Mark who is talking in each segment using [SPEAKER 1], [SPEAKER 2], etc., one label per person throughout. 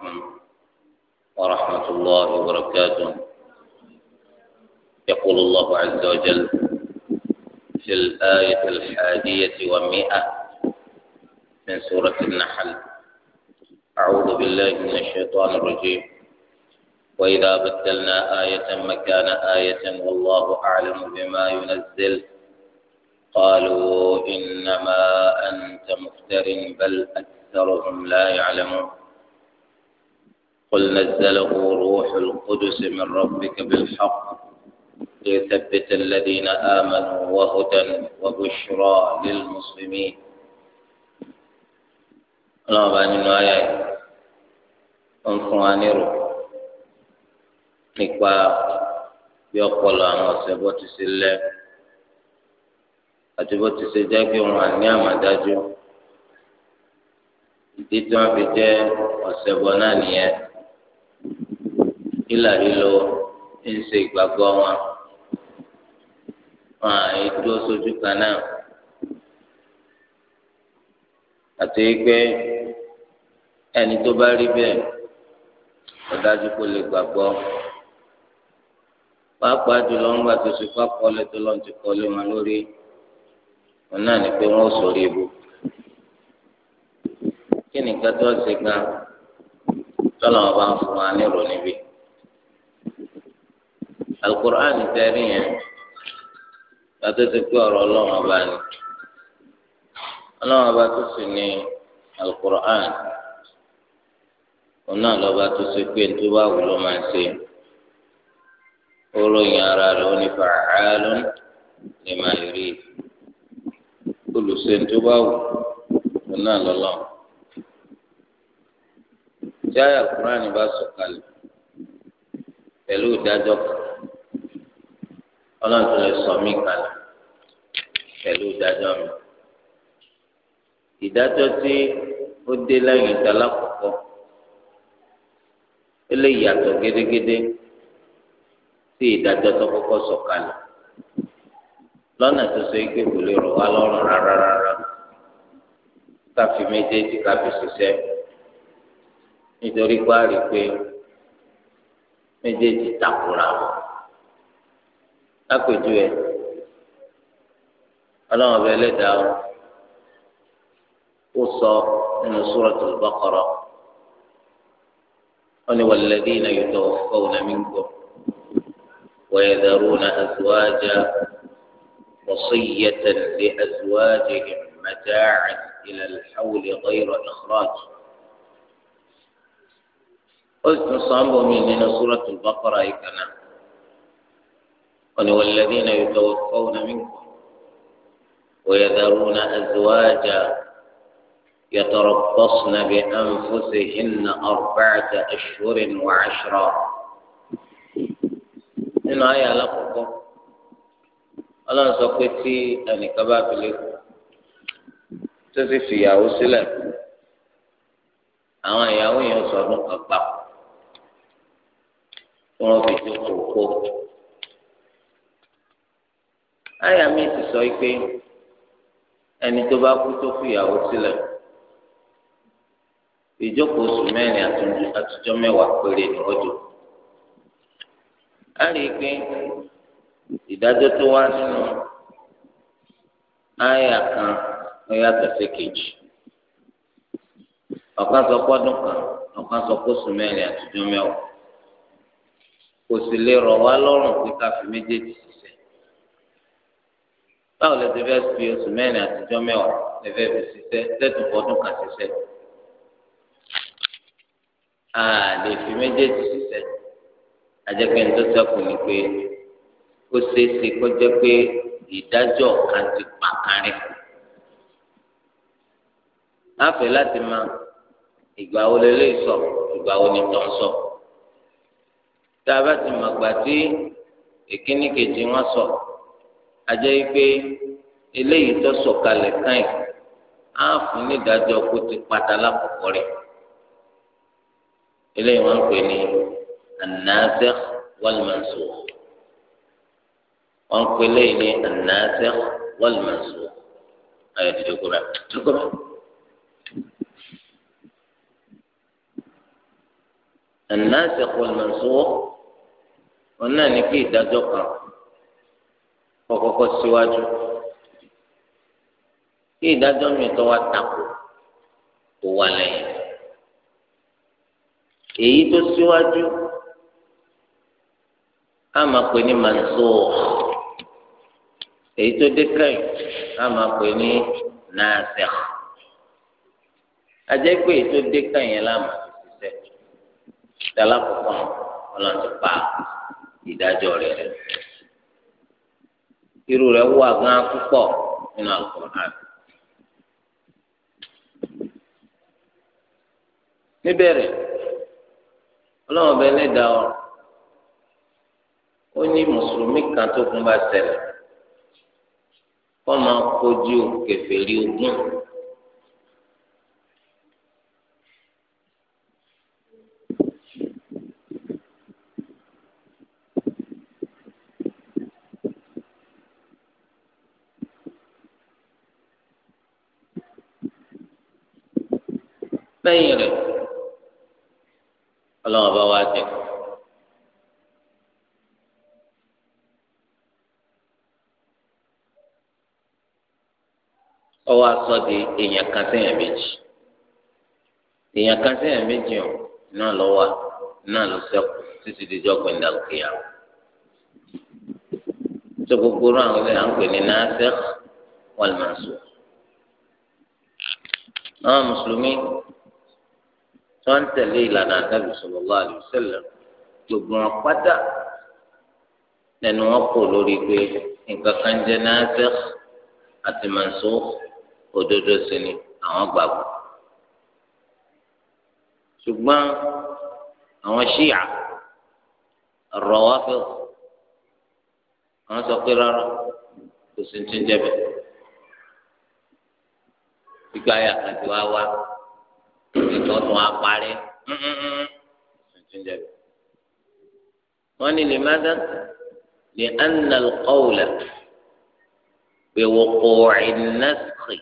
[SPEAKER 1] الرحيم ورحمة الله وبركاته يقول الله عز وجل في الآية الحادية ومئة من سورة النحل أعوذ بالله من الشيطان الرجيم وإذا بدلنا آية مكان آية والله أعلم بما ينزل قالوا إنما أنت مفتر بل أكثرهم لا يعلمون قل نزله روح القدس من ربك بالحق ليثبت الذين آمنوا وهدى وبشرى للمسلمين اللهم بأن الآية أنفرانيرو nípa bí ọpọlọ àwọn ọ̀sẹ̀ bó ti ṣe lẹ àti bó ti ṣe jẹ́ kí wọn ní àmàdájú hílà hílò ń ṣe ìgbàgbọ́ wọn wọn àì dúró sójú kan náà àti pé ẹni tó bá rí bẹ́ẹ̀ ọ̀dájú kò lè gbàgbọ́ pàápàá jùlọ ń gbà tó sùpá kọ́lé tó lọ́n ti kọ́lé wọn lórí wọn náà ni pé wọn ò sọ̀rọ̀ ibò kí nìkan tó ṣe gan tọ́lọ̀ ń fún wa nírò níbí alukur'an tẹ̀rí yẹn gbàtó ti pé ọ̀rọ̀ ọlọ́run ọba ni
[SPEAKER 2] ọlọ́run ọba tó sì
[SPEAKER 1] ní alukur'an òun náà lọ́ba tó ṣe pé tó bá wù ló máa ṣe ó ròyìn ara rẹ̀ ó ní fàáàlú lè máa rí olùṣe tó bá wù òun náà lọ́lọ́ tí àyà kúránì bá sọ̀kalẹ̀ pẹ̀lú ìdájọ́ kan ọlọ́run tó lè sọ mí kalẹ̀ pẹ̀lú ìdájọ́ mi ìdájọ́ tí ó dé lẹ́yìn ìdálá kọ̀ọ̀kọ́ ó lè yàtọ̀ gédégédé sí ìdájọ́ tó kọ́kọ́ sọ kalẹ̀ lọ́nà tó so ike kò lè rọ̀ wá lọ́rùn rárá rárá káfí méjèèjì káfí ṣiṣẹ́ nítorí pé a rí i pé méjèèjì takura wọn. lápèjú ẹ ọlọ́run ọbẹ̀ ẹlẹ́dàá ó sọ nínú Suratul Baqara
[SPEAKER 2] wọ́n ní walladhina yutawaffawna
[SPEAKER 1] minkum wa yadharuna azwaja وصية لأزواجهم متاعا إلى الحول غير إخراج قلت صامبو من سورة yi kana.
[SPEAKER 2] قال والذين
[SPEAKER 1] يتوفون منكم ويذرون أزواجا يتربصن بأنفسهن أربعة أشهر وعشرا إن آية لكم ألا سكتي أني كباب لكم يا وسلة àwọn ìyàwó yẹn sọdún kan pa wọn fi jókòó kó Aya mi ti sọ pé ẹni tó bá kú tó fìyàwó sílẹ̀ ìjókòó oṣù mẹ́rin àtijọ́ mẹ́wàá péré ni wọ́n jò á rí i pé ìdájọ́ tó wá nínú àyà kan ló yàtọ̀ sí kejì ọ̀kan sọ pọ́dún kan ọ̀kan sọ pósù mẹ́rin àtijọ́ mẹ́wàá kò sì lè rọ̀ wá lọ́rùn pé ká fi méjèèjì sí báwo lè ti fẹ́ fi oṣù mẹ́rin àtijọ́ mẹ́wàá lè fẹ́ fi ṣiṣẹ́ lẹ́tùn fọdún kan ṣiṣẹ́ a lè fi méjèèjì ṣiṣẹ́ àjẹpẹ́ ní tó sẹ́kù ni pé ó ṣeé ṣe kó jẹ́ pé ìdájọ́ kan ti pàkánrẹ́ láfẹ́ láti máa ìgbà wo lè lè sọ ìgbà wo ni tọ̀ ń sọ tá a bá ti mọ̀ gbà tí èkíní wọn sọ. So àjẹ́ pé eléyìí tó sọ̀kalẹ̀ káyìn á fún nídàájọ́ kó ti padà lákòókò rẹ̀ eléyìí wọ́n ń pè ní an-nasikh wal-mansukh wọ́n ń pè eléyìí ní an-nasikh wal-mansukh ayọ̀ dídí kúrò àtúkọ̀ an-nasikh wọn náà ní kí ìdájọ́ kan kọ́kọ́kọ́ síwájú kí ìdájọ́ mi tó wá tako kó wá lẹ́yìn èyí tó síwájú a máa pè ní mansour èyí tó dé kẹ́yìn a máa pè ní nasikh ajẹ́ pé èyí tó dé kẹ́yìn láàmú ṣiṣẹ́ dala ọlọ́run ti pa ìdájọ́ rẹ̀ rẹ̀. irú rẹ̀ wà gan akpụkpọ nínú Al-Qur'an. níbẹ̀rẹ̀ ọlọ́run ọba ẹlẹ́dàá ọ ó ní mùsùlùmí kan tó kún bá ṣẹlẹ̀ kọ́ máa kojú kèfèrí sẹ́yìn rẹ̀ ọlọ́run bá wá dín. ọwọ́ aṣọ di èèyàn kan sẹ́yìn méjì èèyàn kan sẹ́yìn méjì ọ̀ náà lọ wà náà ló sẹ́kù títí dijọ́ gbẹ̀ndà òkèèyà tó gbogbo rán àwọn ilé ń pè ní nasir wal mansur àwọn mùsùlùmí tó ń tẹ̀lé ìlànà ànábì sallallahu alaihi wasallam gbogbo wọn pátá lẹ́nu wọn kò lórí pé nǹkan kan jẹ́ nasikh àti mansukh òdodo sí ni àwọn gbàgbọ́ ṣùgbọ́n àwọn ṣíà Rawafid àwọn sọ pé rárá kò sí ní ń jẹ́ bẹ́ẹ̀ gbígbá yàtọ̀ tí wá wá. ìtọ́ tún á parí wọ́n ní lèmádà ni anal alqawla pe wo ko naskhi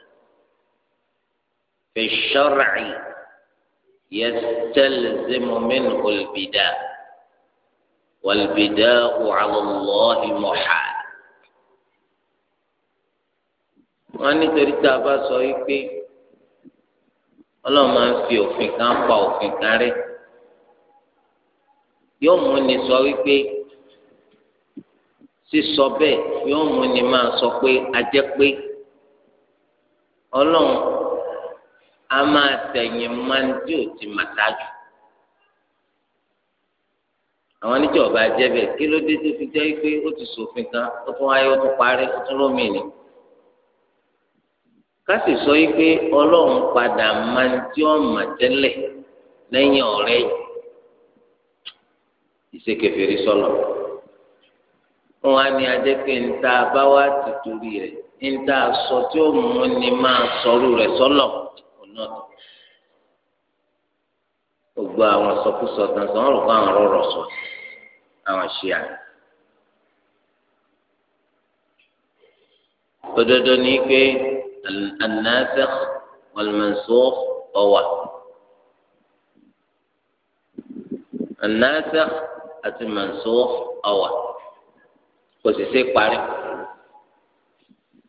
[SPEAKER 1] fi ash-shar'i yastalzimu minhu al-bida' wal-bida'u 'ala Allah muhal wọ́n ní torí tá a bá sọ yìí pé.
[SPEAKER 2] ọlọ́run máa ń fi òfin kan pa òfin
[SPEAKER 1] kan rẹ yóò mú ni sọ wípé sísọ bẹ́ẹ̀ yóò mú ni máa sọ pé ajẹ́ pé ọlọ́run a máa tẹ̀yìn máa ń dí òtí màtájú àwọn oníjọba jẹ́ bẹ́ẹ̀ kí ló dé tó fi jẹ́ pé ó ti ṣòfin kan ó tún wáyé ó tún parí ó tún lómìnira kásì sọ yìí pé ọlọ́run padà máa ń tí ó mà tẹ́lẹ̀ lẹ́yìn ọ̀rẹ́ yìí ìṣèkèfèrè sọlọ wọn á ní ajẹ́ pé níta bá wá ti torí rẹ̀ níta sọ tí ó mú ni máa sọrú rẹ̀ sọlọ ọ̀nà tó gbogbo àwọn sọkúsọ tàǹsán ọ̀rọ̀ kó àwọn rọrọ̀ sọ àwọn ṣe àná. òdodo ni pé. الناسخ والمنسوخ ọwà الناسخ àti منسوخ ọwà kò sì ṣe parí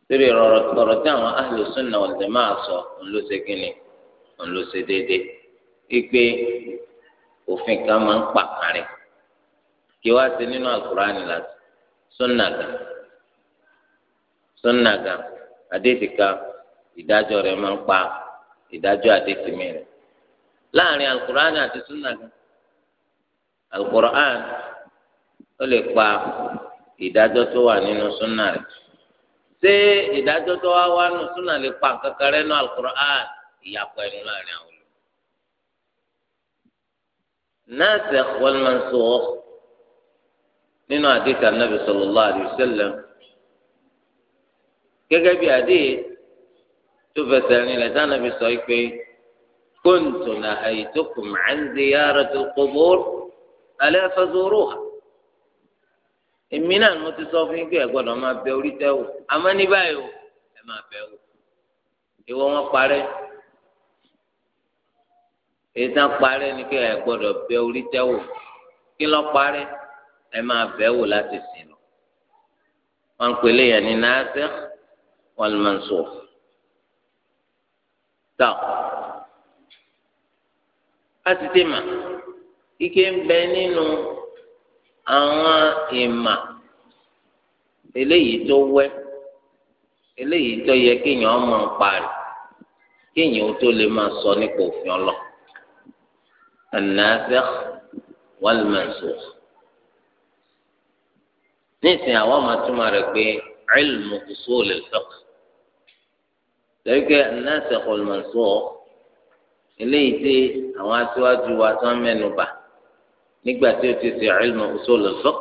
[SPEAKER 1] torí ọ̀rọ̀ tí àwọn ahlu sunna wal jamaa sọ ń ló ṣe kínní ń ló ṣe déédéé wípé òfin kan máa ń pàkàrẹ̀ kí wá sí nínú àkùrá nìlá sunna gan sunna gan. àdéhìí kan ìdájọ́ rẹ̀ máa ń pa ìdájọ́ àdéhìí mìíràn láàrin alukur'an àti sunna alukur'an ó lè pa ìdájọ́ tó wà nínú sunna rẹ̀ ṣé ìdájọ́ tó wá wá nínú sunna lè pa kankan nínú alukur'an ìyàpọ̀ ẹnu láàrin àwọn olùkọ́ gẹ́gẹ́ bí adé tó fẹsẹ̀ rinlẹ̀ sáà nàbí sọ pé kóńtò nà àyètòkùn màáńdé yára tó kóbóor alẹ́ fẹ́sọ̀rọ̀ wa. èmi náà ni mo ti sọ fún yín pé ẹ gbọ́dọ̀ máa bẹ orí tẹ́ wò àmọ́ ní báyìí o ẹ máa bẹ wò ìwọ wọn parẹ́ ètò parẹ́ ni kí ẹ gbọ́dọ̀ bẹ orí tẹ́ wò kí lọ́ parẹ́ ẹ máa bẹ wò láti sìn lọ. wọ́n pèlè yẹn ní náà sẹ́wọ̀n. والمنسوخ tá a ti ti mà ike ń bẹ nínú àwọn ìmà eléyìí tó wẹ eléyìí tó yẹ kéèyàn ọmọ ń parí kéèyàn ó tó lè máa sọ nípa òfin ọlọ an-nasikh wal-mansukh àwọn ọmọ túmọ̀ rẹ̀ pé ilmu usul al-fiqh tẹ̀wékẹ́ nọ́ọ̀sì ọ̀lùmọ̀sọ́ eléyìí tí àwọn aṣáájú wa tó ń mẹ́nu bà nígbà tí o ti ṣe ilmu usul al-fiqh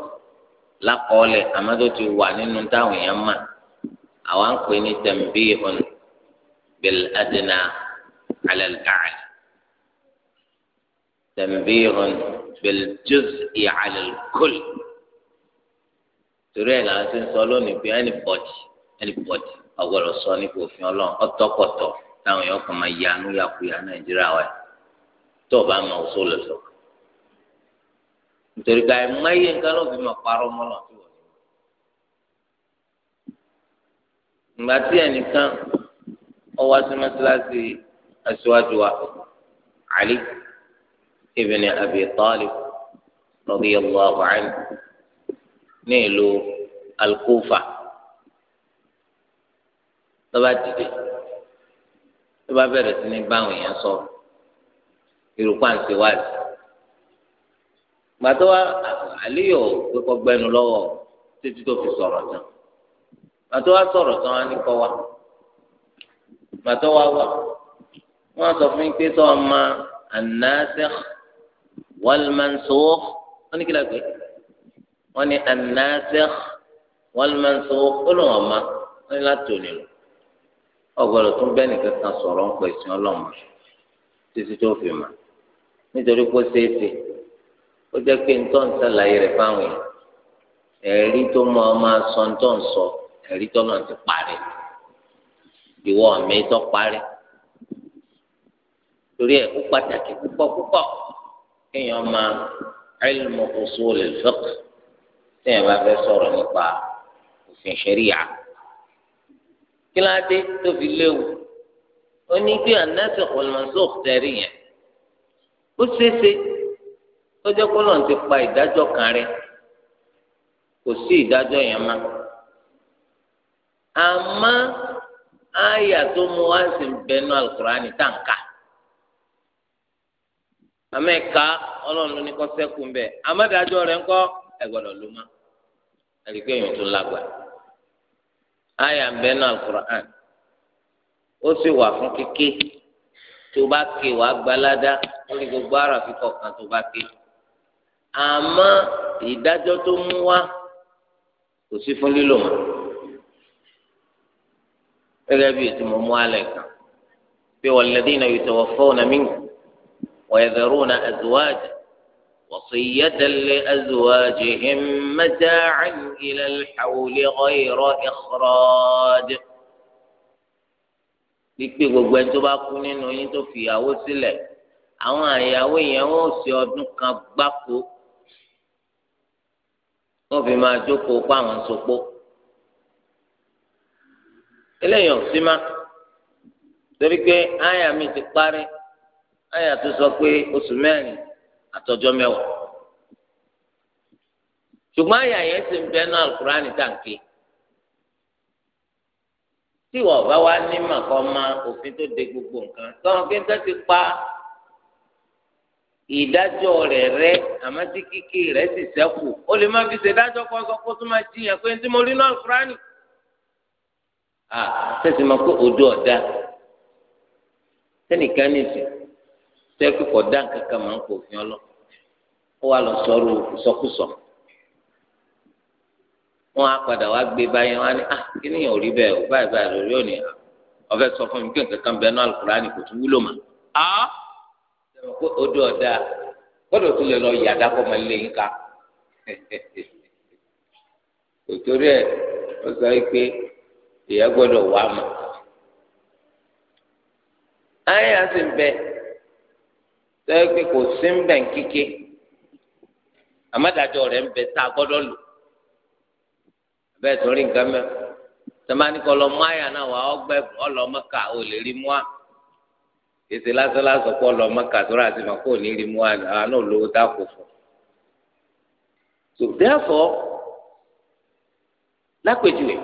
[SPEAKER 1] lákọọ́lẹ̀ àmọ́ tó ti wà nínú táwọn èèyàn mà àwa ń pè ní tanbihun bil adna ala al-a'la tanbihun bil juz'i ala torí ẹ̀ làwọn ti ń sọ lónìí pé anybody anybody ọgbọ́dọ̀ sọ nípa òfin Ọlọ́run ọtọkọtọ táwọn èèyàn kan máa yanú yakuya Nàìjíríà wa tó o bá mọ òṣó lọ sọ nítorí ká ẹ máyé nǹkan ló fi máa parọ́ mọlọ tó wọ ìgbà tí ẹnìkan ọwọ́ sí mọ́sálásí aṣíwájú wa Ali ibn Abi Talib radiyallahu anhu ní ìlú al lọ́ba dìde lọ́ba bẹ̀rẹ̀ sí ní báwọn èèyàn sọ̀rọ̀ irú pàǹtí wá sí gbàtọ́ àlíyọ̀ pẹ́kọ́ gbẹnu lọ́wọ́ títí tó fi sọ̀rọ̀ tán gbàtọ́ wá sọ̀rọ̀ tán wá ní kọ́ wa gbàtọ́ wá wá wọ́n sọ fún yín pé sọ ma an-nasikh wal ní kí la gbé ní an-nasikh wal-mansukh ó ma wọ́n ní láti òní lọ ọgbọ́dọ̀ tún bẹ́ẹ̀ nìkan kan sọ̀rọ̀ ń pẹ̀ sìn ọlọ́mọ títí tó fi mà nítorí pé ṣéèṣe ó jẹ́ pé ntọ́ ń sàlàyé rẹ̀ fáwọn èèyàn ẹ̀rí tó mọ ọ máa sọ ntọ́ ń sọ ẹ̀rí tó lọ́n ti parí ìwọ ọ̀mí tó parí torí ẹ̀ ó pàtàkì púpọ̀ púpọ̀ kéèyàn máa ilmu usul al-fiqh téèyàn bá fẹ́ sọ̀rọ̀ nípa òfin ṣẹ̀ríyà. kíláàdé tó fi léwu ó ní bí anásì kọlọmọsọ tẹrí yẹn ó ṣeéṣe tó jẹ́ ti pa ìdájọ́ kan rẹ kò sí ìdájọ́ yẹn mọ́ àmọ́ àyà tó mu wá sí bẹnu alukurani tá n kà àmọ́ ẹ̀ka ní kọ́ sẹ́kù àyà ń bẹ náà alukur'an ó sì wà fún kíké tó bá ké wàá gbalada lórí gbogbo ara fíkọ kan tó bá ké àmọ́ ìdájọ́ tó mú wá kò sí fún lílo mọ gẹ́gẹ́ bí ètò mọ mú alẹ kan pé walladhina yutawaffawna minkum wa yadharuna azwaja. وصية لأزواجهم متاعا إلى الحول غير إخراج pípé gbogbo ẹni tó bá kú nínú yín tó fi ìyàwó sílẹ̀ àwọn àyàwó yẹn wọn ò sí ọdún kan gbáko wọn fi máa jókòó pa àwọn sopó eléyìí ò sí má torí pé àyà mi ti parí àyà tó sọ pé oṣù mẹ́rin àtọjọ́ mẹ́wàá ṣùgbọ́n àyà yẹn ti ń bẹ náà alukurani tàǹkì tí wọ́n bá wá ní màkà ọmọ òfin tó de gbogbo nǹkan tọ́wọ́n pé nǹkan ti pa ìdájọ́ rẹ̀ rẹ́ àmọ́ tí kíkì rẹ̀ sì ṣẹ́kù ó lè má fi ṣèdájọ́ kọ́ sọ kó tó máa jiyàn pé ní tí mo rí náà alukurani à sẹ́sìn máa pé odò ọ̀dà sẹ́nìkan nìsín
[SPEAKER 2] sẹ́kù kọ̀ dá nǹkan kan
[SPEAKER 1] máa ń kó òfin ọlọ́ọ̀ ó wà lọ sọ̀rọ̀ ìsọkúsọ wọn á padà wá gbé báyìí wọn á ní ah kí nìyẹn ò rí bẹ́ẹ̀ o báyìí báyìí lórí òní ah, ọfẹ sọ fún mi kí nǹkan kan bẹ́ẹ̀ náà Al-Kùránì kò tún wúlò mà á sọ pé odò ọdá gbọ́dọ̀ tún lè lọ yàdá kọ ọmọ ilé yín ká òtórí ẹ wọ́n sọ pé ìyá gbọ́dọ̀ wà mà ayé àti bẹ sọ pé kò sí ń bẹ̀ ń kíké àmàdájọ́ rẹ̀ ń bẹ tá a gbọ́dọ̀ lò bẹ́ẹ̀ tó rí nǹkan mẹ́ tẹmánì kọ́ lọ mú àyà náà wà ọgbẹ́ ọlọ́mọ́ka ò lè rí mú à èsì lásánlásán pọ̀ ọlọ́mọ́ka ma kó ní rí mú à náà náà lówó kò fún so therefore lápèjúwe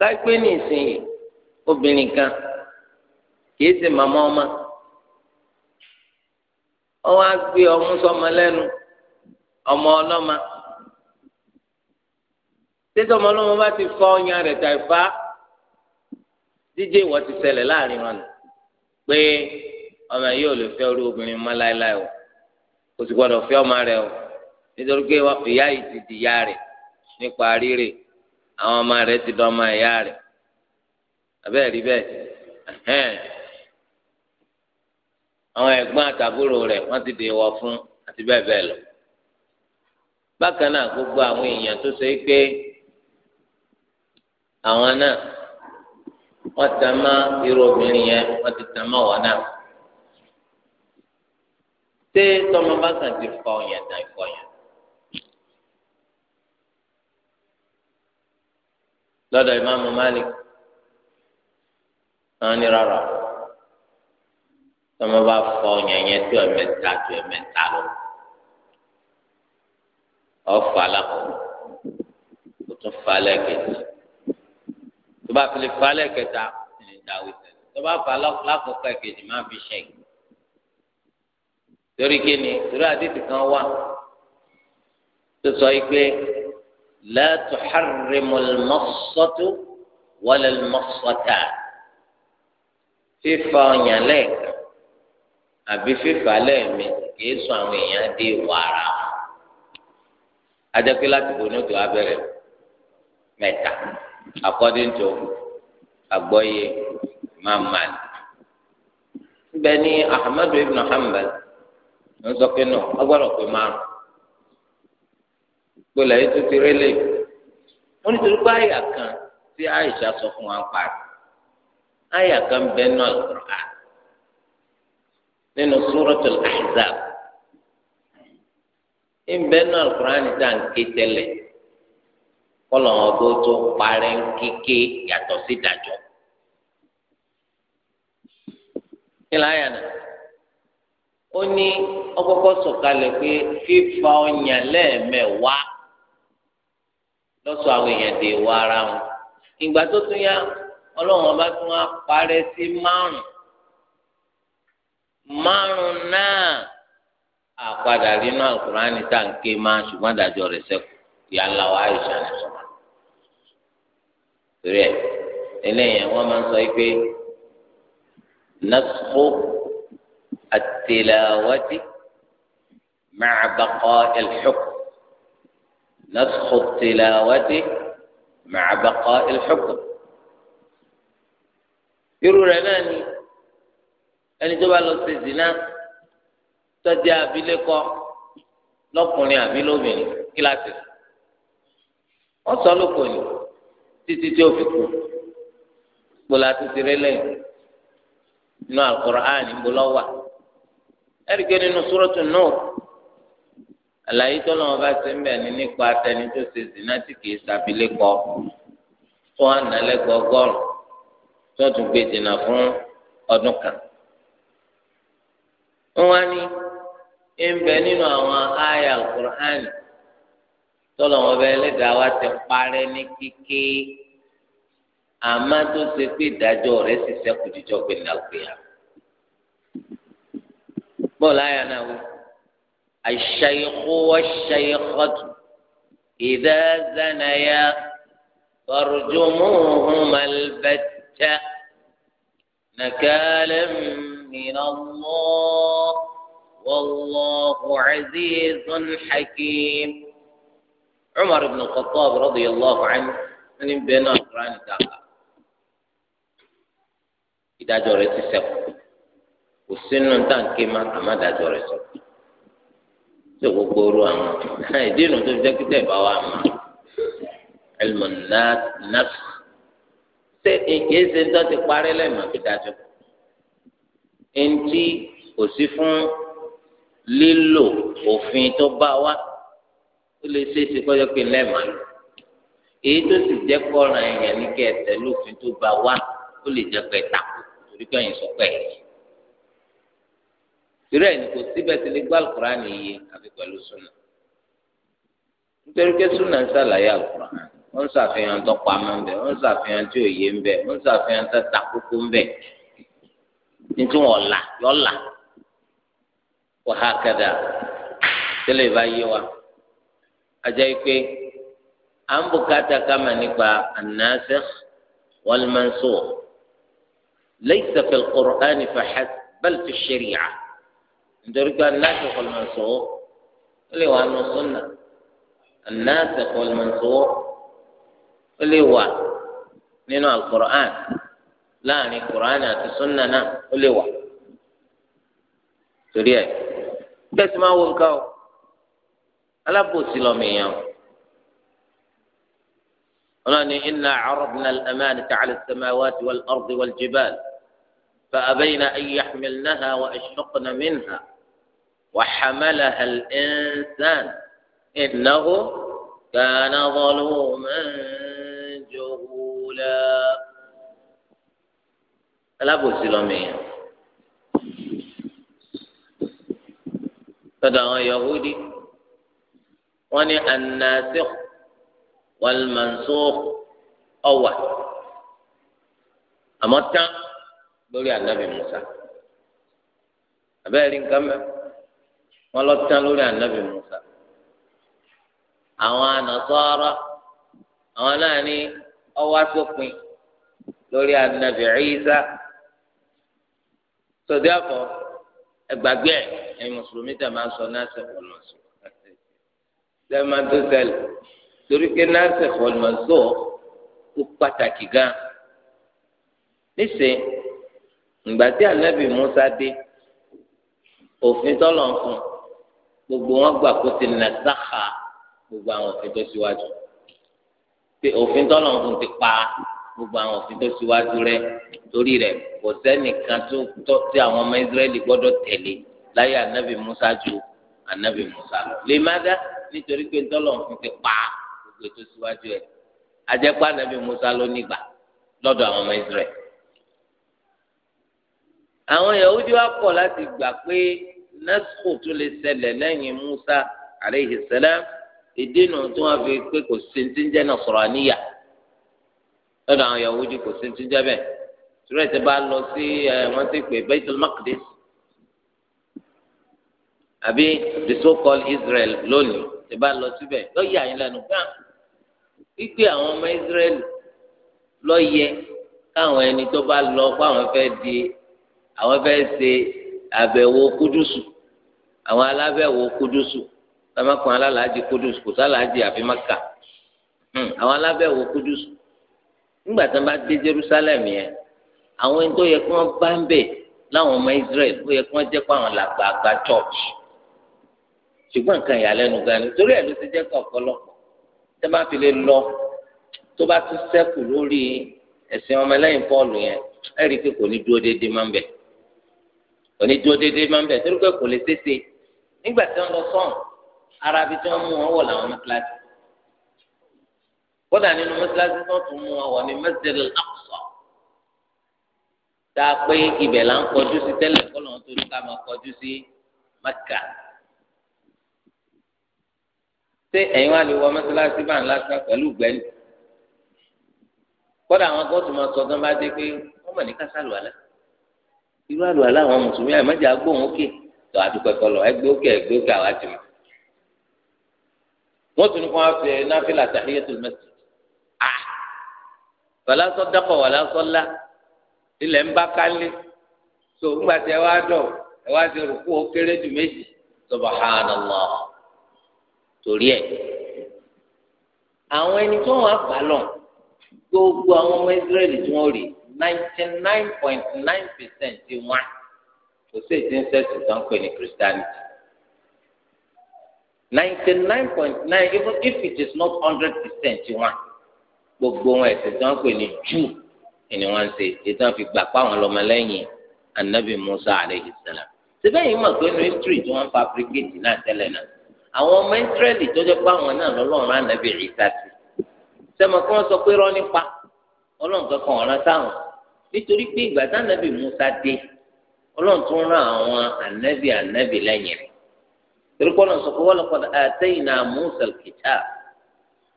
[SPEAKER 1] láìpẹ́ ní ìsinyìí obìnrin kan kìí ṣe màmá ọmọ gbé ọmú sọmọ ọmọ ọlọ́mọ títí ọmọ ọlọ́mọ bá ti fọ ọyàn rẹ̀ tà ìfá díje ìwọ ti ṣẹlẹ̀ láàrin wọn pé ọmọ yìí ò lè fẹ́ orí obìnrin mọ́ láéláé o kò sì gbọdọ̀ fẹ́ ọmọ rẹ̀ o nítorí pé ìyá yìí ti di ìyá rẹ̀ nípa rírè àwọn ọmọ rẹ̀ ti dọ́mọ ìyá rẹ̀ abẹ́ẹ̀ rí bẹ́ẹ̀ àwọn ẹ̀gbọ́n àtàbúrò rẹ̀ wọ́n ti dè wọ́ fún àti bẹ́ẹ̀ bẹ́ẹ̀ lọ bákan náà gbogbo àwọn èèyàn tó ṣe é pé àwọn náà wọ́n tẹ̀ mọ́ irú obìnrin yẹn wọ́n ti tẹ̀ mọ́ wọn náà ṣé tọmọ bá kàn ti fọ ọyàn dàn ìfọ yẹn lọ́dọ̀ ìmáàmù Malik àwọn ní rárá tọmọ bá fọ ọyàn yẹn tó ẹ̀mẹ́ta tó ẹ̀mẹ́ta lọ ọfà lakọ o tún fà lẹ́ẹ̀kejì tó bá fi lè fà lẹ́ẹ̀kẹta ní ìdáwó ìsẹ̀lẹ̀ tó bá fà lákòókò ẹ̀kejì máa fi ṣẹ̀ torí kíni torí àdìsí kan wà tó sọ yìí pé la tuharrimu al fífa ọ̀yàn lẹ́ẹ̀kan àbí fífa lẹ́ẹ̀mejì kìí sọ àwọn èèyàn dé wàrà wọn. adẹ́pẹ́ láti bò ní òtò abẹ́rẹ́ mẹ́ta according to agbọ́yé mamman síbẹ̀ ní ibn hanbal ń nù ọgbọ́dọ̀ pé márùn gbọ́dọ̀ yìí tó ti kan tí aisha sọ fún wa ń kan bẹ́ẹ̀ náà lọ́rọ̀ à nínú ìbẹ́ náà alukurani dà ń ké tẹ́lẹ̀ kọ́lọ̀ wọn bó tó parẹ́ ń kéke yàtọ̀ sí dàjọ́ nílá yànnà ó ní ọkọ́kọ́ sọ̀kalẹ̀ pé fífa ọyàn lẹ́ẹ̀mẹ́wàá lọ́sọ̀ àwọn èèyàn dè ara wọn ìgbà tó tún yá ọlọ́run ọba tún parẹ́ sí márùn márùn náà. àpadà rínú àkùránì tá à ń ké máa ṣùgbọ́n àdájọ́ rẹ̀ sẹ́kù ìyá ńlá wa àìsà ni sọ̀rọ̀ torí ẹ̀ eléyìí wọ́n máa ń sọ pé nasfu àtìláwátì ma'a baqa'i al-hukm nasfu àtìláwátì irú rẹ̀ náà ni ẹni tó bá lọ sí zina. tọ́jú abilékọ lọ́kùnrin àbí kíláàsì wọ́n sọ lóko ni títí tí ó fi kú gbola títí rẹ inú Al-Qur'ani ń bolọ́ wà ẹ̀ríkẹ́ nínú Suratu Nur àlàyé tó lọ́wọ́ bá ṣe ń bẹ̀ ní nípa tó tí kìí ń bẹ nínú àwọn àyà alukur'an tọ́lọ̀ wọn bẹ lẹ́dàá wa ti parẹ́ ní kíké àmọ́ tó ṣe pé ìdájọ́ rẹ̀ sì ṣẹ́kù jíjọ́ pé nàgbéyà. bọ́ọ̀lù àyà náà wí. الشيخ والشيخة إذا زنيا فارجموهما البتة نكالا من الله والله عزيز حكيم عمر بن الخطاب رضي الله عنه من بين القرآن تعالى إذا جرت السبب والسن تنكي أما إذا جرت السبب tó gbogbo oru àwọn ìdí inú tó fi jẹ́ kíkẹ́ ìbá wa mọ̀ ẹlmọ nàfs ṣé lílò òfin tó bá wa ó lè ṣe é ṣe kọjá pé lẹ́ẹ̀mọ́ èyí tó sì jẹ́ kọ́ran èèyàn ní kẹ́ ẹ tẹ̀lé òfin tó bá wa ó lè jẹ́ pé tako torí pé ẹ̀yin sọ pé ẹ̀yìn ìrẹ́ ẹ̀yìn kò síbẹ̀ sí lè gbá Al-Qur'an nìyí àfi pẹ̀lú súnà
[SPEAKER 2] nítorí pé súnà ń ṣàlàyé Al-Qur'an
[SPEAKER 1] ó ń ṣàfihàn tó pamọ́ ń bẹ̀ ó ń ṣàfihàn tí òye ń bẹ̀ ó ń ṣàfihàn tó takókó ń bẹ̀ nítorí wọn là yọ wàhákàdà tẹ́lẹ̀ bá yé wa ajá ikpe à ń bùkátà kama nípa an-nasikh wal-mansukh laysa fil-Qur'ani fahasb bal fish-shari'ah nítorí pé an-nasikh wal-mansukh tẹ́lẹ̀ wà nù sunna an-nasikh wal wà nínú al láàrin Qur'an àti sunna náà ó wà torí ẹ̀. bẹ́ẹ̀ sì máa wo nǹkan o alábòsí lọ́mọ ولاني إنا عرضنا الأمانة على السماوات والأرض والجبال فأبين أن يحملنها وأشفقن منها وحملها الإنسان إنه كان ظلوما جهولا الأبو سلمية sọ́dọ̀ àwọn yahudi wọ́n ní annasikh wal mansukh ọwà àmọ́ tán lórí anabi musa abẹ́rẹ́ nǹkan mẹ́ wọ́n lọ tán lórí anabi musa àwọn anasọ́ra àwọn náà ní ọwá sópin lórí anabi isa sọ́dọ̀ So ẹgbàgbé ẹ ẹ̀yin mùsùlùmí tẹ máa ń sọ náàsì ọlọsọ tẹ máa tó ṣẹlẹ̀ torí pé náàsì ọlọsọ ó pàtàkì gan níṣẹ ìgbà tí anabi musa dé òfin tọ́lọ̀ ń fún gbogbo wọn gbà kó ti nà sáà gbogbo àwọn òfin tó síwájú pé òfin tọ́lọ̀ ń fún ti pa á gbogbo àwọn òfin tó síwájú rẹ̀ torí rẹ̀ kò sẹ́nìkan tó tí àwọn ọmọ Ísírẹ́lì gbọ́dọ̀ tẹ̀lé láyé anabi Musa ju anabi Musa lọ lè má dá nítorí pé ntọ́lọ̀ òfin ti pa gbogbo ètò síwájú ẹ̀ ajẹ́pá anabi Musa ló nígbà lọ́dọ̀ àwọn ọmọ Ísírẹ́lì àwọn Yahudi wa kọ̀ láti gbà pé nasco tó lè ṣẹlẹ̀ lẹ́yìn Musa aleyhi salam ìdí nu tí wọ́n fi pé kò sí ti ń jẹ́ Nasraniya lọ́dọ̀ àwọn Yahudi kò sí ti jẹ́ bẹ́ẹ̀ tùrẹ̀ tẹ bá lọ sí wọ́n ti pè Baitul Maqdis àbí the so called Israel lónìí tẹ bá lọ síbẹ̀ lọ́yẹ̀ àyìn lẹ́nu gbọ́n wípé àwọn ọmọ Israel lọ́yẹ káwọn ẹni tó bá lọ fáwọn fẹ́ di àwọn fẹ́ ṣe àbẹ̀wò kúdùsù àwọn alábẹ̀wò kúdùsù sàmàkùn alálàájì kúdùsù kò sálàájì àfi Mákà hmm. àwọn alábẹ̀wò kúdùsù nígbà tí wọ́n bá dé Jerusalem yẹn àwọn ẹni tó yẹ kí wọ́n bá ń bẹ̀ láwọn ọmọ Israel ó yẹ kí wọ́n jẹ́ pé àwọn làgbààgbà church ṣùgbọ́n nǹkan ìyàlẹ́nu gan ni torí ẹ̀ ló ti jẹ́ pé ọ̀pọ̀lọpọ̀ tẹ́ bá fi lè lọ tó bá tún sẹ́kù lórí ẹ̀sìn ọmọlẹ́yìn Pọ́ọ̀lù yẹn ẹ̀ rí i pé kò ní dúró déédéé máa ń bẹ̀ kò ní dúró déédéé máa ń bẹ̀ torí pé kò lè tètè nígbà tí wọ́n lọ sọ́ọ̀n ara bí tí wọ́n mú wọn wọ̀ làwọn mọ́ kíláàsì kódà nínú mọ́sálásí tó tún mú ọwọ́ ní Masjid al-Aqsa tá a pé ibẹ̀ là ń kọjú sí tẹ́lẹ̀ kọ́lọ̀ tó ní ká máa kọjú sí Mẹ́kà ṣé ẹ̀yin wá lè wọ mọ́sálásí bá ń lásán pẹ̀lú gbẹ́lú kódà àwọn akọ́tù máa sọ gán bá dé pé wọ́n mọ̀ ní ká sálùwàlá irú àlùwàlá àwọn mùsùlùmí àìmọ́jà gbóhùn ókè tó àdúgbò kọlọ̀ ẹgbẹ́ ókè ẹgbẹ́ ókè àwa ti mọ̀ wọ́n tún ní kó wá fi náfìlà tahiyatul masjid wàlásọ dẹkọ wàlásọ la ilẹ̀ ń bá kálí so ńgbà tí ẹ wá dọ̀ ẹ wá ti rùkú ó kéré jù méjì subhanallah torí ẹ àwọn ẹni tó wọn àgbà gbogbo àwọn ọmọ Ísírẹ́lì tí wọ́n rí ninety nine point nine percent ti wá kò sí èdè ńsẹ́sì tó ń pè ní Christianity ninety nine point nine even if it is not hundred percent ti wá gbogbo wọn ẹ̀sìn tí wọ́n pè ní jù ni wọ́n ń ṣe èyí tí wọ́n fi gbà pa àwọn lọ́mọlẹ́yìn anabi musa aleyhi salam síbẹ̀ yìí mọ̀ pé ministry tí wọ́n fabricate náà tẹ́lẹ̀ náà àwọn ọmọ israẹli tó jẹ́ pé àwọn náà lọ́lọ́run anabi Ìsá sí sẹ́mi kí wọ́n sọ pé rọ́ nípa ọlọ́run kankan ọ̀ràn sáwọn nítorí pé ìgbà tí anabi musa dé ọlọ́run tún rán àwọn anabi anabi lẹ́yìn torí pé ọlọ́run sọ pé wọ́n lọ́kọ̀ọ́ àtẹ́yìn náà musa kìtà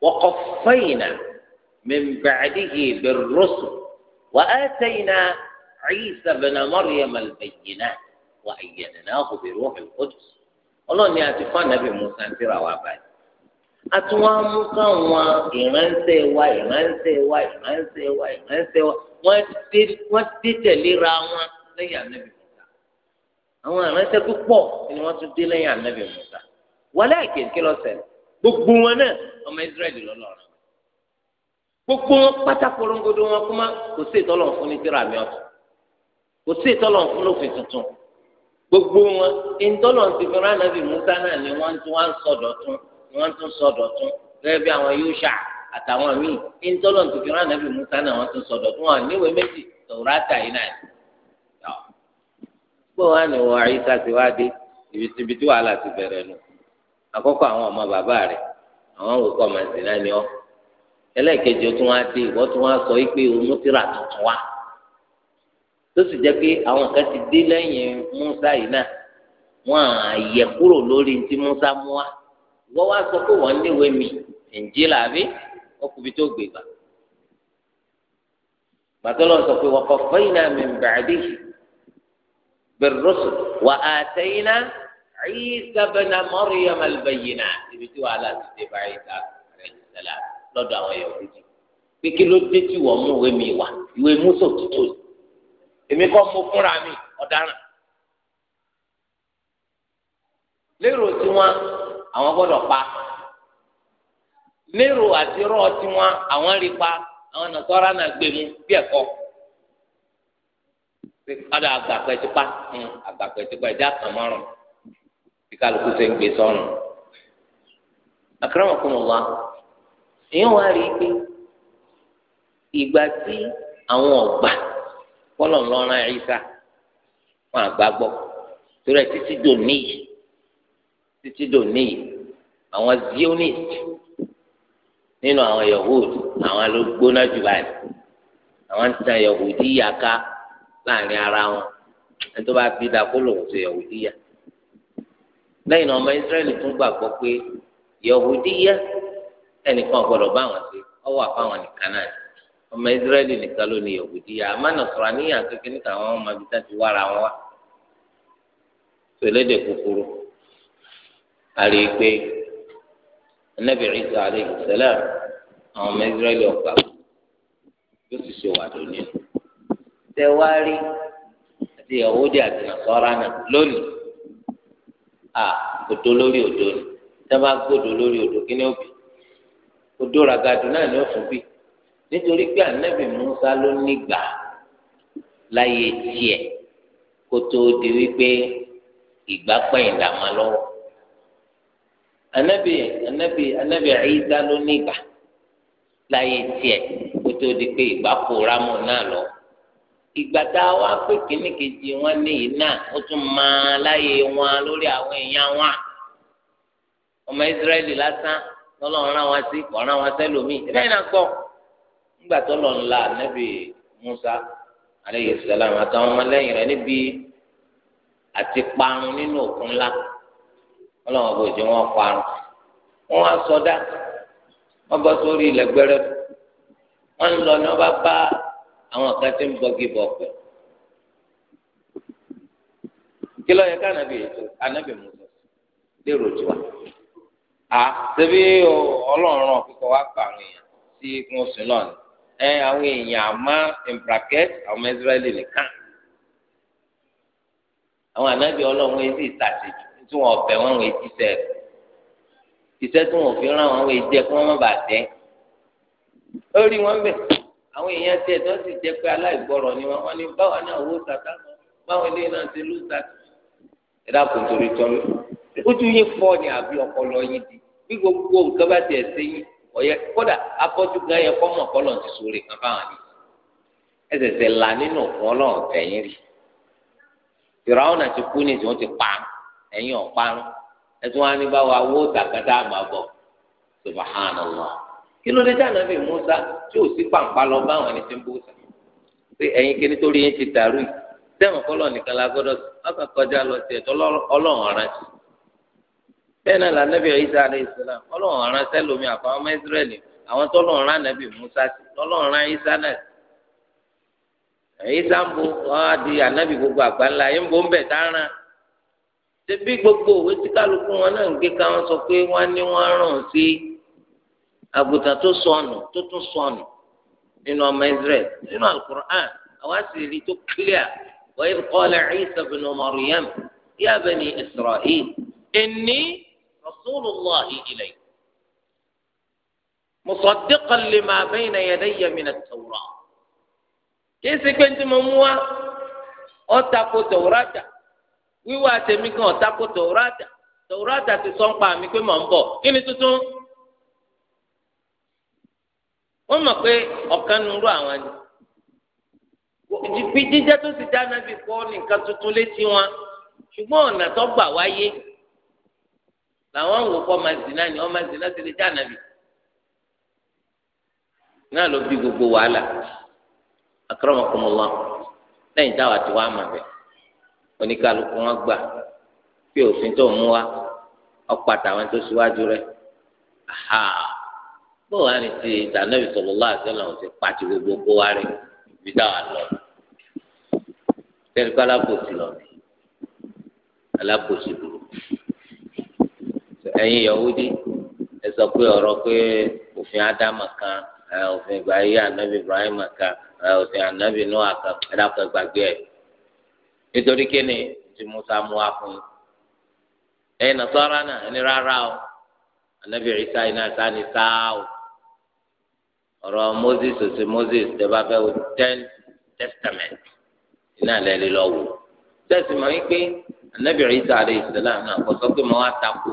[SPEAKER 1] wọ́kọ̀ fẹ́yìn náà. من بعده بالرسل وآتينا عيسى بن مريم البينات وأيدناه بروح القدس ọlọ́run ni a ti fún anabi musa ń tẹ́ra wa báyìí a tún wá mú káwọn ìránṣẹ́ wa ìránṣẹ́ wa ìránṣẹ́ wa ìránṣẹ́ wa wọ́n dé tẹ̀léra wọn lẹ́yìn anabi musa àwọn ìránṣẹ́ púpọ̀ ni wọ́n tún dé lẹ́yìn anabi musa wọlé àkèké lọ́sẹ̀ gbogbo wọn náà ọmọ israẹli lọ́lọ́run gbogbo wọn pátá korongodo wọn kuma kò sí ìtọ́lọ̀ fún ní tíra mi ọ̀tún kò sí ìtọ́lọ̀ fún lófin tuntun gbogbo wọn ìtọ́lọ̀ ti fi rán nàbì Musa náà ni wọ́n tún wá ń sọ̀dọ̀ tún ni wọ́n tún sọ̀dọ̀ tún gẹ́gẹ́ bí àwọn Yóṣà àtàwọn míì ìtọ́lọ̀ ti fi rán nàbì Musa náà wọ́n tún sọ̀dọ̀ tún wọn níwèé méjì Tàwùrátà yìí náà gbọ́ wa ni wọ́n àyíká ti wá dé ibi ti bẹ̀rẹ̀ nù àkọ́kọ́ ẹlẹ́ẹ̀kejì ó tún wá dé ìwọ́ tún wá sọ wípé onútìrà tuntun wá tó sì jẹ́ pé àwọn kan ti dé lẹ́yìn Musa yìí náà wọ́n á yẹ kúrò lórí ti Musa mú wa wọ́n wá sọ pé wọ́n níwé mi Ìnjílà àbí ọkùnrin tó gbé gbà gbàtọ́lọ́ sọ pé wọ́n kọ́ fẹ́yìnà mi bàdé bẹ̀rọ̀sù wà á tẹ́yìnà Isa bẹ́nà mọ́rìyàmẹ́lì bẹ̀yìnà ibi tí wàhálà ti dé báyìí ta rẹ̀ nísàlẹ̀ Lọdọ àwọn yahudi pé kí ló dé tí wọ́n mú mi wá ìwé musa òtútù èmi fúnra mi ọ̀daràn lérò tiwọn àwọn pa lérò àti rọ tiwọn àwọn rí pa àwọn nàtọ́ra náà gbé mu bí ẹ̀kọ́ ọdọ agbapẹ tipa agbapẹ hmm, tipa ẹdí kálukú ṣe ń gbé èyí wọn rí i pé ìgbà tí àwọn ọgbà kọlọ ńlọrọn ẹyíṣà wọn àgbà gbọ́ torí ẹ títí dò níyì títí dò níyì àwọn zionist nínú àwọn yahood àwọn ló gbóná jù báyìí àwọn ń tan yahudi yaka láàrin ara wọn ẹni tó bá fi dà kó lòun ṣe yahudi yá lẹ́yìn náà ọmọ israẹli tún gbàgbọ́ pé yahudi yá ẹnìkan gbọ́dọ̀ bá wọn ṣe ọwọ́ àfáwọn nìkan náà ọmọ israẹli nìkan ló ní yahudi àmọ́ nàṣọra níyàn kékeré níta àwọn ọmọ abita ti wára wọn wá tó elédè kúkúrú àrí pé anabi Isa alayhi salam àwọn ọmọ israẹli ọgbà yóò sì ṣe wà lónìí tẹwárí àti yahudi àti nàṣọra náà lónìí à òdo lórí òdo ni tẹ́ bá gbọ́dọ̀ lórí òdo kí ni ó bì odò ragadu náà ni ó tún bí nítorí pé anabi musa ló nígbà láyé tiẹ̀ kó tó di wípé ìgbà pẹ̀yìn dàmà lọ́wọ́ anabi anabi anabi Isa ló nígbà láyé tiẹ̀ kó tó di pé ìgbà kóra mọ́ náà lọ ìgbà tá a wá pé kínní kejì wọn níyì náà ó tún máa láyé wọn lórí àwọn èèyàn wọn ọmọ Israẹli lásán tọ́lọ́run rán wọn sí ọ̀ràn wọn sẹ́lómi ìbẹ́ náà gbọ́ nígbà tọ́lọ́ ńlá nẹ́bí Musa aleyhi salam àtàwọn ọmọlẹ́yìn rẹ̀ níbi àti parun nínú òkun ńlá ọlọ́run bò jẹ́ wọn parun wọn wá sọdá wọn bọ́ sórí ilẹ̀ wọn ń lọ ní wọn bá bá àwọn kan tí ń bọ́gi bọ̀ pẹ̀ kí lọ́ọ́ yẹ ká ànábì ètò ànábì Musa lérò tiwa a ṣebí ọlọ́run ọ̀kíkọ wa pa àwọn èèyàn sí wọn sùn náà ni ẹ àwọn èèyàn àmọ́ in bracket àwọn Israẹli nìkan àwọn ànábì ọlọ́run etí ìtàṣejù tí wọn ọbẹ̀ wọn wọn etí sẹ́ẹ̀ iṣẹ́ tí wọn fi rán wọn wọn jẹ kí wọ́n má bàa tẹ́ ó rí wọn bẹ̀ àwọn èèyàn tiẹ̀ tó sì jẹ́ pé aláìgbọ́rọ̀ ni wọn wọn ní báwa náà wó sàkà báwọn ilé náà ti lù sàkà ẹ dákun torí tọ́lú. ojú yín fọ ni àbí ọpọlọ yín di bí gbogbo nǹkan bá tiẹ̀ sí yín ọ̀yẹ kódà afọ́jú gan kọ́lọ̀ ti sóore kan báwọn ni ẹsẹ̀ ṣẹ̀ la nínú òfin ọlọ́run tẹ̀yìn rí ìràwọ̀n àti kú ní ti pa ẹ̀yìn ọ̀parun ẹ̀tún ní wó kí ló dé Musa tí ò sí pàǹpá lọ báwọn ẹni ń bó pé ti dàrú bẹ́ẹ̀ náà la nẹ́bí Ìsá alayhi salam ọlọ́run ọ̀ràn sẹ́lómi àfọwọ́ ọmọ ìsírẹ́lì àwọn tọ́lọ́run rán nẹ́bí Musa sí tọ́lọ́run rán Ìsá náà Ìsá ń bo wọ́n á di ànábì gbogbo àgbáńlá yín bo ń bẹ̀ dáná ṣebí gbogbo òwe tí kálukú wọn náà ń gé ká wọn sọ pé wọ́n ní wọ́n rán sí àgùntàn tó sọnù tó tún sọnù nínú ọmọ ìsírẹ́lì nínú Al-Qur'an àwọn àṣírí tó رسول الله إلي مصدقا لما بين يدي من التوراة كيف كنت مموا أتاكو توراتا wíwá tèmi kan ọ̀tako tòwúrátà tòwúrátà ti sọ mi tuntun wọ́n mọ̀ pé ọ̀kan nu àwọn ni jíjẹ́ tó ti dá nábì kọ́ nìkan tuntun létí wọn ṣùgbọ́n ọ̀nà tó gbà làwọn wò kọ́ máa zina ni wọ́n máa zina ti lè já nàbì náà ló bí gbogbo wàhálà akramakumullah lẹ́yìn táwa ti wá mà bẹ́ẹ̀ oníkàlùkù wọn gbà pé òfin tó ń mú wa ọ̀pá tàwọn tó síwájú rẹ̀ aha bóò wá ní ti ìtànàbì sallallahu alaihi wasallam ti pàtì gbogbo kó wá rẹ̀ ibi táwa lọ tẹ́lifíà lọ alábòsí dúró ẹ̀yin Yahudi ẹ sọ pé ọ̀rọ̀ pé òfin ádámà kan òfin ìgbà ayé ànábì Ibrahim kan òfin ànábì Noah kan ẹ dákọ̀ gbàgbé ẹ̀ nítorí kíni tí Musa mú wa fún yín ẹ̀yin Nasara náà ẹni rárá o ànábì Isa iná sani sáà o ọ̀rọ̀ Moses òsì Moses tẹ́ bá fẹ́ wo ten testament iná lẹ́lẹ́ lọ́wọ́ tẹ́sí ma wípé ànábì Isa alayhi salam náà kọ́ pé mo wá takò.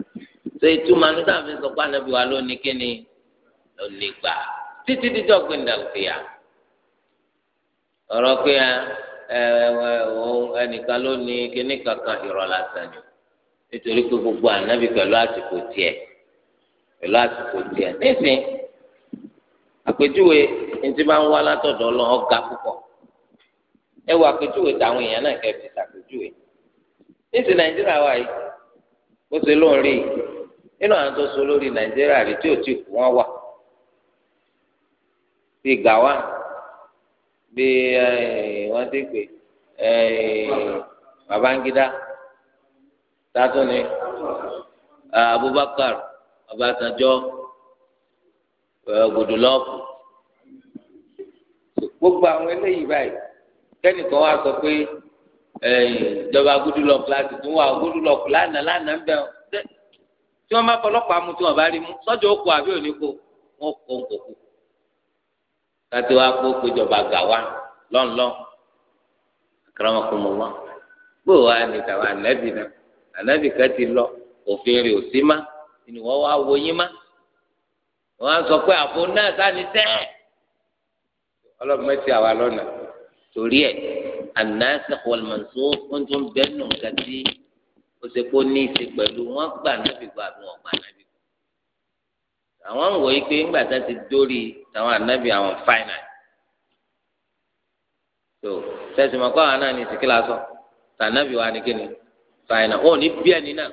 [SPEAKER 1] tó ìtumọ̀ ní táwọn sọ pé wa ló ní kíni ló ní gbà títí dídọ̀ gbẹ̀ndà òkèèyà ọ̀rọ̀ pé ẹnìkan ló ní kíní kankan irọ́ lásán ni nítorí pé gbogbo ànábì pẹ̀lú àsìkò tiẹ̀ pẹ̀lú àsìkò tiẹ̀ nísìn àpèjúwe ntí bá ń wá látọ̀dọ̀ ọlọ́run ọ̀gá púpọ̀ ẹ wọ àpèjúwe táwọn èèyàn náà kẹ́ẹ̀ fi ṣàpèjúwe nísìn nàìjíríà wà ó ṣe lóun rí yìí nínú àwọn tó so lórí nàìjíríà rí tí ò tí kú wọn wà bíi gàwa bíi eh, wọn ti pè eh, babangida tatuni eh, abubakar ọbásanjọ́ gòdùlọpù gbogbo àwọn eléyìí báyìí kẹ́nìkan wá sọ pé ìjọba gòdùlọpù láti tún wà gòdùlọpù lánàá lánàá ń bẹ̀rù tí wọ́n bá pọlọ́pàá mu tí wọ́n bá rí mu sọ́jọ́ ó kó àbí òní kó wọ́n kó ń kókó kátó wá kó péjọba gà wá lọ́nlọ́n akramakumullah bó wa ni tàwa ànábì náà ànábì kan ti lọ òfin rè ò sí má ni wọ́n wá wo yín má wọ́n á sọ pé àbò náà sáni tẹ́ ọlọ́mọ ti àwa lọ́nà torí ẹ̀ an-nasikh wal-mansukh ń tún bẹ́ẹ̀ nù kàtí òsèpò ní ìsìn pẹ̀lú wọn gbà nábì gbà àbí wọn gbà nábì gbà àwọn ń wò yí pé ńgbà tá ti dórí àwọn ànábì àwọn fáìnàì tó tẹsí mọ kó àwọn náà ní ìsìnkí lásán tànábì wa ní kíni fáìnàì wọn ò ní bí ẹni náà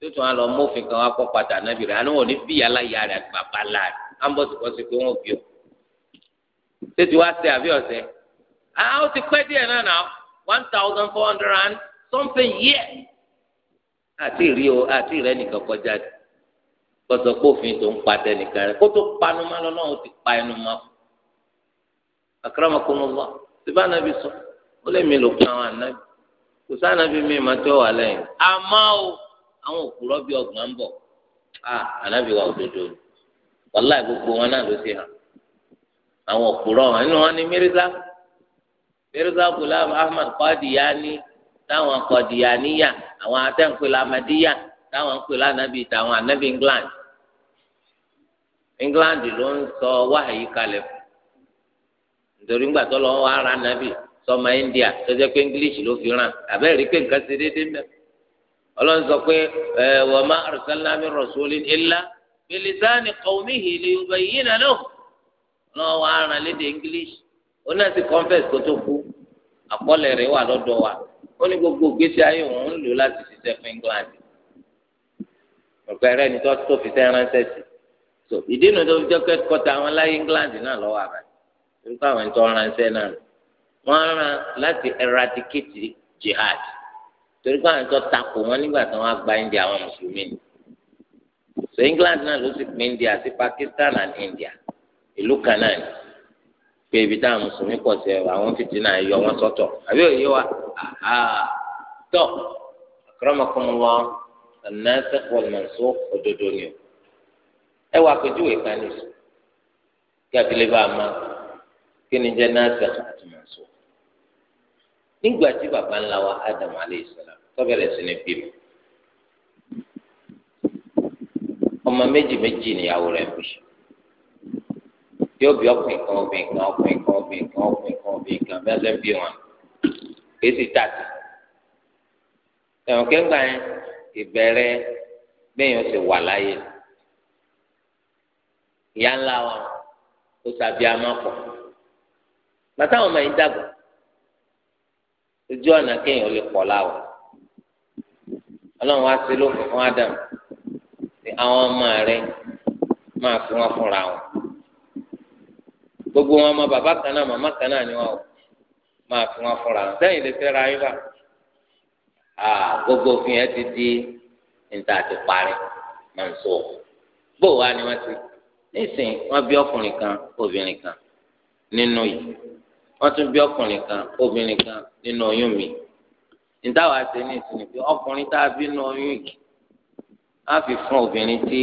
[SPEAKER 1] tó tún á lọ mófin kan wá kó padà ànábì rẹ àná wọn ò ní bí aláya rẹ àti bàbá là rẹ á ń bọ̀ sípò pé wọn bí o tètè wá sẹ àbí ọ̀sẹ̀ àwọn ti pẹ́ díẹ̀ náà náà one thousand four hundred and something years. àti ìrí o àti ìrẹ́ nìkan kọjá dé kọsọ kófin tó ń pa tẹnìkan rẹ kó tó panu lọ náà ó ti pa ẹnu ma kú akramakumullah síbá nàbí sọ ó lè mi lò pé àwọn ànábì kò sá ànábì mi má tẹ́ wà lẹ́yìn o àwọn òkúrọ́ bíi ọgbọ̀n ń bọ̀ à ànábì wà òdodo wọn náà ló ti hàn ni mírísà táwọn kọ̀dìyàníyà àwọn atẹ́ǹpẹ̀lẹ̀ amadíyà táwọn ń anabi táwọn anabi England England ló ń sọ wáhàyí kalẹ̀ nítorí ńgbà tó lọ́wọ́ wá ra sọmọ India tó jẹ́ pé English ló fi ràn àbẹ́ rí pé nǹkan ṣe déédéé mẹ́ ọlọ́run sọ pé ẹ ma arsalna min lọ́wọ́ ó ní gbogbo ìgbésí ayé òun ń lò láti ṣiṣẹ́ fún England ọ̀pẹ rẹ ni tó fi sẹ́ ránṣẹ́ sí so ìdí nu tó fi jẹ́ kẹ́kọ̀ọ́ta àwọn láyé England náà lọ́wọ́ àbá nípa àwọn ẹ̀ńtọ́ ránṣẹ́ náà wọ́n rán láti eradicate jihad torí pé àwọn ẹ̀ńtọ́ takò wọn nígbà tí wọ́n gba India àwọn mùsùlùmí ni so England náà ló sì pín India sí Pakistan and India ìlú kan náà ni. pé ibi táwọn mùsùlùmí pọ̀ sí ẹ̀rọ àwọn fìtínà yọ wọn sọ́tọ̀ àbí òye wa tọ́ akramakumullah òdodo ni o ẹ wá àpèjúwe kan kí bá a máa kí ni jẹ́ nasikh àti nígbà tí baba ńlá wa Adam alayhi salam sí bímọ ọmọ méjì méjì yóò bí ọkùnrin kan obìnrin kan ọkùnrin kan obìnrin kan ọkùnrin kan obìnrin kan bí wọ́n ṣe ń bí wọn kìí sì tàtì. ẹ̀wọ̀n kẹ́ńgbà yẹn ìbẹ̀rẹ̀ bẹ́yìn ṣe wà láyé ìyá ńlá wa ó sàbí amákọ̀ bàtà àwọn ọmọ yìí dàgbà ojú ọ̀nà kéèyàn lè pọ̀ láwọ̀ ọlọ́run wá sí lókun fún ádámù àwọn ọmọ rẹ̀ máa fi wọn fúnra wọn gbogbo wọn ọmọ bàbá kan náà màmá kan náà ni wọn o máa fi wọn fúnra sẹ́yìn lè fẹ́ra yín bá a gbogbo òfin yẹn ti di níta àti parí máa ń sọ bó wa ni wọn ti nísìnyí wọn bí ọkùnrin kan obìnrin kan nínú yìí wọn tún bí ọkùnrin kan obìnrin kan nínú oyún mi níta wàá ṣe ní ìsinmi pé ọkùnrin tá a bí nínú oyún yìí á fi fún obìnrin tí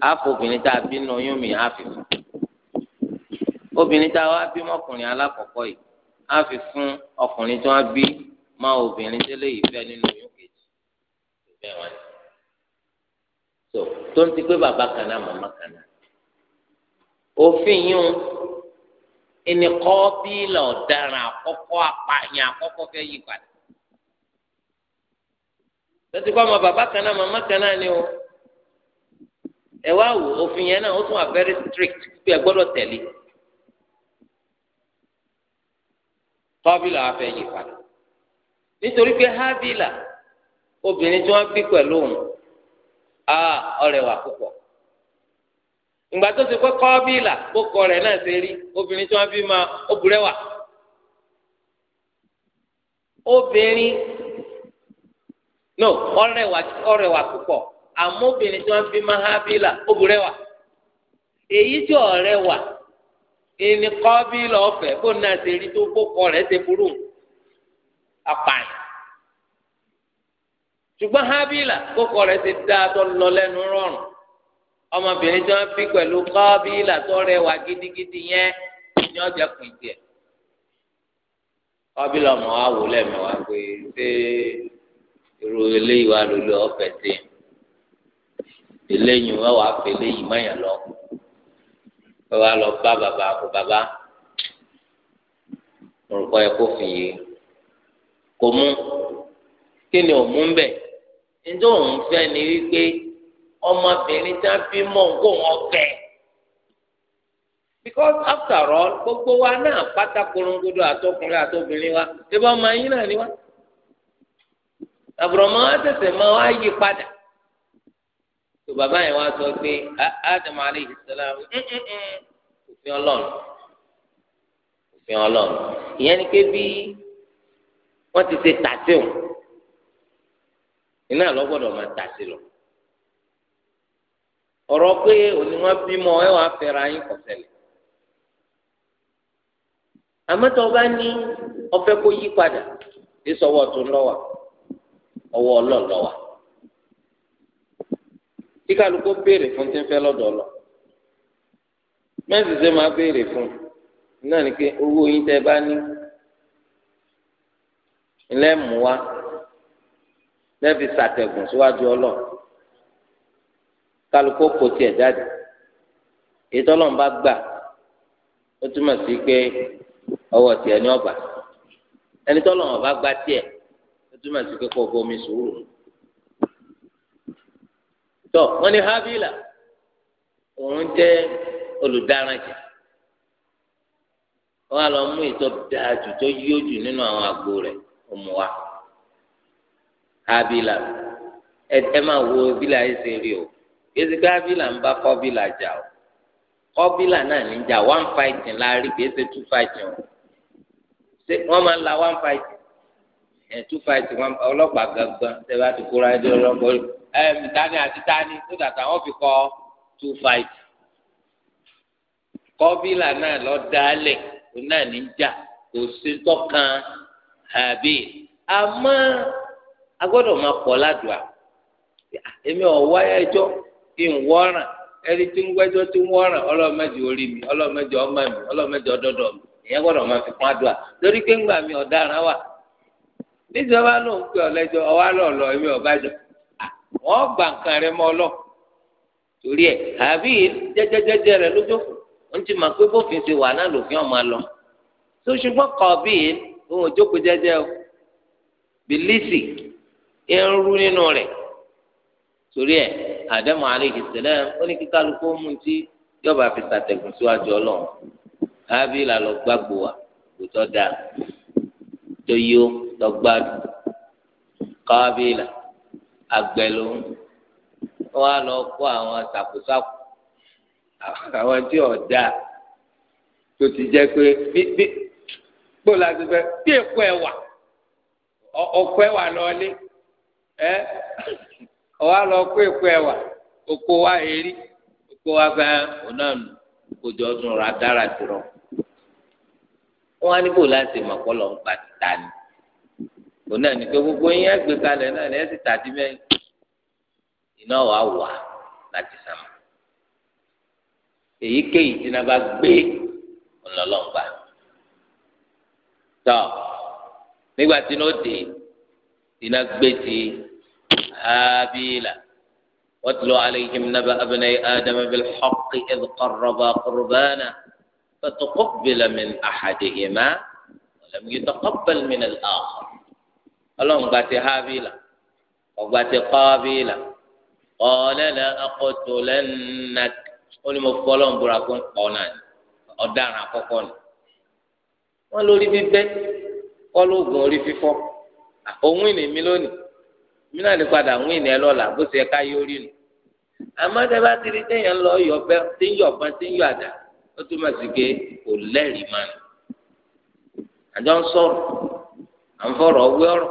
[SPEAKER 1] á fún obìnrin tá a bí nínú oyún mi á fi fún obìnrin tá a wá bí mọ́kùnrin alákọ̀ọ́kọ́ yìí á fi fún ọkùnrin tí wọ́n bí má obìnrin tẹ́lẹ̀ yìí fẹ́ nínú oyún kejì bẹ́ẹ̀ wọ́n ni. so tó ń ti pé bàbá kan náà màmá kan náà òfin yìí ẹni kọ́ bílà ọ̀daràn àkọ́kọ́ apààyàn àkọ́kọ́ fẹ́ yí padà tọ́tí kọ́ ọmọ bàbá kan náà màmá kan náà ni o ẹ wá wò òfin yẹn náà ó tún wà very strict pé ẹ gbọ́dọ̀ tẹ̀lé. tọ́bìlà wa yìí yí padà nítorí pé hábìlà obìnrin tí wọ́n bí pẹ̀lú òun á ọrẹwà púpọ̀ ìgbà tó ti pé kọ́bìlà ó kọ rẹ̀ náà ṣe obìnrin tí wọ́n bí ma no ọrẹwà ọrẹwà obìnrin tí máa hábìlà ó ìní kọ́bí lọ́fẹ̀ kó náà ṣe rí tó kókọ rẹ̀ ṣe burú apáyì ṣùgbọ́n hábìlà kókọ rẹ̀ ṣe dáadọ́ lọ lẹ́nu rọrùn ọmọbìnrin tó ń bí pẹ̀lú kọ́bílà tó rẹwà gidigidi yẹn eléyìí wà ọ̀fẹ́ sí eléyìí fẹ́ eléyìí ẹ wá lọ bá bàbá àpò bàbá nǹkan ẹ kó fi yé kò mú kí ni òun mú ń bẹ nítorí òun fẹ́ ni wípé ọmọbìnrin tá a fi mọ nǹkó wọn fẹ́ because after all gbogbo wa náà pátá korongodo àtọkùnrin àtọbìnrin wa ṣé bá ọmọ yín náà ni wá àbùrọ̀mọ́ wa tẹ̀sẹ̀ máa wá yí padà tó bàbá yẹn wá sọ pé ádámù alayhi salam eh, eh, eh. òfin ọlọ́run òfin ọlọ́run ìyẹn ni pé bí wọ́n ti ṣe tàṣíwò iná lọ́gbọ́dọ̀ máa tàṣí lọ ọ̀rọ̀ pé òní wọ́n bímọ ẹ wàá fẹ́ra yín kò ṣẹlẹ̀ àmọ́tọ́ bá ní ọ̀fẹ́ kó yí padà ìsọwọ́ tó ń lọ́wọ́ ọwọ́ ọlọ́ọ̀lọ́wọ́ kí kálukú béèrè fún tí ń fẹ́ lọ́dọ̀ lọ mẹ́sìsẹ́ máa béèrè fún náà ni pé owó yín tẹ́ bá ní lẹ́mùú wa lẹ́fi sàtẹ̀gùn síwájú ọlọ́ kálukú kò tiẹ̀ jáde ètò ọlọ́run bá gbà ó túmọ̀ sí pé ọwọ́ tiẹ̀ ní ọgbà ẹni tọ́lọ́run bá gbà tiẹ̀ ó túmọ̀ sí pé kò bomi sùúrù tọ wọn ni habila òun jẹ olùdáranjẹ wọn á lọ mú ìtọ dáàjù tó yíyó jù nínú àwọn àgbo rẹ ọmọ wa habila ẹ ẹ máa wo bílà yìí ṣe rí o gbèsè pé habila ń bá kọbílà jà o kọbílà náà ní jà one fighting la rí gbèsè two fighting o ṣé wọn máa ń la one fighting ẹ two fighting ọlọ́pàá gangan ṣe bá ti kóra ẹjọ́ ọlọ́pàá tani àti tani tó dàtà wọn fi kọ two five kọbílà náà lọ dálẹ̀ òun náà ní jà kò sí àbí àmọ́ agbọ́dọ̀ máa pọ̀ ládùá èmi ò ẹjọ́ kí n ẹni tí ń wẹ́jọ́ tí ń wọ́ràn orí mi ọmọ mi mi ìyẹn máa fi kún wọ́n gbà nǹkan rẹ mọ́ lọ torí ẹ̀ àbí jẹjẹjẹjẹ rẹ lójó ń ti mọ̀ pé bófin ṣe wà náà lòfin ọmọ lọ tó ṣùgbọ́n kọ̀ bí ohun ìjókòó jẹjẹ o bìlísì ń rú nínú rẹ̀ torí ẹ̀ àdẹ́mọ̀ alayhi salam ó ní kíkálukú mú ti yọba fi ṣàtẹ̀gùn síwájú ọlọ́run àbí làlọ́ gbàgbó wa kò tọ́ da tó yó tó gbádùn kábílà àgbẹ̀ ló ń lọ kó àwọn sàkósàkó àwọn tí ọ̀dà tó ti jẹ́ pé bí bí kpó la ti fẹ́ bí èkó ẹ̀ wà ẹ̀ wà lọ́ọ́lé lọ kó èkó ẹ̀ wà oko wa èrí oko wa fẹ́ dára láti mọ̀ kọ́ lọ́n gba òun náà ní pé gbogbo yín ẹgbẹ́ kalẹ̀ náà lẹ́yìn ti tàbí iná wàá wà láti sàmà wà bá gbé ọlọlọgba tọ nígbà tí náà dé tí náà gbé ti hábìlà واتل عليهم نبأ ابني آدم بالحق إذ قربا قربانا فتقبل من أحدهما ولم يتقبل من الآخر ọlọ́run gba ti hábìlà ọgbà ti kọ́bìlà ọ̀lẹ́lẹ̀ akọ̀tò lẹ́nà ó ní mo fọ́ ọlọ́run búra pé ń pọ̀ náà ọ̀daràn àkọ́kọ́ ni wọ́n lórí bíbẹ́ kọ́ lóògùn orí fífọ́ òun ìní mi lónìí mi náà ní padà òun ìní ẹ lọ́la bó ṣe ká yóò rí nu àmọ́ bá ti rí téèyàn lọ yọ bẹ́ tí ń yọ ọ̀bọ̀n tí ń yọ àdá ó túmọ̀ sí pé kò lẹ́rìí máa àjọ ń sọ̀rọ̀ à ń fọ̀rọ̀ wé ọ̀rọ̀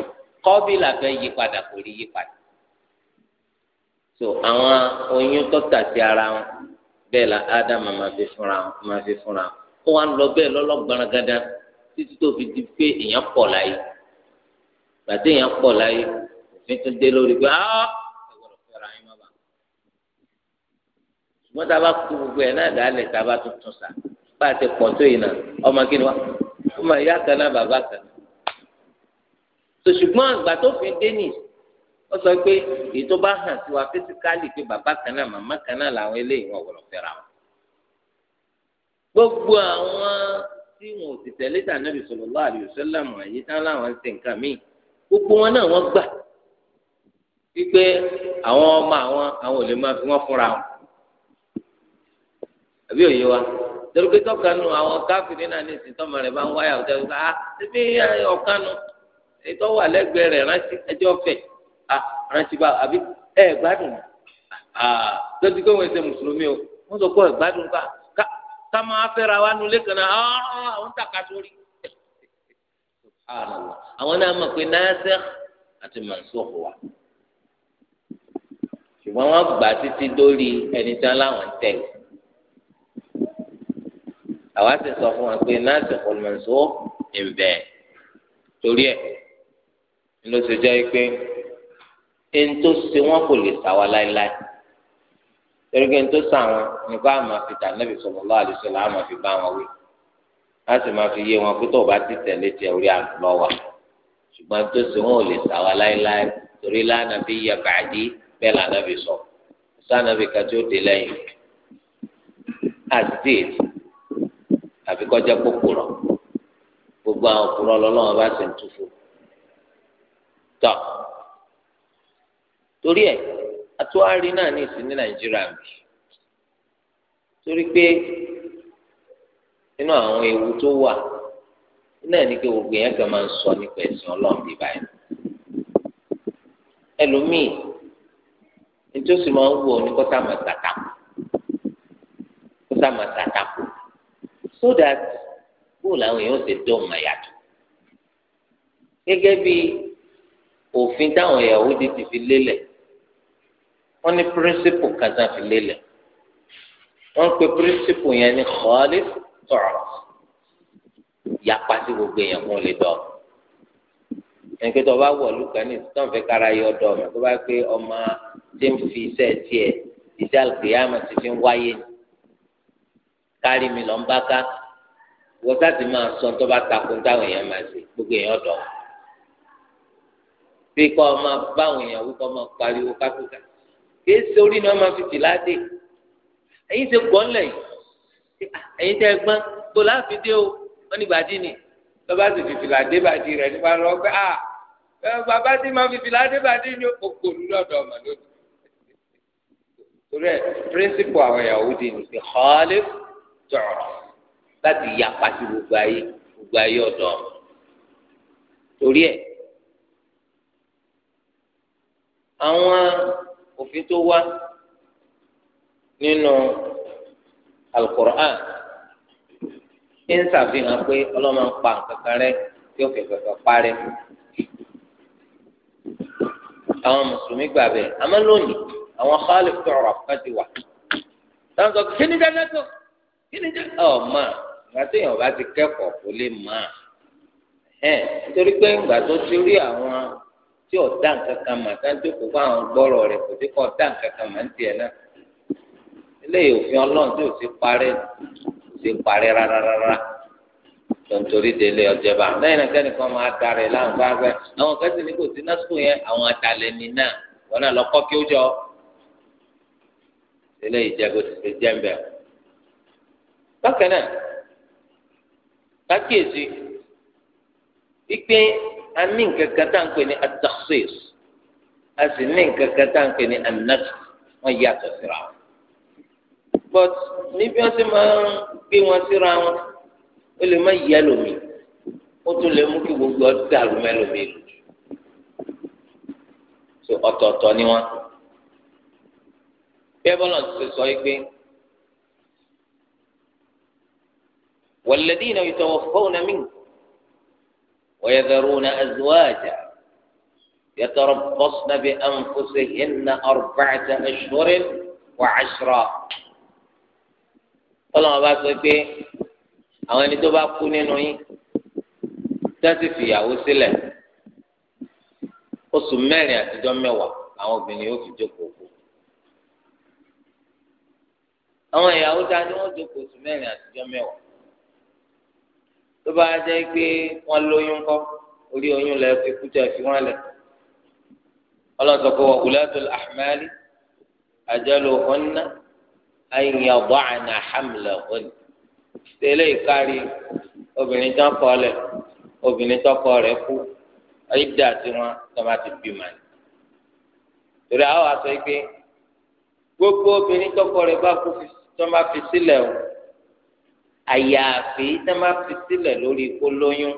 [SPEAKER 1] kọ́bìlà fẹ́ yí padà kò rí yí padà so àwọn oyún tó tà sí ara wọn bẹ́ẹ̀ la ádámà máa fi fúnra wọn máa fi fúnra wọn ó wà ń lọ bẹ́ẹ̀ lọ́lọ́gbọ̀nrán gángan títí tó fi di pé èèyàn pọ̀ láyé gbàtí èèyàn pọ̀ láyé òfin tún dé lórí pé áá ẹ̀wọ̀n fẹ́ra yín má bà ṣùgbọ́n tá a bá kú gbogbo ẹ̀ náà dálẹ̀ tá a bá tuntun sá bá a ti pọ̀ tó yìí náà ọmọ kí ni wá ọmọ ìyá kan náà bàbá kan náà sòṣùgbọ́n àgbà tó fi dénìs ó sọ pé èyí tó bá hàn sí wa físíkálì pé bàbá kan náà màmá kan náà làwọn eléyìí wọn wọ̀rọ̀ fẹ́ra wọn. gbogbo àwọn tí wọn ò sì tẹ̀lé tà Nábì sallallahu alaihi wasallam àyè tán láwọn ń ṣe nǹkan míì gbogbo wọn náà wọ́n gbà wípé àwọn ọmọ àwọn àwọn ò lè máa fi wọn fúnra wọn. àbí òye wa torí pé tọ́kanu àwọn káfíńdínà ní ìsìn tọ́mọ rẹ̀ bá ń wáyà ọ̀tẹ̀ ọ̀tẹ̀ ah ṣe bí ọ̀kanu ètò wà lẹ́gbẹ̀ẹ́ rẹ̀ rántí ẹjọ́ fẹ̀ à rántí bá àbí ẹ gbádùn à lọ́sí pé wọ́n ṣe mùsùlùmí o wọ́n sọ pé ẹ gbádùn ká ká máa fẹ́ra wa nulẹ̀ kan náà àwọn ń tàka sórí. àwọn náà mọ̀ pé náírà àti mọ̀nsóòfù wa ṣùgbọ́n wọ́n gbà títí dórí ẹni tán láwọn ń àwa ti sọ fún wa pé náírà àti mọ̀nsóòfù ń torí ẹ̀ ló ṣe jẹ́ pé ẹni tó ṣe wọ́n kò lè sá wa láéláé erigi ẹni tó sá wọn nípa àmà fi tà nẹ́bí sọ̀rọ̀ àdìsọ́lá àmà fi bá wọn wí a sì máa fi yé wọn pé tó o bá ti tẹ̀lé tiẹ̀ orí àná lọ́wọ́ ṣùgbọ́n tó ṣe wọn ò lè sá wa láéláé torí lánàá bí yẹ bàdí bẹ́ẹ̀ lánàá bí sọ sánàá bí kàtí ó dé lẹ́yìn àdéhìí àfikọ́jẹ́ kókòrò gbogbo àwọn kòrò lọ́lọ́wọ́ bá ti ń túfò. tọ torí ẹ atúwárí náà ní ìsìn ní nàìjíríà bì torí pé nínú àwọn ewu tó wà náà ní pé gbogbo yẹn kan máa ń sọ nípa ẹ̀sìn ọlọ́run bíi báyìí ẹlòmíì nítòsí máa ń wù ọ ní kọ́tà máa tàtàkù kọ́tà so that bóòlù àwọn èèyàn ṣe dóhùn gẹ́gẹ́ bíi. òfin táwọn Yahudi ti fi lélẹ̀ wọ́n ní píríncípù kàtà fi lélẹ̀ wọ́n pe píríncípù yẹn ní khalif tọ̀rọ̀ yapa sí gbogbo èèyàn kún lè dọ̀ ẹni pé tó bá wọ̀ lùkà ní tó ń fẹ́ kára yọ dọ̀ mọ̀ tó bá pé ọmọ tí ń fi iṣẹ́ tiẹ̀ iṣẹ́ àlùkìyàmọ̀ ti fi ń wáyé kárí mi lọ́n wọ́n sá ti máa sọ tó bá takun táwọn máa ṣe gbogbo èèyàn dọ̀ wọ́n bí kò máa báwọn èèyàn wí kò máa pariwo kápẹ́tà kìí ṣe orí ni wọ́n máa fi tìlá dé ẹ̀yin ṣe gbọ́n lẹ̀ yìí ẹ̀yin tẹ́ ẹ gbọ́n tó láàfin dé o wọ́n ní bàdí ni bàbá sì fi fìlà dé bàdí rẹ̀ nípa lọ pé à bàbá sì máa fi dé bàdí ni o kò ní
[SPEAKER 2] lọ́dọ̀ ọmọ lónìí
[SPEAKER 1] torí ẹ píríncípù àwọn Yahudi ni ti xọ́ọ́lé tọ̀rọ̀ láti yapa sí gbogbo ayé gbogbo ayé ọ̀dọ́ torí ẹ. àwọn òfin tó wá nínú alukur'an ń ṣàfihàn pé ọlọ́mọ ń pa nǹkan kan rẹ tí ó fi kankan parẹ́ àwọn mùsùlùmí gbà bẹ́ẹ̀ àmọ́ lónìí àwọn xaalif tọrọ kan ti wà táwọn sọ kí ni dáadáa
[SPEAKER 2] tó kí ni dáadáa ọ̀ máa
[SPEAKER 1] ìgbà tó yàn bá ti kẹ́kọ̀ọ́ kò lè máa ẹ̀ nítorí pé ìgbà tó ti rí àwọn tí ò dá nǹkan kan mà tá jókòó fún àwọn gbọ́rọ̀ rẹ̀ kò sí kọ́ dá nǹkan kan mà ń tiẹ̀ náà eléyìí òfin ọlọ́run tí ò sí parẹ́ ò sí parẹ́ rárá rárá tontori délé ọjọba lẹ́yìn náà kẹ́nìkan máa darẹ̀ láwọn bá fẹ́ àwọn kẹ́sì ní kò sí násìkò yẹn àwọn atalẹ̀ ní náà wọn náà lọ kọ́ kí ó jọ eléyìí jẹ́ bó ti ṣe jẹ́ ń bẹ̀. bákan náà kákíyèsí wípé a ní nǹkan kan tá à ń pè ní at-takhsis a sì ní nǹkan kan tá à ń pè ní an-nass wọ́n yàtọ̀ síra wọn. but níbi wọ́n ti máa ń gbé wọn síra wọn ó lè má yẹ lómi ó tún lè mú kí gbogbo ọdún àrùn mẹ́lòmí lò so ọ̀tọ̀ọ̀tọ̀ ni wọ́n. bẹ́ẹ̀ bọ́lá ti sọ pé walladhina yatawaffawna minkum. ويذرون أزواجا يتربصن بأنفسهن أربعة أشهر وعشرا ọlọ́run bá sọ pé àwọn ẹni tó bá kú nínú yín tẹ́sí fìyàwó sílẹ̀ oṣù mẹ́rin àtijọ́ mẹ́wàá àwọn obìnrin yóò fi jókòó kù àwọn ìyàwó ta ni wọ́n jókòó oṣù mẹ́rin àtijọ́ mẹ́wàá tó bá jẹ́ pé wọ́n lóyún kọ́ orí oyún lẹ fi kú tẹ̀ fi wọ́n lẹ̀ ọlọ́sọ pé wọ́n ulatul ahmali ajaluhunna an yada'na hamlahunna tẹ́lẹ̀ ìkárí obìnrin tán kọ́ lẹ̀ obìnrin tọkọ rẹ̀ kú ayídà tiwọn tọ́ba ti bímọ ni torí àwọn àṣọ yìí pé gbogbo obìnrin tọkọ rẹ̀ bá kú tọ́ba fi sílẹ̀ o àyàfi tá má fi sílẹ̀ lórí ikó lóyún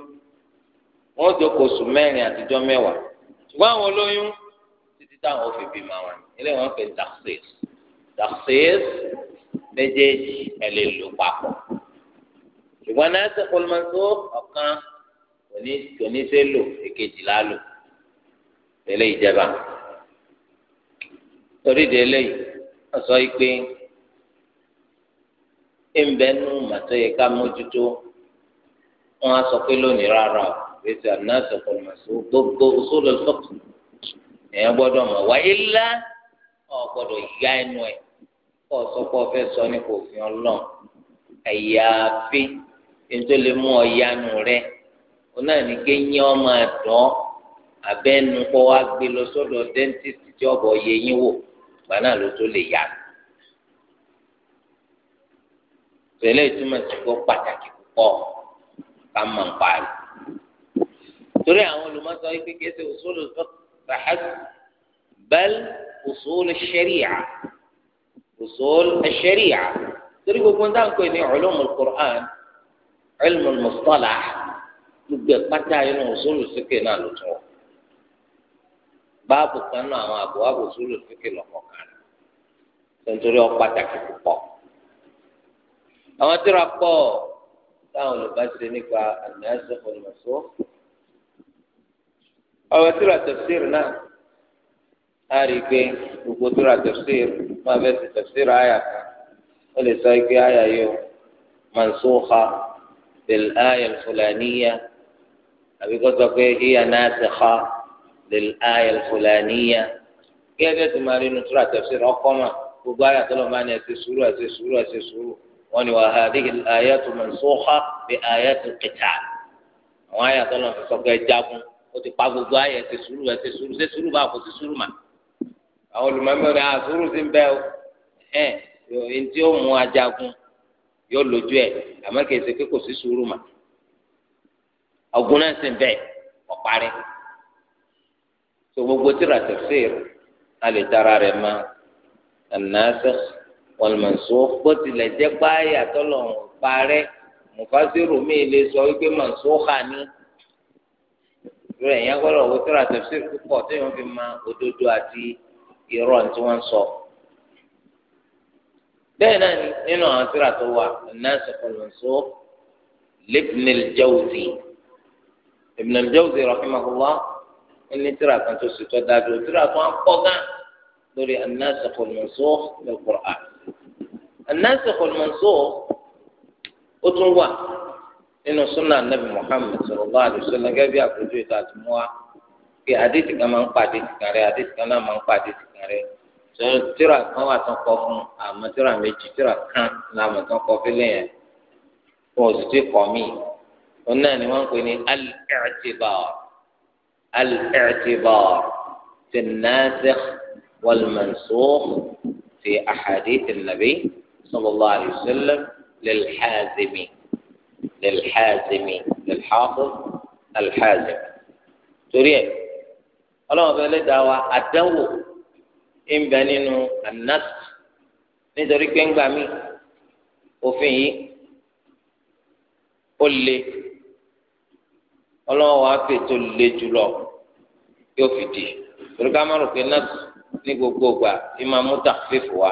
[SPEAKER 1] wọn jókòó oṣù mẹ́rin àtijọ́ mẹ́wàá ṣùgbọ́n àwọn olóyún títí táwọn fi bímọ àwọn ilé wọn fẹ́ taxis taxis méjèèjì ẹ lè lò papọ̀ ṣùgbọ́n náà ṣe kọlùmọ́tò ọ̀kan kò ní ṣe lò èkejì la lò tẹ́lẹ̀ ìjẹba torí de eléyìí wọ́n sọ yìí pé ẹnbẹ́nu màtọ́ yẹ ká mójútó wọn á sọ pé lónìí rárá o ètò ànáàtọ̀ kọ̀ màsó gbogbo sódò sọ́kù èèyàn gbọ́dọ̀ mọ̀ wáyé ńlá ọ̀ gbọ́dọ̀ yá ẹnu ẹ̀ kọ́ ọ sọ pé ọ fẹ́ sọ nípa òfin ọlọ́run àyàfi ètò lè mú ọ náà ní kéyìn ọmọ àdán abẹ́nu kọ́ gbé lọ sọ́dọ̀ dẹ́ńtìtì tí ọ̀bọ̀ yẹ yín wò gbaná ló tó lè yánu. tẹ̀lé ìtumọ̀ sí kó pàtàkì púpọ̀ ká mọ̀ nípa rẹ̀. torí àwọn olùmọ̀sọ yìí pé kéésì òṣòlù bàhás bẹ́ẹ̀l òṣòlù ṣẹ́ríà òṣòlù ṣẹ́ríà torí gbogbo nígbà pé ní ulumul Qur'an ilmul mustalah gbogbo pátá inú òṣòlù sókè náà ló tún wọ. báàbù kan náà àwọn àbúwábù òṣòlù sókè lọ́kọ̀ọ̀kan nítorí ó pàtàkì púpọ̀. àwọn ra pọ̀ táwọn olùbá ṣe nípa ànáṣe olùmọ̀ṣọ́ ọ̀rọ̀ ra tẹ̀síìrì náà a rí i pé gbogbo ra tẹ̀síìrì máa fẹ́ ti tẹ̀síìrì àyà kan ó lè sọ pé àyà yóò máa ń mansukha bil àyà fúlàníyà àbí kó sọ pé ìyà náà ti nasikha lil àyà fúlàníyà kí ẹ bẹ́ẹ̀ tó máa rí inú ra tẹ̀síìrì ọkọ́ mà gbogbo àyà tó lọ máa ní ẹ ti sùúrù ẹ ti sùúrù ẹ ti sùúrù. wọn ni wà hàdíhì àyàtò mọ̀nsókà bí àyàtò kìtà àwọn àyàtò náà fi sọgbẹ́ jagun ó ti pa gbogbo ayẹ ti sùúrù ẹ ti sùúrù ṣé sùúrù bá kò sí sùúrù mà àwọn olùmọ̀mọ́ ni à sùúrù sí bẹ́ẹ̀ o ẹ̀ ẹni tí ó mú ajagun yóò lójú ẹ̀ àmọ́ kìí ṣe pé kò sí sùúrù mà ọ̀gbun náà sì ń bẹ́ẹ̀ ọ̀parí so gbogbo tíra tẹ̀síìrì a lè dára rẹ̀ mọ́ wal-mansukh bó tilẹ̀ jẹ́ páyà tọ́lọ̀ ń parẹ́ mufasiru mi lè sọ wípé mansukha ni rẹ̀ yẹn gbọ́dọ̀ wọ́n tẹ́lẹ̀ àtẹ̀sí púpọ̀ tí wọ́n fi ma òdodo àti irọ́ tí wọ́n sọ. bẹ́ẹ̀ náà nínú àwọn tẹ́lẹ̀ tó wà an-Nasikh wal-Mansukh libn al ẹni tẹ́lẹ̀ kan tó sì tọ́ dájú tẹ́lẹ̀ kan pọ̀ gan lórí an-Nasikh wal-Mansukh an-nasikh wal-mansukh ó tún wà nínú sunna anabi muhammed sallallahu alaihi wasallam gẹ́gẹ́ bí àpèjú ìta àti mú wa pé àdéhìí kan máa ń pàdé tìkan rẹ àdéhìí kan náà máa ń pàdé tìkan rẹ tíra kan wà tán kọ fún àmọ́ tíra méjì tíra kan làmọ tán kọ fílẹ yẹn wọn ò sì ti kọ míì wọn náà ni wọn ń pè ní al-i'tibar al-i'tibar fi an-nasikh wal-mansukh fi ahadith an-nabi sallallahu alaihi wasallam lilhazimi lilhazimi lilhafiz alhazim torí ẹ ọlọ́run fẹ́ lẹ́dàá wa àdánwò ń bẹ nínú anas nítorí pé ń gbà mí òfin yìí ó le ọlọ́run wa fè tó le jùlọ yóò fi di torí ká má rò pé nas ní gbogbo ìgbà ìmàmú tàfífù wa.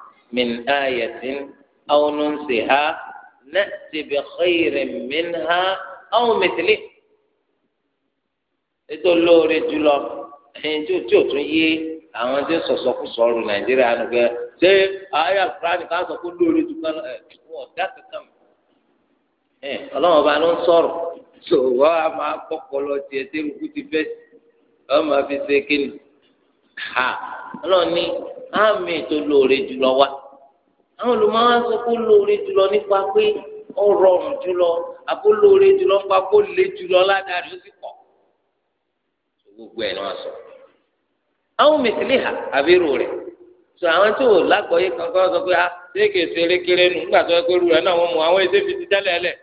[SPEAKER 1] من آية أو ننسها نأتي بخير منها أو مثله ètò lóore jùlọ tí o tún yé àwọn tí ń sọsọkú sọ̀rọ̀ nàìjíríà nù pé ṣé ayé àkùránì ká sọ pé lóore jù kan ẹ wọn ọdá kankan ẹ ọlọ́run ọba ló ń sọ̀rọ̀ tó wọ́n á máa kọ́kọ́ lọ tiẹ̀ tí ewu ti fẹ́ wọ́n máa fi ṣe kíni ọlọ́run ní àmì ètò lóore wa. àwọn olùmọ̀wá sọ kó ó lóore jùlọ nípa pé ó rọrùn jùlọ àbó lóore jùlọ nípa kó le jùlọ ládàrí ó sì pọ̀ gbogbo ẹ̀ ni wọ́n sọ. àwọn mẹ̀tìlì hà rẹ̀ sọ àwọn tó lágbọ̀ọ́yé kankan sọ pé a ah, erékeré nù nígbà tó náà wọ́n mú àwọn fi ti lẹ̀.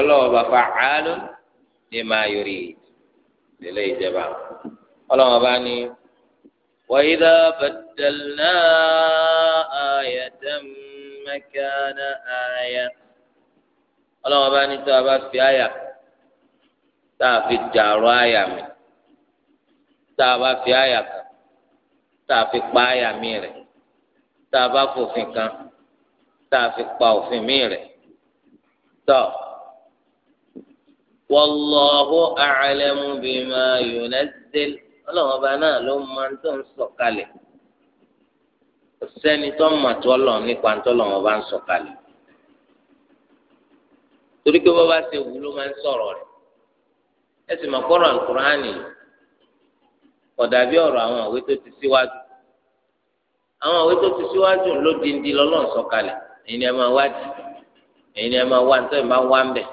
[SPEAKER 1] ọlọ́wọ́ bàbá ni yọrí ìdílé ìjẹba ọlọ́wọ́ bá ní wọ́n بدلنا آية مكان آية ọlọ́wọ́n bá ní tó a bá fi àyà tá a fi jàrọ̀ àyà mi tá a bá fi àyà kan tá a fi pa àyà mi rẹ̀ tá a bá fòfin kan tá a fi pa òfin mi rẹ̀ tọ́ wàlláhu a'lamu bima yunzil ọlọ́wọ́n bá náà ló máa ń tó ń sọ̀kalẹ̀. So, ọ̀sẹ́ni tó mọ̀ tó lọ nípa tó lọ wọn bá ń sọ kalẹ̀ torí pé bọ́ba ṣe wù ló máa ń sọ̀rọ̀ rẹ̀ ẹ sì mọ̀ kọ́rọ̀ alukur'ani ọ̀dà bí ọ̀rọ̀ àwọn àwé tó ti síwájú àwọn àwé tó ti síwájú ló dindi lọ́lọ́ sọ kalẹ̀ ẹ̀yin ni ẹ máa wádìí ẹ̀yin ni ẹ máa wá nítorí máa wá ń bẹ̀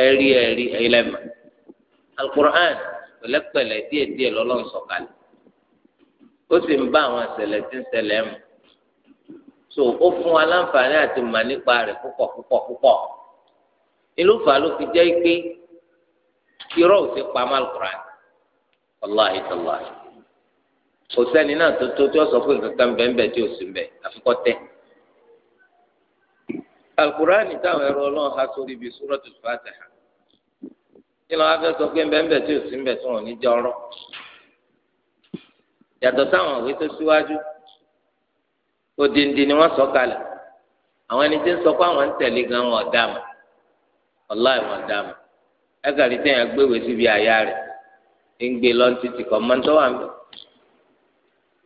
[SPEAKER 1] ẹ rí ẹ rí ẹ̀yin lẹ́mọ̀ alukur'ani pẹ̀lẹ́pẹ̀lẹ́ díẹ̀díẹ̀ lọ́lọ́ sọ kalẹ̀ ó sì ń bá àwọn ìṣẹ̀lẹ̀ tí ń ṣẹlẹ̀ mu so ó fún wa láǹfààní àti mà nípa rẹ̀ púpọ̀ púpọ̀ púpọ̀ ìlúfà ló fi jẹ́ pé irọ́ ò sí pamọ́ alukuran wàláhi tàláhi kò sẹ́ni náà tó tó tí ó sọ pé kankan bẹ́ẹ̀ tí ò sí bẹ́ẹ̀ àfikọ́ tẹ́ alukuran táwọn ẹ̀rọ ọlọ́run ha sórí ibi Suratul Fatiha kí ló wá fẹ́ sọ pé bẹ́ẹ̀ tí ò sí bẹ́ẹ̀ tí wọ́n ní jẹ́ ọ̀rọ̀ yàtọ̀ sáwọn òwe tó síwájú odindi ni wọ́n sọ kalẹ̀ àwọn ẹni tí ń sọ pé àwọn ń tẹ̀lé gan wọn ọ̀dà mọ̀ ọláì wọn ọ̀dà mọ̀ ẹgàrí tẹ̀yàn gbéwèé síbi àyà rẹ̀ ń gbé lọ títí kọ́ mọ́ wà mí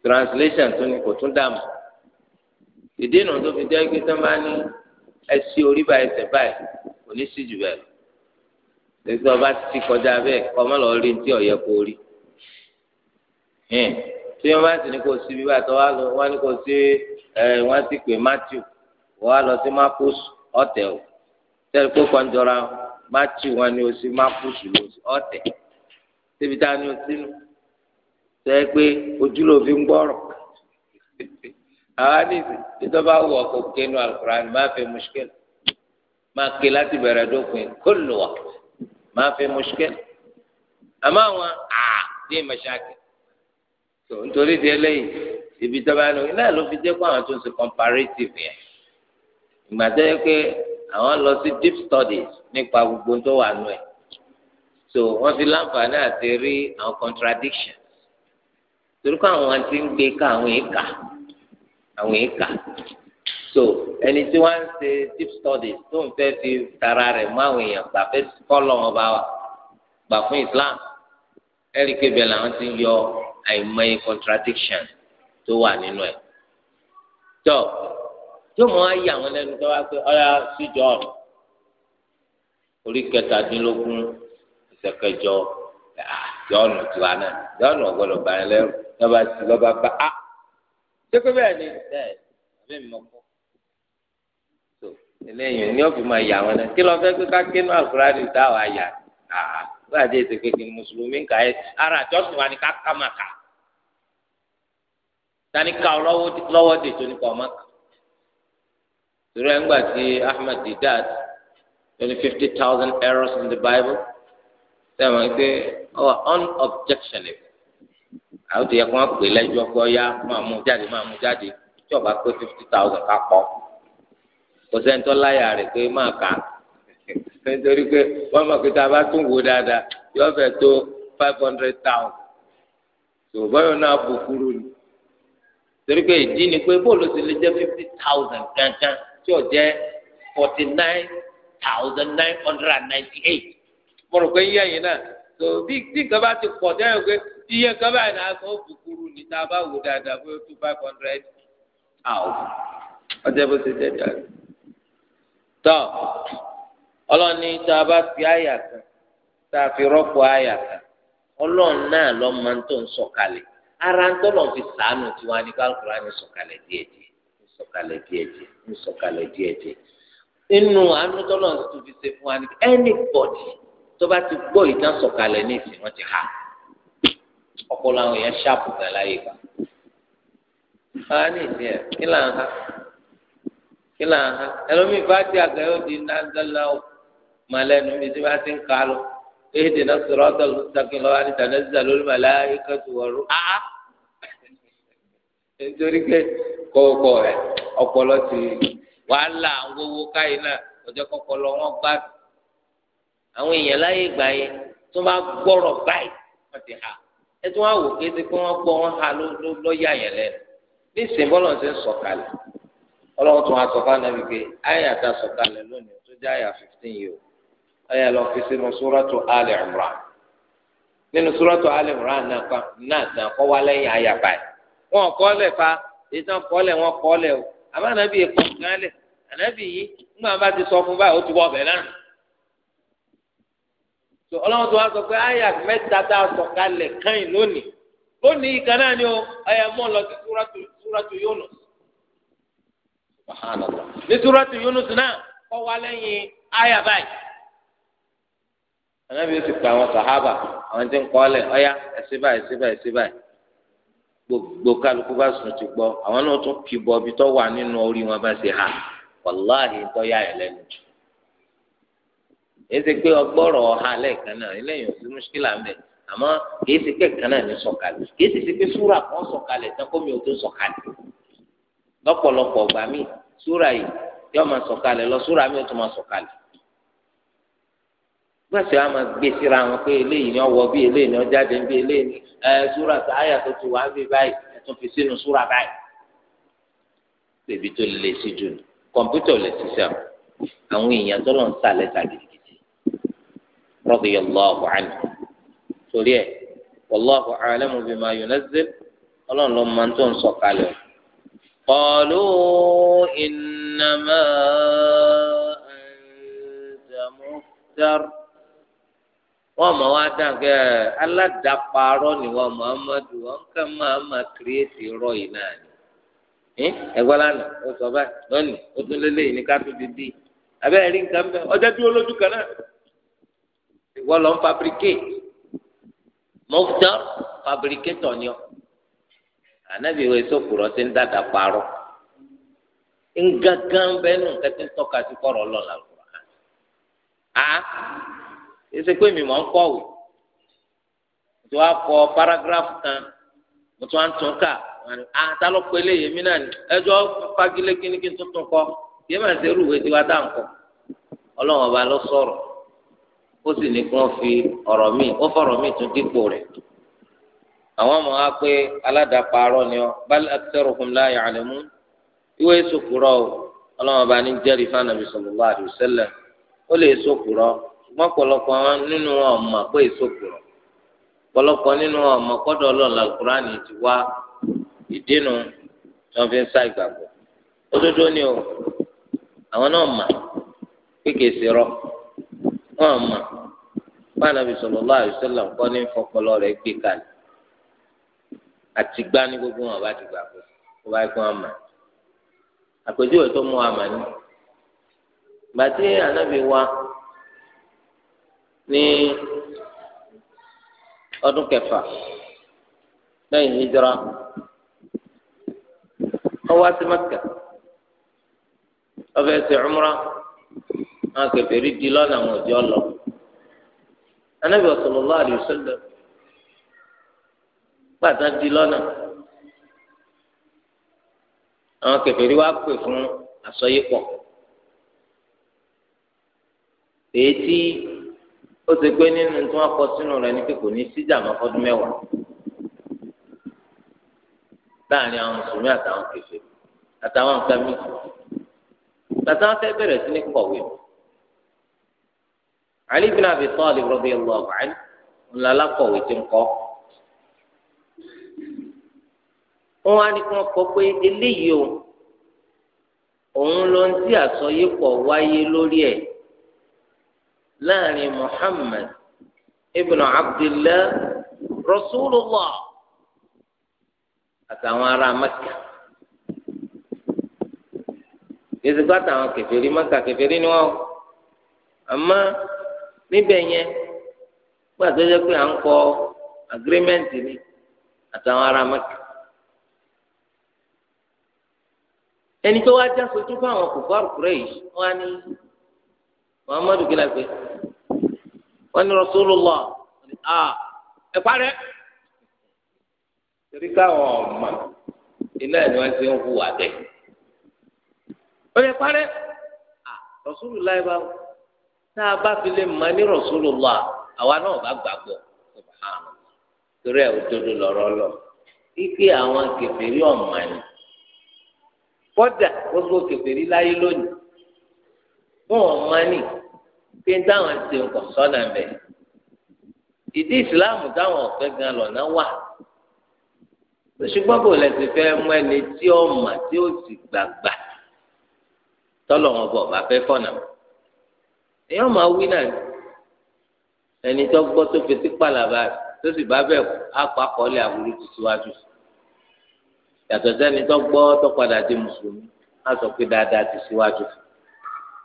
[SPEAKER 1] translation tún ni kò tún dà mọ́ ìdí ìnù tó fi jẹ́ pé tó máa ní ẹsí orí bá ẹsẹ̀ báyìí kò ní sí jù bẹ́ẹ̀ lọ ètò ọba ti kọjá bẹ́ẹ̀ kọ́ mọ́ lọ rí ní ọ̀yẹ́ kó rí tí wọ́n bá sì ní kò sí bíbá tó wọ́n ní kò sí wọ́n ti pè matthew wọ́n á lọ sí marcus ọ̀tẹ̀ o kó kàn jọra matthew wọn ni o sí marcus ló sí ọ̀tẹ̀ síbi tá a ní o sínú sẹ́yìn pé ojúlówó ń gbọ́rọ̀ àwa ní ìjọba wọ ọkọ̀ kẹnu alukuran má fẹ́ muskẹ́lì má ké láti bẹ̀rẹ̀ dópin kó má fẹ́ muskẹ́lì àmọ́ àwọn àdé mẹ́sàkì tó nítorí di eléyìí ibi tó bá ní oyin náà ló fi jẹ́ pé àwọn tó ń ṣe comparative yẹn ìgbà tó yẹ pé àwọn lọ sí deep studies nípa gbogbo tó wà nù ẹ̀ so wọ́n fi láǹfààní àti rí àwọn contradictions torí pé àwọn ti ń gbé ká àwọn èèkà àwọn èèkà so ẹni tí wọ́n ṣe deep studies tó ń fẹ́ fi tara rẹ̀ mú àwọn èèyàn gbà fẹ́ kọ́ lọ́wọ́ bá wa gbà fún Islam ẹ̀rí kébẹ̀ làwọn ti ń yọ àìmọye contradiction tó wà nínú ẹ̀ tó tí mo á yà wọn lẹ́nu tó wá pé ọ̀yà síjọ orí kẹtàdínlógún ìṣẹ̀kẹjọ yọ̀ọ̀nù ah, tiwa náà yọ̀ọ̀nù ọ̀gbọ́dọ̀ bá yẹn lẹ́rù lọ́ba sí lọ́ba bá a ah. ṣé pé bẹ́ẹ̀ ni bẹ́ẹ̀ àbí mi mọ̀ kọ́ tó eléyìí ni ó fi máa yà wọn lẹ́nu kí lọ fẹ́ pé ká kínú àkúrádì táwa yà á gbàdé ètò pé kí mùsùlùmí kà ẹ́ ara àjọsìn wa ni ká kà máa kà á. tani ka lọ́wọ́ de tó nípa ọmọ kan sori ẹ̀ ń gbà Ahmed twenty fifty thousand errors in the Bible sẹ́wọ̀n pé on unobjectionable àwọn tó yẹ kó wọn pè lẹ́jọ́ pé ọ̀ya máa mú jáde máa mú jáde tí ọba pé fifty thousand ká pọ̀ kò sẹ́ni láyà rẹ̀ pé kà nítorí pé wọ́n mọ̀ pé tá a bá tún wò dáadáa fẹ́ tó five hundred thousand tó báyọ̀ náà ni. torí pé ìdí ni pé bóòlù ti lè jẹ́ fifty thousand gangan tí ò jẹ́ forty nine thousand nine hundred and ninety eight mo rò pé ti pọ̀ dẹ́yìn pé iye nǹkan báyìí náà kó bùkúrú ní tá a bá wò dáadáa pé two five hundred ọjọ́ bó jẹ́ jáde. tọ́ ọlọ́ni tá a bá fi àyà kan tá a fi rọ́pò àyà kan ọlọ́run náà ara ń tọ́lọ̀ fi sàánù tiwa ní kálukúrá ní sọ̀kalẹ̀ díẹ̀ díẹ̀ ní sọ̀kalẹ̀ díẹ̀ díẹ̀ ní sọ̀kalẹ̀ díẹ̀ díẹ̀ inú àánú tọ́lọ̀ tó fi ṣe fún wa ní anybody tó bá ti gbọ́ ìtàn sọ̀kalẹ̀ ní ìsìn wọn ti ha ọpọlọ àwọn èèyàn ṣáàpù gan láyé gbà wọn á ní ìsìn ẹ kí là ń ha kí là ń ha ẹlòmíì bá ti àgbẹ̀ yóò di nàdàlà màlẹ́nu اهدنا الصراط المستقيم وأن تنزل الملائكة والروح آه
[SPEAKER 2] nítorí pé kọ̀ọ̀kọ̀ rẹ̀ ọpọlọ ti
[SPEAKER 1] wàhálà gbogbo káyìí náà ọjọ́ kọ̀ọ̀kọ̀lọ́ wọn gbà àwọn èèyàn láyé ìgbà yẹn tó bá gbọ́rọ̀ báyìí wọ́n ti hà ẹ tí wọ́n wò kéde pé wọ́n gbọ́ wọn hà lọ́ọ́yà yẹn lẹ́nu ní ìsìn bọ́lọ̀ ṣe ń sọ̀kalẹ̀ ọlọ́run tún wá sọ̀kalẹ̀ nàbí pé àyà ta lónìí tó jẹ́ àyà fifteen yìí o. ayé lọ fi sínú súrọ́tù alẹ́ ìmúra suratu súrọ́tù alẹ́ na náà tán kọ́ wá ayaba yìí wọn kọ́ fa èyí tán wọn o àmọ́ ànábì èkó yìí bá ti sọ fún báyìí ó ti wọ sọ pé a sọ kalẹ̀ káyìn lónìí lónìí ìkan náà ni ayà mọ́ lọ sí náà ayaba anábì ó sì pa àwọn sàhábà àwọn tí ń kọ́ lẹ̀ ọ̀yá ẹ̀sìn báyìí ẹ̀sìn báyìí báyìí gbogbo kálukú bá sùn ti gbọ́ àwọn náà tún kì bọ́ ibi wà nínú orí wọn bá ṣe hà wàláhì tó yà ẹ̀ lẹ́nu jù èsì pé ọgbọ́rọ̀ ọ̀hà lẹ́ẹ̀kan náà eléyìí ò sí àmọ́ náà ní kan sọ̀kalẹ̀ tán ò tó sọ̀kalẹ̀ lọ́pọ̀lọpọ̀ súrà gbèsè wa máa gbé síra wọn pé eléyìí ni ọwọ bí eléyìí ni ọjáde bí eléyìí ni ẹ súra sáyà tó ti wá bí báyìí ẹ tún fi sínú súra báyìí. bèbí tó lè sí jù ní kọ̀ǹpútà ò lè ṣiṣẹ́ o àwọn èèyàn tó lọ ń sàlẹ̀ ta gidigidi radiyallahu anhu torí ẹ̀ wallahu a'lamu ọlọ́run ló máa ń tó ń sọ kalẹ̀ o. qalu innama anta muftar wọn mọ wá dàn kẹ aládàparọ ni wọn Muhammadu wọn kàn máa máa kírètì rọ yìí náà ni ẹgbẹ́ lánà ó sọ báyìí lónìí ó tún lélẹ̀ yìí ní ká tún ti di nǹkan bẹ́ẹ̀ ọjọ́ dúró lójú kan náà ìwọ lọ ń fabricate mọ́tò fabricator ni ọ ànábì wo èso kùrọ̀ ti ń dàda parọ́ ńgangan bẹ́ẹ̀ nù kẹ́tí ń tọ́ka sí kọ́rọ̀ lọ́la lọ́la a èsì pé mi mọ̀ ń kọ̀wé tí wàá kọ paragraph kan mo tún á tún kà àtàlọ́pọ̀ eléyìí mi náà ni ẹjọ́ fagilé kínníkín tuntun kọ yéé máa ṣe rúwèé tí wàá dà ń kọ ọlọ́run ọba lọ sọ̀rọ̀ ó sì ní kí wọ́n fi ọ̀rọ̀ míì ó fọ̀rọ̀ míì tún dípò rẹ̀ àwọn ọmọ wa pé aládàpárọ̀ ni ọ bal aktharuhum la ya'lamun ìwé ìsòkùrọ̀ ọlọ́run ọba ní jẹ́rìí fún Ànábì sallallahu alaihi wasallam ó lè ìsòkùrọ̀ wọn pọ̀lọpọ̀ nínú ọmọ pé pọ̀lọpọ̀ nínú ọmọ kọ́dọ̀ ọlọ́ọ̀lá kúránì ti wá ìdínú tí wọ́n fi ń sá ìgbàgbọ́ ni o àwọn náà mà kékeré rọ wọn mà báyìí ní fọpọlọ gbé àtìgbá ní gbogbo wọn bá ti kó bá mà àpèjúwe tó mú wa mà ní ọdún kẹfà lẹ́yìn hijira ọwọ́ àti mẹ́kà ọbẹ̀ ẹsẹ̀ ọmúra àwọn rí di lọ́nà àwọn òjò lọ. anábì sallallahu alaihi wasallam di lọ́nà àwọn kẹfẹ́rí wá pè fún àsọyípọ̀ èyí ó ti pé nínú tí wọ́n kọ sínú rẹ̀ ní pé kò ní síjà mọ́ fọ́dún mẹ́wàá láàrin àwọn mùsùlùmí àtàwọn kẹfẹ àtàwọn nǹkan mi bàtà wọn fẹ́ẹ́ bẹ̀rẹ̀ sí ní kọ̀wé Ali bin Abi Talib radiyallahu anhu ńlá lákọ̀wé ti ń kọ wọn á ní kí wọn kọ pé eléyìí o òun ló ń tí àsọyépọ̀ wáyé lórí ẹ̀ láàrin muhammed ibn abdullah rasulullah àtàwọn ará mẹ́kà ìsìnkú àtàwọn kẹfẹ́rí mẹ́kà kẹfẹ́rí ni wọ́n àmọ́ níbẹ̀ yẹn gbàtọ́ jẹ́ pé à ń kọ agirímẹ́ǹtì ni àtàwọn ará mẹ́kà. ẹni tó wá já sojú fún àwọn kòkó àkùrẹ́ yìí wọ́n á ní muhammadu kí la wọ́n ní Rasulullah ẹ parẹ́ iná ni ti ń hùwà bẹ́ẹ̀ ó lè parẹ́ Rasulullah ẹ tá a bá fi lè mọ ní Rasulullah àwa náà bá torí òdodo lọ ike àwọn kèfèrí ọmọ ni pé táwọn ti ń kọ̀ sọ́nà bẹ̀ ìdí ìsìláàmù táwọn ọ̀fẹ́ gan lọ́nà wà ṣùgbọ́n kò lẹ́sìn fẹ́ mú ẹni tí ó mà tí ó sì gbàgbà tọ́lọ̀ wọn bọ̀ bá fẹ́ fọ̀nà èèyàn máa wí náà ẹni tó gbọ́ tó fetí pàlàbà tó sì bá bẹ̀ apá kọ́lé àwòrán ti síwájú yàtọ̀ sẹ́ni tó gbọ́ tó padà di mùsùlùmí á sọ pé dáadáa ti síwájú fún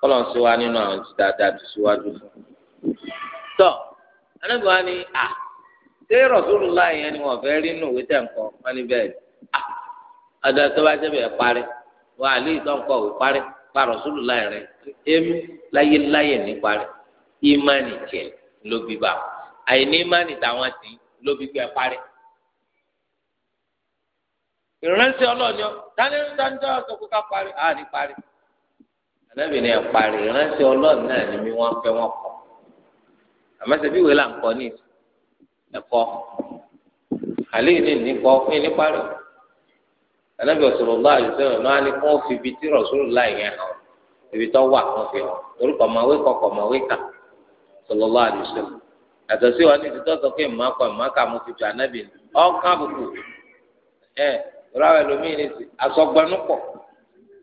[SPEAKER 1] kọlọ́n sí wa nínú àwọn ti dáadáa tó síwájú fún un. tọ́ wa ni à ṣé Rasulullah yẹn ni wọ́n fẹ́ rí nù wí tẹ̀ nǹkan wọ́n ní bẹ́ẹ̀ ni à ọ̀dọ̀ tó bá jẹ́bẹ̀ẹ́ parí wọ́n àlè ìtọ́nkọ̀ wò parí pa Rasulullah rẹ̀ émi láyéláyé ní parí ìmánì jẹ́ ló bí bá àìní ìmánì táwọn ti ló bí gbẹ parí. ìránṣẹ́ ọlọ́ọ̀ni tani tani tó yà sọ pé ká parí àá ní parí alábìnrin àparí ìránṣẹ́ Ọlọ́run náà ni mí wọ́n fẹ́ wọ́n kọ́ àmọ́ ṣe bí ìwé là ń kọ́ ní ẹ̀kọ́ àlẹ́ ìní nìkọ́ fún ìní parí anábìyà sọ̀rọ̀ lọ́wọ́ àyùsọ̀rọ̀ náà ni kí wọ́n fi ibi tí rọ̀ṣọ́rọ̀ láì yẹn hàn ibi tó wà kàn fi hàn orúkọ ọmọwé kọkọ ọmọwé kà sọ̀rọ̀ lọ́wọ́ àyùsọ̀rọ̀ yàtọ̀ sí wa ní ti tọ́sọ pé màkà màkà mo fi jù anábìyà ọ̀ọ́ká àbùkù ẹ̀ rárá ẹlòmíì ní ti asọ̀gbẹ́nupọ̀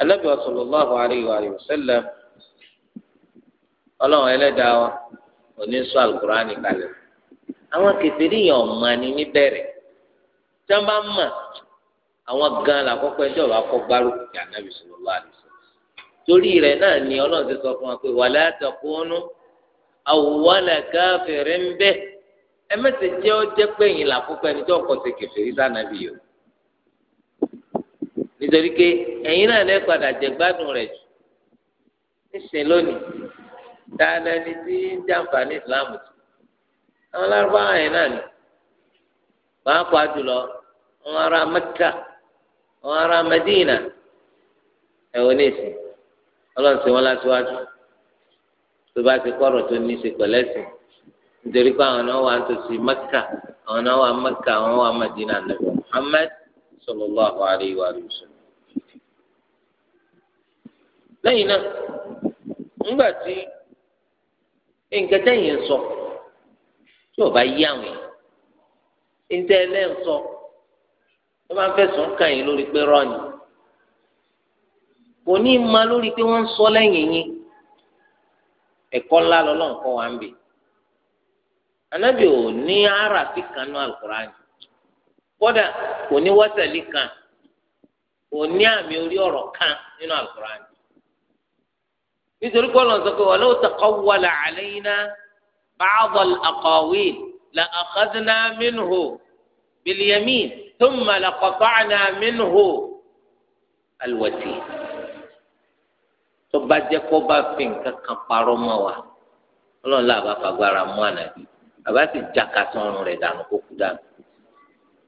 [SPEAKER 1] Ànábì sallallahu alayhi wa sallam Ọlọ́run Ẹlẹ́dàá wa òní sọ alukurani kalẹ̀ àwọn kẹfìrí yẹn ọmọ ni níbẹ̀rẹ̀ tí wọn bá mọ àwọn gan la kọ́kọ́ ẹjọ bá kọ gbárùkù kí Ànábì sallallahu alayhi wa sallam torí rẹ̀ náà ni Ọlọ́run ti sọ fún wa pé wala takunu awwala kafirin bih ẹ mẹsẹ jẹ ọ jẹ pé yìí là ẹni tí wọn kọ sí kẹfìrí sànàbí yìí o nítorí pé ẹ̀yin náà lẹ́ padà jẹ gbádùn rẹ̀ jù nísìnyí lónìí dáadáa ni tí ń jàǹfààní ìsìláàmù tó àwọn lárúbáwá yẹn náà ni pàápàá jùlọ àwọn ará Mẹ́kà àwọn ará Mẹdínà ẹ̀wọ̀n nísìnyí ọlọ́run ti wọ́n láṣíwájú tó bá ti kọ́rọ̀ tó ní í ṣe pẹ̀lẹ́sìn nítorí pé àwọn náà wà ń tòsí Mẹ́kà àwọn náà wà Mẹ́kà àwọn wà Mẹdínà nàbẹ̀ Muhammad sallallahu alaihi wa sallam. lẹ́yìn náà ńgbà tí nǹkan tẹ̀yìn sọ tí ò bá yí àwọn yìí ńtẹ́ ẹlẹ́yìn sọ wọ́n máa ń fẹ̀sùn kàn yín lórí pé rọ́ọ̀nì kò ní í ma lórí pé wọ́n ń sọ lẹ́yìn yín ẹ̀kọ́ ńlá lọ́lọ́run kọ́ wa kan kódà kò kan kò ní àmì nítorí kọ́ lọ́n sọ pé wà lóò taqawwala alayna ba'd al-aqawil la akhadna minhu bil-yamin thumma la qata'na minhu tó bá jẹ́ kó bá fi nǹkan kan parọ́ mọ́ wa ọlọ́run làbá fagbára mú ànàbí bàbá sì jaka sọ́run rẹ̀ dànù kó kú dànù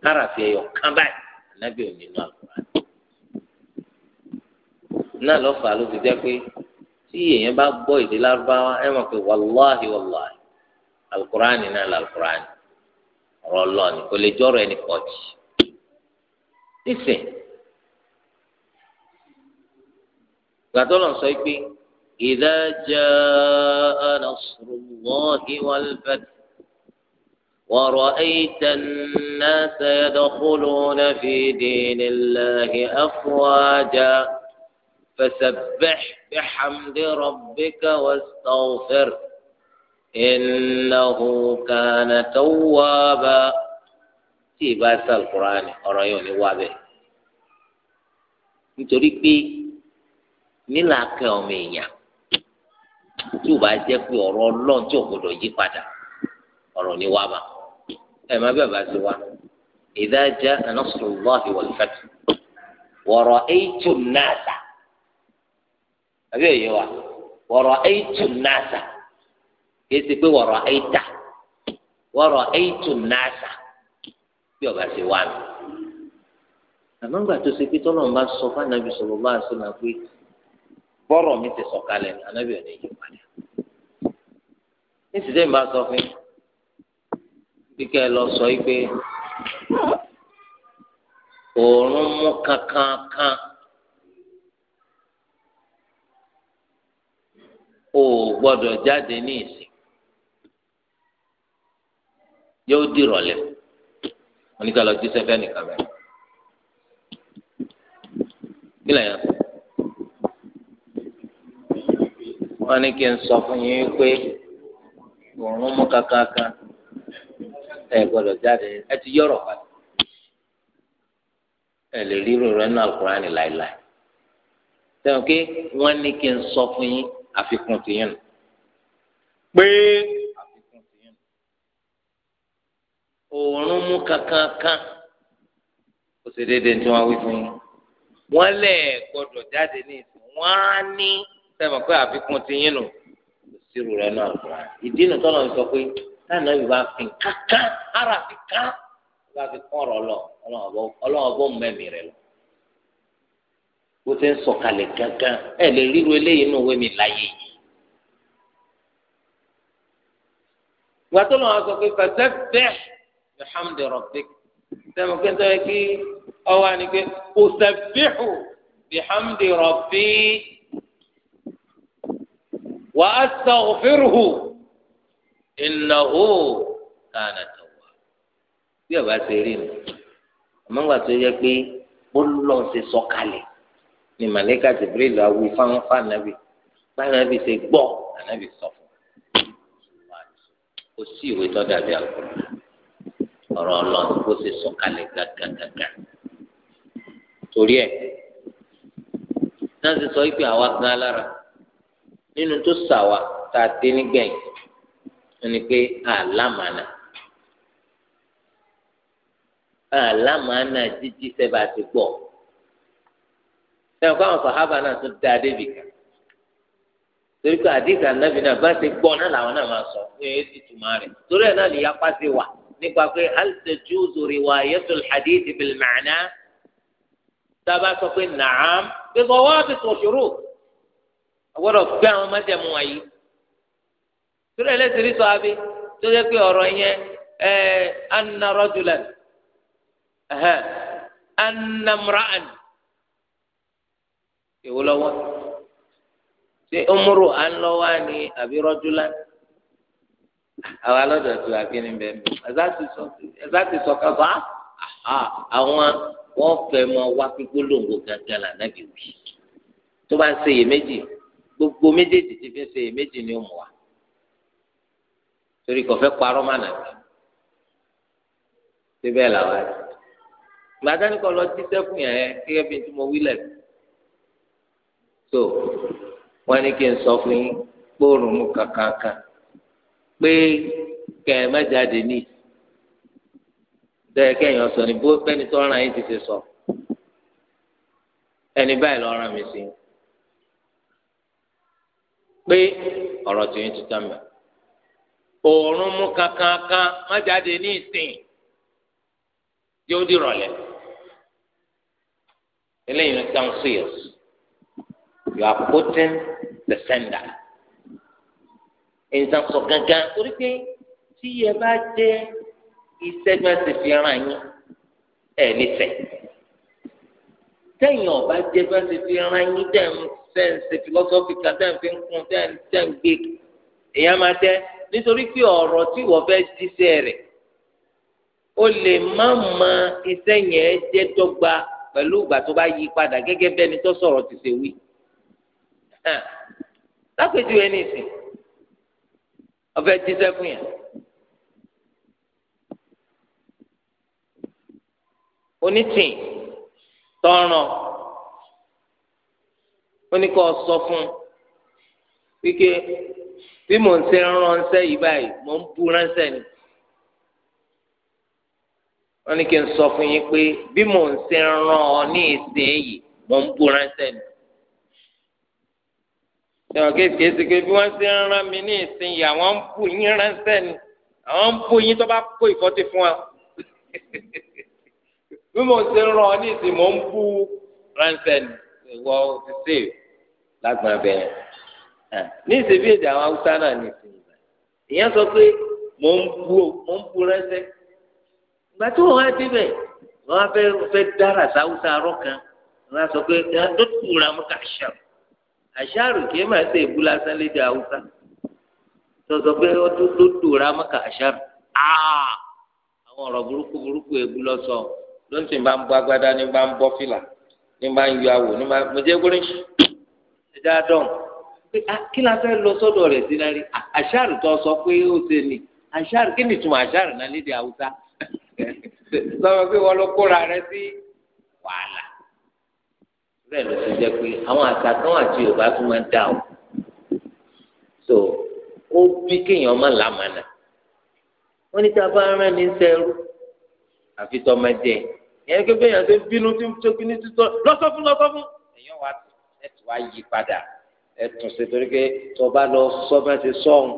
[SPEAKER 1] kára fi ẹyọ kán báyìí ànàbí ò nínú àkùrá náà lọ́fà ló fi jẹ́ pé tí èèyàn bá gbọ́ èdè lárúbáwá ẹ mọ̀ pé wàláhi wàláhi alukurani náà la alukurani ọ̀rọ̀ lọ́ọ̀ni kò lè jọ́rọ̀ ẹni pọ̀jù nísìn gbàtọ́ lọ sọ pé idha jaa nasrullahi wal fath wa ra'ayta an-nasa yadkhuluna fi dinillahi afwaja. فسبح بحمد ربك واستغفر إنه كان توابا في ì القرآن أرأيوني alukur'an ọ̀rọ̀ yóò ní wá bẹ́ẹ̀ nítorí pé nílàákẹ́ ọmọ èèyàn tí ò bá jẹ́ pé ọ̀rọ̀ ọlọ́run tí ò gbọdọ̀ yí padà ọ̀rọ̀ ní wá bá ẹ̀ má bẹ́ẹ̀ bá ti wá idha jaa nasrullahi wal fath wa ra'aytu an-nasa. àbí eyiwa wa wọ̀rọ̀ ẹ̀yìtù nàásà kìí pé wọ̀rọ̀ ẹ̀yìtà wọ̀rọ̀ ẹ̀yìtù nàásà bí ọba ṣe wà mí. àmọ́ ńgbà tó ṣe pé tọ́lọ́ bá sọ fún anabi sọ̀rọ̀ bá a sọ náà pé bọ́rọ̀ mi ti sọ̀kalẹ̀ ní anabi ọ̀nà ìyí padà. o gbọ́dọ̀ jáde ní ìsìn yóò di ìrọ̀lẹ́ jí sẹ́fẹ́ nìkan bẹ́ẹ̀ kí lẹ́yìn wọ́n ní kí n sọ fún yín pé òun mú kankankan ẹ gbọ́dọ̀ jáde ẹ ti padà ẹ lè rí rẹ náà Kúránì ní kí n sọ fún yín. àfikún tìyẹn nù pé àfikún tìyẹn nù òórùn mú kankankan ó ṣe déédéé tí wọ́n wí fún yín wọ́n lẹ̀ gbọ́dọ̀ jáde ní ìsìn wọ́n á ní sẹ́mi pé àfikún tìyẹn nù sírù rẹ̀ náà fún wa ìdí nu tọ́lọ̀ ń sọ pé táwọn náà yóò fi kankan ara fi kán bá fi kán ọ̀rọ̀ lọ ọlọ́wọ́ bọ́ mẹ́mìí rẹ̀ lọ bó ṣe ń sọ̀kalẹ̀ gángan ẹ lè ríru eléyìí nù wẹ́mi láyé yìí. ìgbà tó lọ́wọ́ sọ pé pẹ̀sẹ̀ bẹ́ẹ̀ alhamdu rabbik sẹ́mi pé sọ́yẹ́ kí ọwọ́ àni pé usabbihu bihamdi rabbi wa astaghfiruhu innahu kana tawwa. bí ọba ṣe rí nu àmọ́ ìgbà tó yẹ pé ó lọ́ọ́ ṣe sọ̀kalẹ̀ ni màlẹ́kà jibril awi fáwọn fànàbì fànàbì ṣe gbọ́ ànàbì O fún kò sí ìwé tó dàbí àkùrọ̀ ọ̀rọ̀ ọlọ́run kó sì sọ̀kalẹ̀ gàgàgàgà torí ẹ̀ náà ti sọ pé àwa gan alára nínú tó sàwà tá a dé nígbẹ̀yìn ẹni pé àlámànà àlámànà jíjí sẹ́ba ti gbọ́ sẹ́wọ̀n kó àwọn sàhábà náà tún da débi kan torí pé àdìgbà nàbì náà bá ti gbọ́ náà làwọn náà máa sọ pé èyí ti tùmọ̀ rẹ̀ torí ẹ̀ náà lè yapa sí wa nípa pé alìsèjú zòrè wa yẹtù hadith bil ma'na dábà sọ pé nàám pé kò wá fi sòṣòro àgbọ̀dọ̀ gbé àwọn mọ́tẹ̀mú wa torí ẹ̀ lẹ́sìn rí sọ abí tó yẹ pé ọ̀rọ̀ yẹn ẹ̀ anna rajulan anna mra'an èwo lọ́wọ́ ṣé ọmọrò à ń lọ́wọ́ ni àbí rọ́júlá àwọn alọ́dọ̀ tó akíní bẹ́ẹ̀ ẹ̀zá ti sọ kábà ah, àwọn wọn fẹ́ mọ wá pípólóńgò gángan là nábì wí tó bá ń ṣe iyèméjì gbogbo méjèèjì ti fi ń ṣe iyèméjì ni ó mú wa torí kò fẹ́ parọ́ má nàbì síbẹ̀ làwọn àti gbàdánìkọ lọ jíṣẹ́ fún yẹn gẹ́gẹ́ bí tí mo wí lẹ́sìn. tó wọn ní kí n sọ fún yín gbóòórùn mú kankankan pé kẹ ní dẹ́yẹ kẹ́yìn ọ̀sán ní bó tó ràn yín ti ẹni báyìí ràn mí sí pé ọ̀rọ̀ tí yín ti tán mẹ́ òórùn mú kankankan má ní ìsìn yóò eléyìí you are quoting the sender nǹkan sọ gangan
[SPEAKER 2] torí pé tí ẹ bá jẹ
[SPEAKER 1] iṣẹ́ bí wọ́n ti fi ràn yín ẹ̀ nífẹ̀ẹ́ tẹ̀yìn ọba jẹ bí wọ́n ti fi ràn yín dẹ̀ ń tẹ̀ ṣe philosophy kan tẹ̀ ń fi ń kun tẹ̀ ń tẹ̀ ń gbé èèyàn máa tẹ́ nítorí pé ọ̀rọ̀ tí wọ́n fẹ́ jíṣẹ́ rẹ̀ o lè má mọ iṣẹ́ yẹn jẹ́ dọ́gba pẹ̀lú ìgbà tó bá yí padà gẹ́gẹ́ bẹ́ni tó sọ̀rọ̀ ti ṣe wí. ẹ eh, lápèjúwe ní ìsìn ọbẹ jíṣẹ́ fún yẹn onítìǹ tọrọ oníkọ sọ fún wíkẹ bí mò ń ṣe ránṣẹ́ yìí báyìí mò ń bu ránṣẹ́ ni wọn ní kí n sọ fún yín pé bí mò ń ṣe rán ọ ní ìsìn yìí mò ń bu ránṣẹ́ ni. ẹ̀wọ̀n kéékèèké pé bí wọ́n ṣe ń rán mi ní ìsinyìí àwọn ń bù yín ránṣẹ́ ni àwọn ń bù yín tó bá kó ìfọ́tí fún wa bí mo ṣe ń rán ọ ní ìsìn mò ń bù ránṣẹ́ ni ìwọ ti ṣe lágbọn abẹ yẹn ní ìsìn bí èdè àwọn haúsá náà ní ìsìn ìgbà ìyẹn sọ pé mò ń bù mò ń bù ránṣẹ́ ìgbà tí wọ́n á débẹ̀ wọ́n á fẹ́ dára sáwúsá arọ́ kan wọ́n á sọ pé dókítà àṣàrò kì í máa ṣe èbú lásán lédè haúsá tọ́sọ pé ọdún tó dòra mọ́kà àṣàrò áà àwọn ọ̀rọ̀ burúkú burúkú èbú lọ́sọ̀ ló ń sì bá ń bọ́ agbádá ní bá ń bọ́ fìlà ní bá ń yọ àwò ní bá mo jẹ́ gbórí ẹja dọ̀n pé ah, kí la fẹ́ lọ sọ́dọ̀ rẹ̀ sí lárí ah, àṣàrò tó sọ pé ó ṣe ni àṣàrò kí ni ìtumọ̀ àṣàrò náà lédè haúsá sọ pé wọ́n ló kóra rẹ sí wàhálà bẹ́ẹ̀ ló ti jẹ́ pé àwọn àtàkùn àti yorùbá tún máa ń dà o so ó bí kéèyàn má làmànà wọ́n ní tá a bá rán ní sẹ́rú àfi tọmọdé yẹn kí bẹ́ẹ̀ yàn ṣe bínú tí ń tóbi ní títọ́ lọ́sọ fún lọ́sọ fún èèyàn wa ẹ̀tù wa yí padà ẹ̀tù ṣe torí pé tó bá lọ sọ bá ṣe sọ̀hún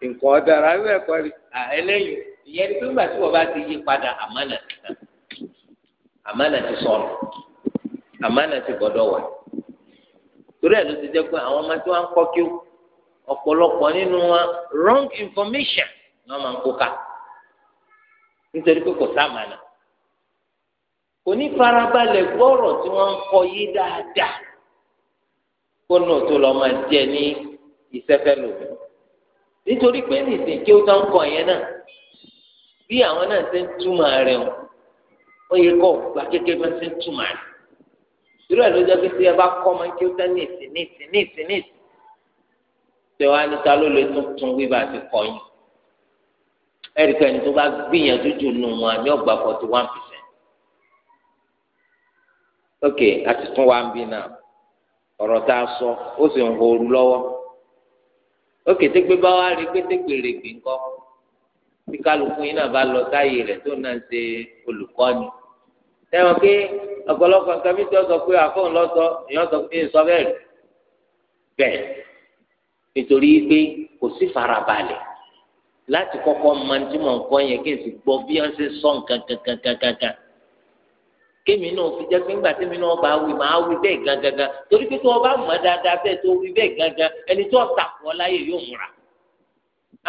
[SPEAKER 1] nǹkan ọ̀daràn ẹ̀rọ ẹ̀kọ́ rí ẹlẹ́yìn ìyẹn ní pé nígbà tí wọ́n bá ti yí padà àmánà Amana ti gbọ́dọ̀ wà torí ẹ̀ ló ti jẹ́ pé àwọn ọmọ tí wọ́n kọ́ kí ó ọ̀pọ̀lọpọ̀ nínú wa wrong information ni wọ́n máa ń kó ká nítorí pé kò sáàmánà kò ní farabalẹ̀ gbọ́rọ̀ tí wọ́n ń kọ́ yé dáadáa kó nù tó lọ́ máa jẹ ní ìsẹ́fẹ́ lòdì nítorí pé nìsín kí ó tán kọ yẹn náà bí àwọn náà ṣe ń túmọ̀ rẹ̀ wọ́n yẹ kọ́ gba kékeré bá ṣe ń túmọ̀ rẹ̀ irú ẹ̀ ló jẹ́ pé tí ẹ bá kọ́ ọmọ kí ó tẹ́ ní ìsìn ní ìsìn ní ìsìn ní ìsìn tẹ wá níta ló lè tuntun wíwá àti kọyìn ẹ̀rí pé ẹni tó bá gbìyànjú jù nù wọn ní ọgbà forty one percent ok àti tún wá ń bí náà ọ̀rọ̀ tá a sọ ó sì ń horu lọ́wọ́ ok tẹ́gbẹ́ bá wá rí pé rè gbìn kọ́ bí kálukú yín náà bá lọ sáyé rẹ̀ tó náà ṣe olùkọ́ni tẹ́wọ̀n pé ọ̀pọ̀lọpọ̀ nǹkan bí tí wọ́n sọ pé àfọ̀n lọ́sọ èèyàn sọ pé sọ bẹ́ẹ̀ rí bẹ́ẹ̀ nítorí pé kò sí farabalẹ̀ láti kọ́kọ́ máa ń tí mò ń kọ́ yẹn kí n sì gbọ́ bí wọ́n ṣe sọ nǹkan kankan kankan kan kémi náà fi jẹ́ pé ńgbà tẹ́mi náà bá wí máa wí bẹ́ẹ̀ gangan torí pé tí wọ́n bá mọ̀ dáadáa bẹ́ẹ̀ tó wí bẹ́ẹ̀ gangan ẹni tó tàkùn láyè yóò múra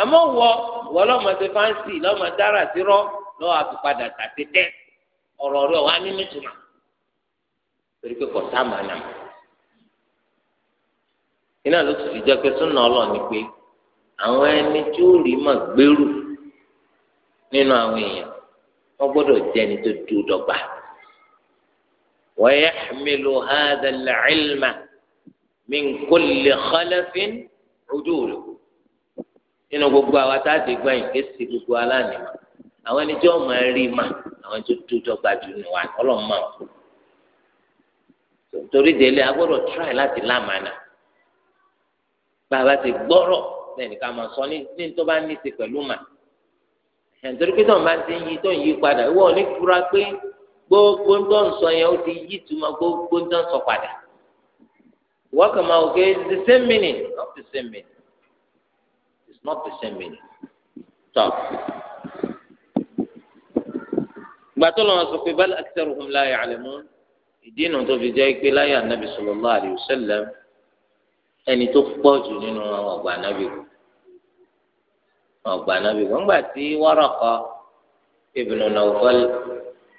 [SPEAKER 1] àmọ́ wọ wọ lọ́mọ ṣe fáǹsì lọ́mọ dára sí rọ́ lọ́wọ́ àfipadà tàtẹ́tẹ́ ọ̀rọ̀ rẹ̀ wá nínú ìtumọ̀ torí pé kọ̀tá mànà iná ló sì fi jẹ́ pé súnà ọlọ́ọ̀ni pé àwọn ẹni tí ó rí mà gbèrú nínú àwọn èèyàn wọ́n gbọ́dọ̀ jẹ́ ẹni tó du dọ́gba wa yahmilu hadha al-ilma min kulli khalafin udulu nínú gbogbo àwa tá a dé gbẹ̀yìn kéésì gbogbo aláàánú àwọn ẹni tí wọ́n máa rí mà àwọn tó du dọ́gba jù nù wá ọlọ́run máa torí délé agbọ́dọ̀ try láti lámàánà bàbá ti gbọ́rọ̀ lẹ́nu ká máa sọ ní tó bá ní í ṣe pẹ̀lú mà nítorí pé tóun bá ti ń yí tóun yí padà ìwọ ní fura pé gbogbo tó ń sọ yẹn ó ti yí tuma gbogbo tó ń sọ padà ìwọ kàn máa wò it's the same meaning not the same meaning it's not the same meaning tọ gbàtọ́ lọ́wọ́ sọ pé bal aktharuhum la ya'lamun ìdí inú tó fi jẹ́ pé láyé ànábì sallallahu alaihi wasallam ẹni tó pọ̀ jù nínú àwọn ọ̀gbà ànábì kù ọ̀gbà ànábì kù ńgbà tí Waraqa ibn Nawfal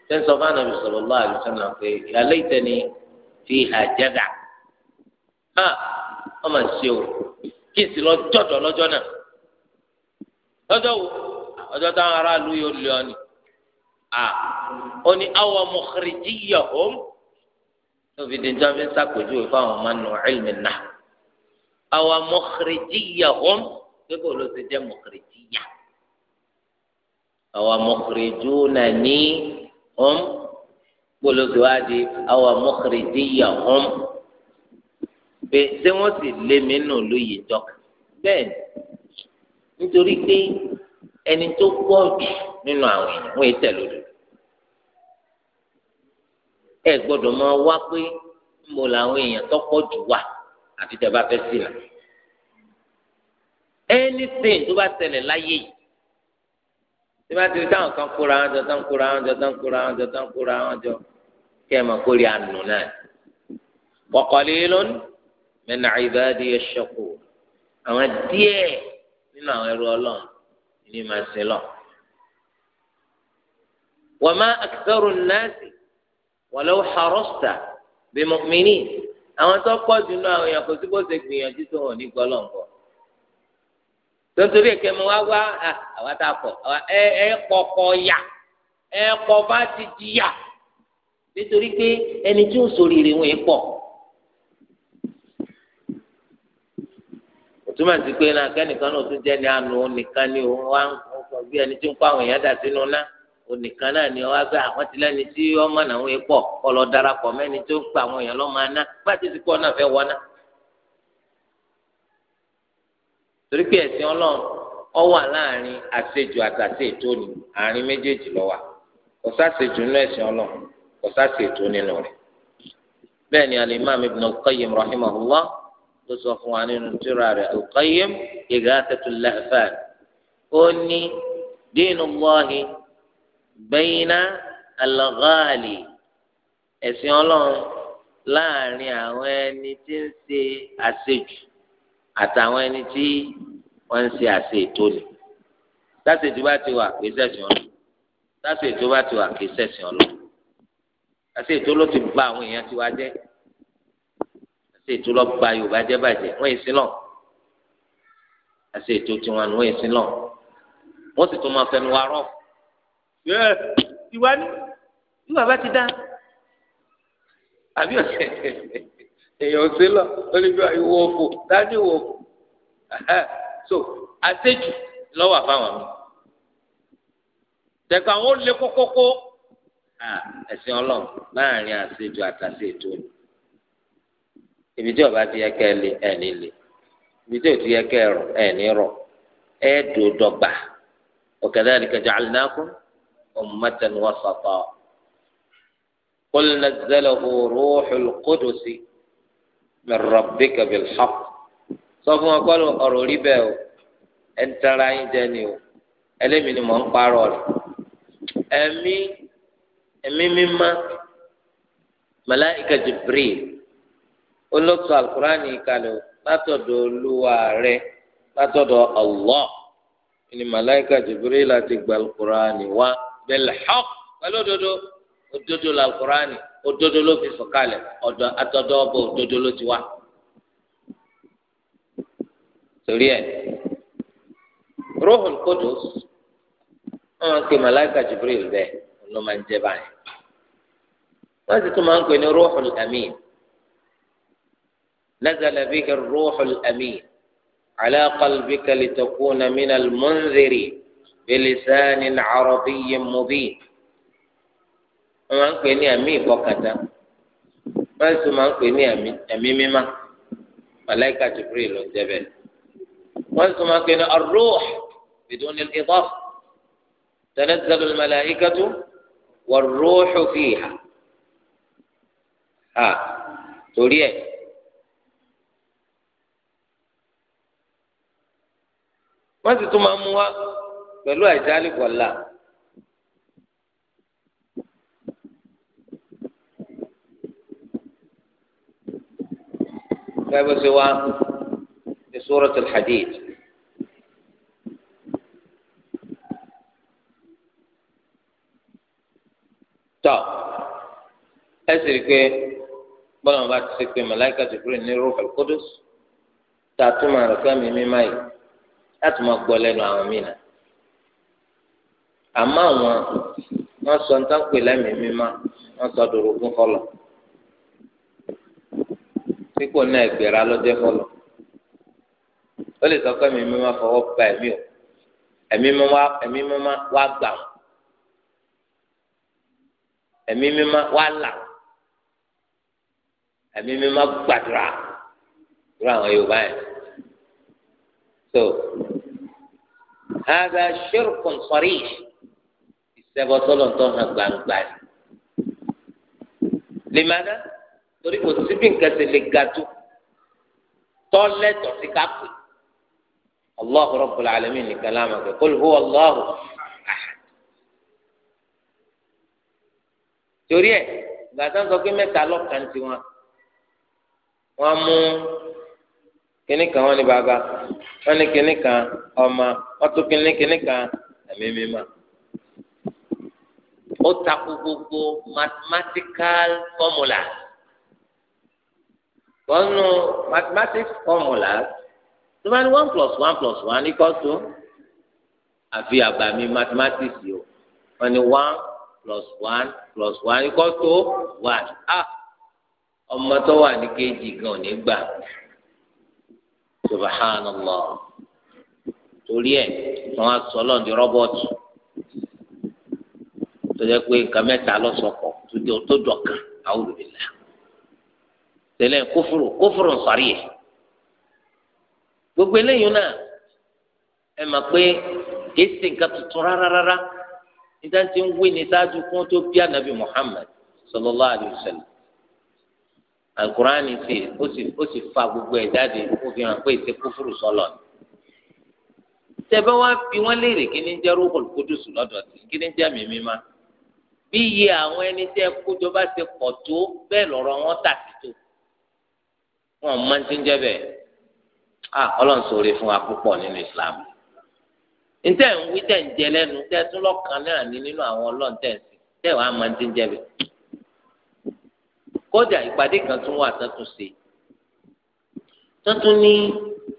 [SPEAKER 1] ṣe ń sọ fún ànábì sallallahu alaihi wasallam pé ya laytani fiha jada' ha ọmọ ṣe o kí n sì lọ jọ̀dọ̀ lọ́jọ́ náà lọ́jọ́ wo ọjọ́ táwọn aráàlú yóò lé ọ ni à ó ní àwọn mọ̀kìrìjì yẹ̀ hóm tóbi dèjọ́ fi ń sàpèjúwe fáwọn ọmọ nù ilmi náà àwọn mọ̀kìrìjìyà hom gbégbó ló ti jẹ́ mọ̀kìrìjìyà àwọn mọ̀kìrìjú náà ní hom gbóló tó wá di àwọn mọ̀kìrìjìyà hom pé ṣé wọ́n sì lé mi nù lóye jọ bẹ́ẹ̀ nítorí pé ẹni tó pọ̀ jù nínú àwọn èèyàn wọ́n yìí tẹ̀ lódò ẹ gbọ́dọ̀ máa wá pé mo làwọn èèyàn tọ́pọ̀ jù wà àfi tẹ́ bá fẹ́ sí nà anything tó bá ṣẹlẹ̀ láyé yìí tí bá ti rí táwọn kan kóra wọn jọ tán kóra wọn jọ tán kóra wọn jọ tán kóra wọn jọ kí ẹ máa kórè àánú náà wa qalilun min ibadiya ash-shakur àwọn díẹ̀ nínú àwọn ẹrú Ọlọ́run ní màá sin lọ wa ma aktharu an-nasi. walau harasta bi mu'minin àwọn tó pọ̀ jù àwọn èèyàn kò sí ṣe gbìyànjú tó hàn ní wá wá tá a pọ̀ ẹ ẹ kọ̀ọ̀kọ̀ yà ẹ kọ̀ bá ti di yà nítorí pé ẹni tí ó òtúmọ̀ sí pé náà kẹ́nìkan náà tún jẹ́ ní nìkan òun wá ń bí ẹni onìkan náà ni wọ́n á gbé àwọn tí lẹ́ni tí ọmọ náà ń pọ̀ kọ́ lọ darapọ̀ mẹ́ni tó ń pa àwọn èèyàn lọ́mọ aná bá ti ti pọ̀ náà fẹ́ wọná. torí pé ẹ̀sìn ọlọ́run ọ wà láàrin àṣejù àtàṣe ètò ni àárín méjèèjì lọ wà kò sáṣejù nínú ẹ̀sìn ọlọ́run kò sáṣe ètò nínú rẹ̀ bẹ́ẹ̀ ni al-Imam Ibn al-Qayyim rahimahullah ló sọ fún wa nínú tírà rẹ̀ al-Qayyim bẹ́yìnà alọ́gáàlì ẹ̀sìn ọlọ́run láàrin àwọn ẹni tí ń ṣe àṣejù àtàwọn ẹni tí wọ́n ń ṣe àṣe ìtòlè tásìtò bá ti wà kì í ṣẹ̀sìn ọlọ́run tásìtò bá ti wà kì í ṣẹ̀sìn ọlọ́run àṣetò ló ti ba àwọn èèyàn tiwa jẹ́ àṣetò ló ba Yorùbá jẹ́ bàjẹ́ wọ́n yìí sílọ̀ àṣetò tiwọn ni wọ́n yìí sílọ̀ wọ́n sì tún máa fẹnu wa rọ́ọ̀fù
[SPEAKER 2] yẹ ìwà ni ìwà bá ti dá
[SPEAKER 1] àbí ọ̀sẹ̀ èèyàn ṣe lọ olùdó ìwọ òfò dání ìwọ òfò so àtẹjù lọ́wọ́ àfáwọn mi tẹ̀ka àwọn olè kókókó ẹ̀sìn ọlọ́run láàrin àṣejù àtàṣe ètò ni ibi tí ọba ti yẹ kẹ́ ẹ lé ẹ̀ ní lé ibi tí òtí yẹ kẹ́ ẹ rọ̀ ẹ̀ ní rọ̀ ẹ̀ dòdọ̀gba ọ̀kẹ́dẹ́ àdìkẹ́jà àlìnákùn. أمة وسطا قل نزله روح القدس من ربك بالحق صفوا قالوا أروا لباو أنت راين جانيو ألمي من قارول أمي أمي مما ملائكة جبريل olóòtú alukurani kalẹ̀ o látọ̀dọ̀ olúwa rẹ̀ látọ̀dọ̀ allah ni malaika jibril láti gba alukurani bilhaq pẹ̀lú òdodo òdodo la alukurani òdodo ló fi sọ̀kalẹ̀ ọ̀dọ̀ atọdọ ọbọ òdodo ló ti wá torí ẹ ruhul kudus wọn pe malaika jibril bẹ́ẹ̀ ló máa ń jẹ báyìí wọn sì tún máa ń pè ní ruhul amin nazala bihi ruhul amin ala qalbika litakuna minal munzirin. بلسان عربي مبين wọ́n máa ń pè ní ẹ̀mí ìkọkàtà wọ́n sì máa ń pè ní ẹ̀mí mímá malaika jibril ló ń jẹ́bẹ̀ wọ́n sì máa ń pè ní arúh bidun al-idaf tanazzalu al-malaikatu war-ruhu fiha ha torí ẹ̀. wọ́n sì tún máa mú wa pẹ̀lú àìjálìkọ̀lá. kẹ́bí ṣe wá ní suratul Hadid. tọ́ ẹ sì rí i pé bọ́lá bá ti ṣe pé màláìka Jibril ní Ruhul Qudus tààtúmọ̀ rẹ̀ fẹ́mi mímáyì láti máa gbọ́ lẹ́nu àwọn mìíràn àmọ́ àwọn wọ́n sọ ní táǹpẹ lẹmìí mímá wọ́n sọ dorogún fọlọ pípò náà gbéra lọjẹ fọlọ ó lè sọ pé ẹ̀mí mímá fọwọ́ bá ẹ̀mí o ẹ̀mí mímá wá gbà wọn ẹ̀mí mímá wá là wọn ẹ̀mí mímá gbàdúrà irú àwọn Yorùbá yẹn so hada shirkun sarih sẹ́bọ̀ sọ́lọ̀ tó hàn gbangba ni. lèmánà torí kò síbi nǹkan ṣe lè ga tó tọ́lẹ̀tọ̀ sí ká pè Allahu Rabbul Alamin nìkan láàmú pé qul huwa Allahu ahad. torí ẹ̀ gbàtà ń sọ pé mẹ́ta lọ́kàn tiwọn wọ́n mú kínní kan wọ́n ní bàbá wọ́n ní kínní kan ọmọ wọ́n tún kínní kínní kan ẹ̀mí mímọ́ ó takò gbogbo mathematical formula kọ́nù mathematics formula tó bá ní one plus one plus one ní kọ́tù àfi àbàmì mathematics yìí o wọ́n ní one plus one plus one ní kọ́tù one ah ọmọ tó wà ní kéjì gan ní subhanallah torí ẹ̀ wọ́n á sọ lọ́ọ̀dì rọ́bọ̀tì tọjá pé nǹkan mẹ́ta lọsọkọ tó jọ kan a'udhu billah tẹlẹ kófòrò kófòrò sọrí yẹ gbogbo eléyìí náà ẹ mà pé kìí ṣe nǹkan tuntun rárá rárá níta ti ń wí ní sáájú kún tó bí anabi Muhammad sallallahu alayhi wa sallam alukurani ti ó sì ó sì fa gbogbo ẹ jáde ó fi hàn pé ìṣe kófòrò sọlọ ni tẹbẹ wá fi wọn léèrè kí ni jẹ́ Ruhul Qudus lọ́dọ̀ sí kí ni jẹ́ mímí máa bí iye àwọn ẹni tẹ́ kójọ bá se pọ̀ tó bẹ́ẹ̀ lọ́rọ̀ wọn tà sí tó wọn máa ń ti ń jẹ́ bẹ́ẹ̀ ah ọlọ́run sọ̀rọ̀ fún wa púpọ̀ nínú Islam ntẹ́ ń wí tẹ̀ ń jẹ lẹ́nu tẹ́ tún lọ́kàn náà ní nínú àwọn ọlọ́run tẹ̀ ń sìn tẹ́ máa ń ti ń jẹ́ bẹ́ẹ̀ kódà ìpàdé kan tún wà tó tún ṣe tó tún ní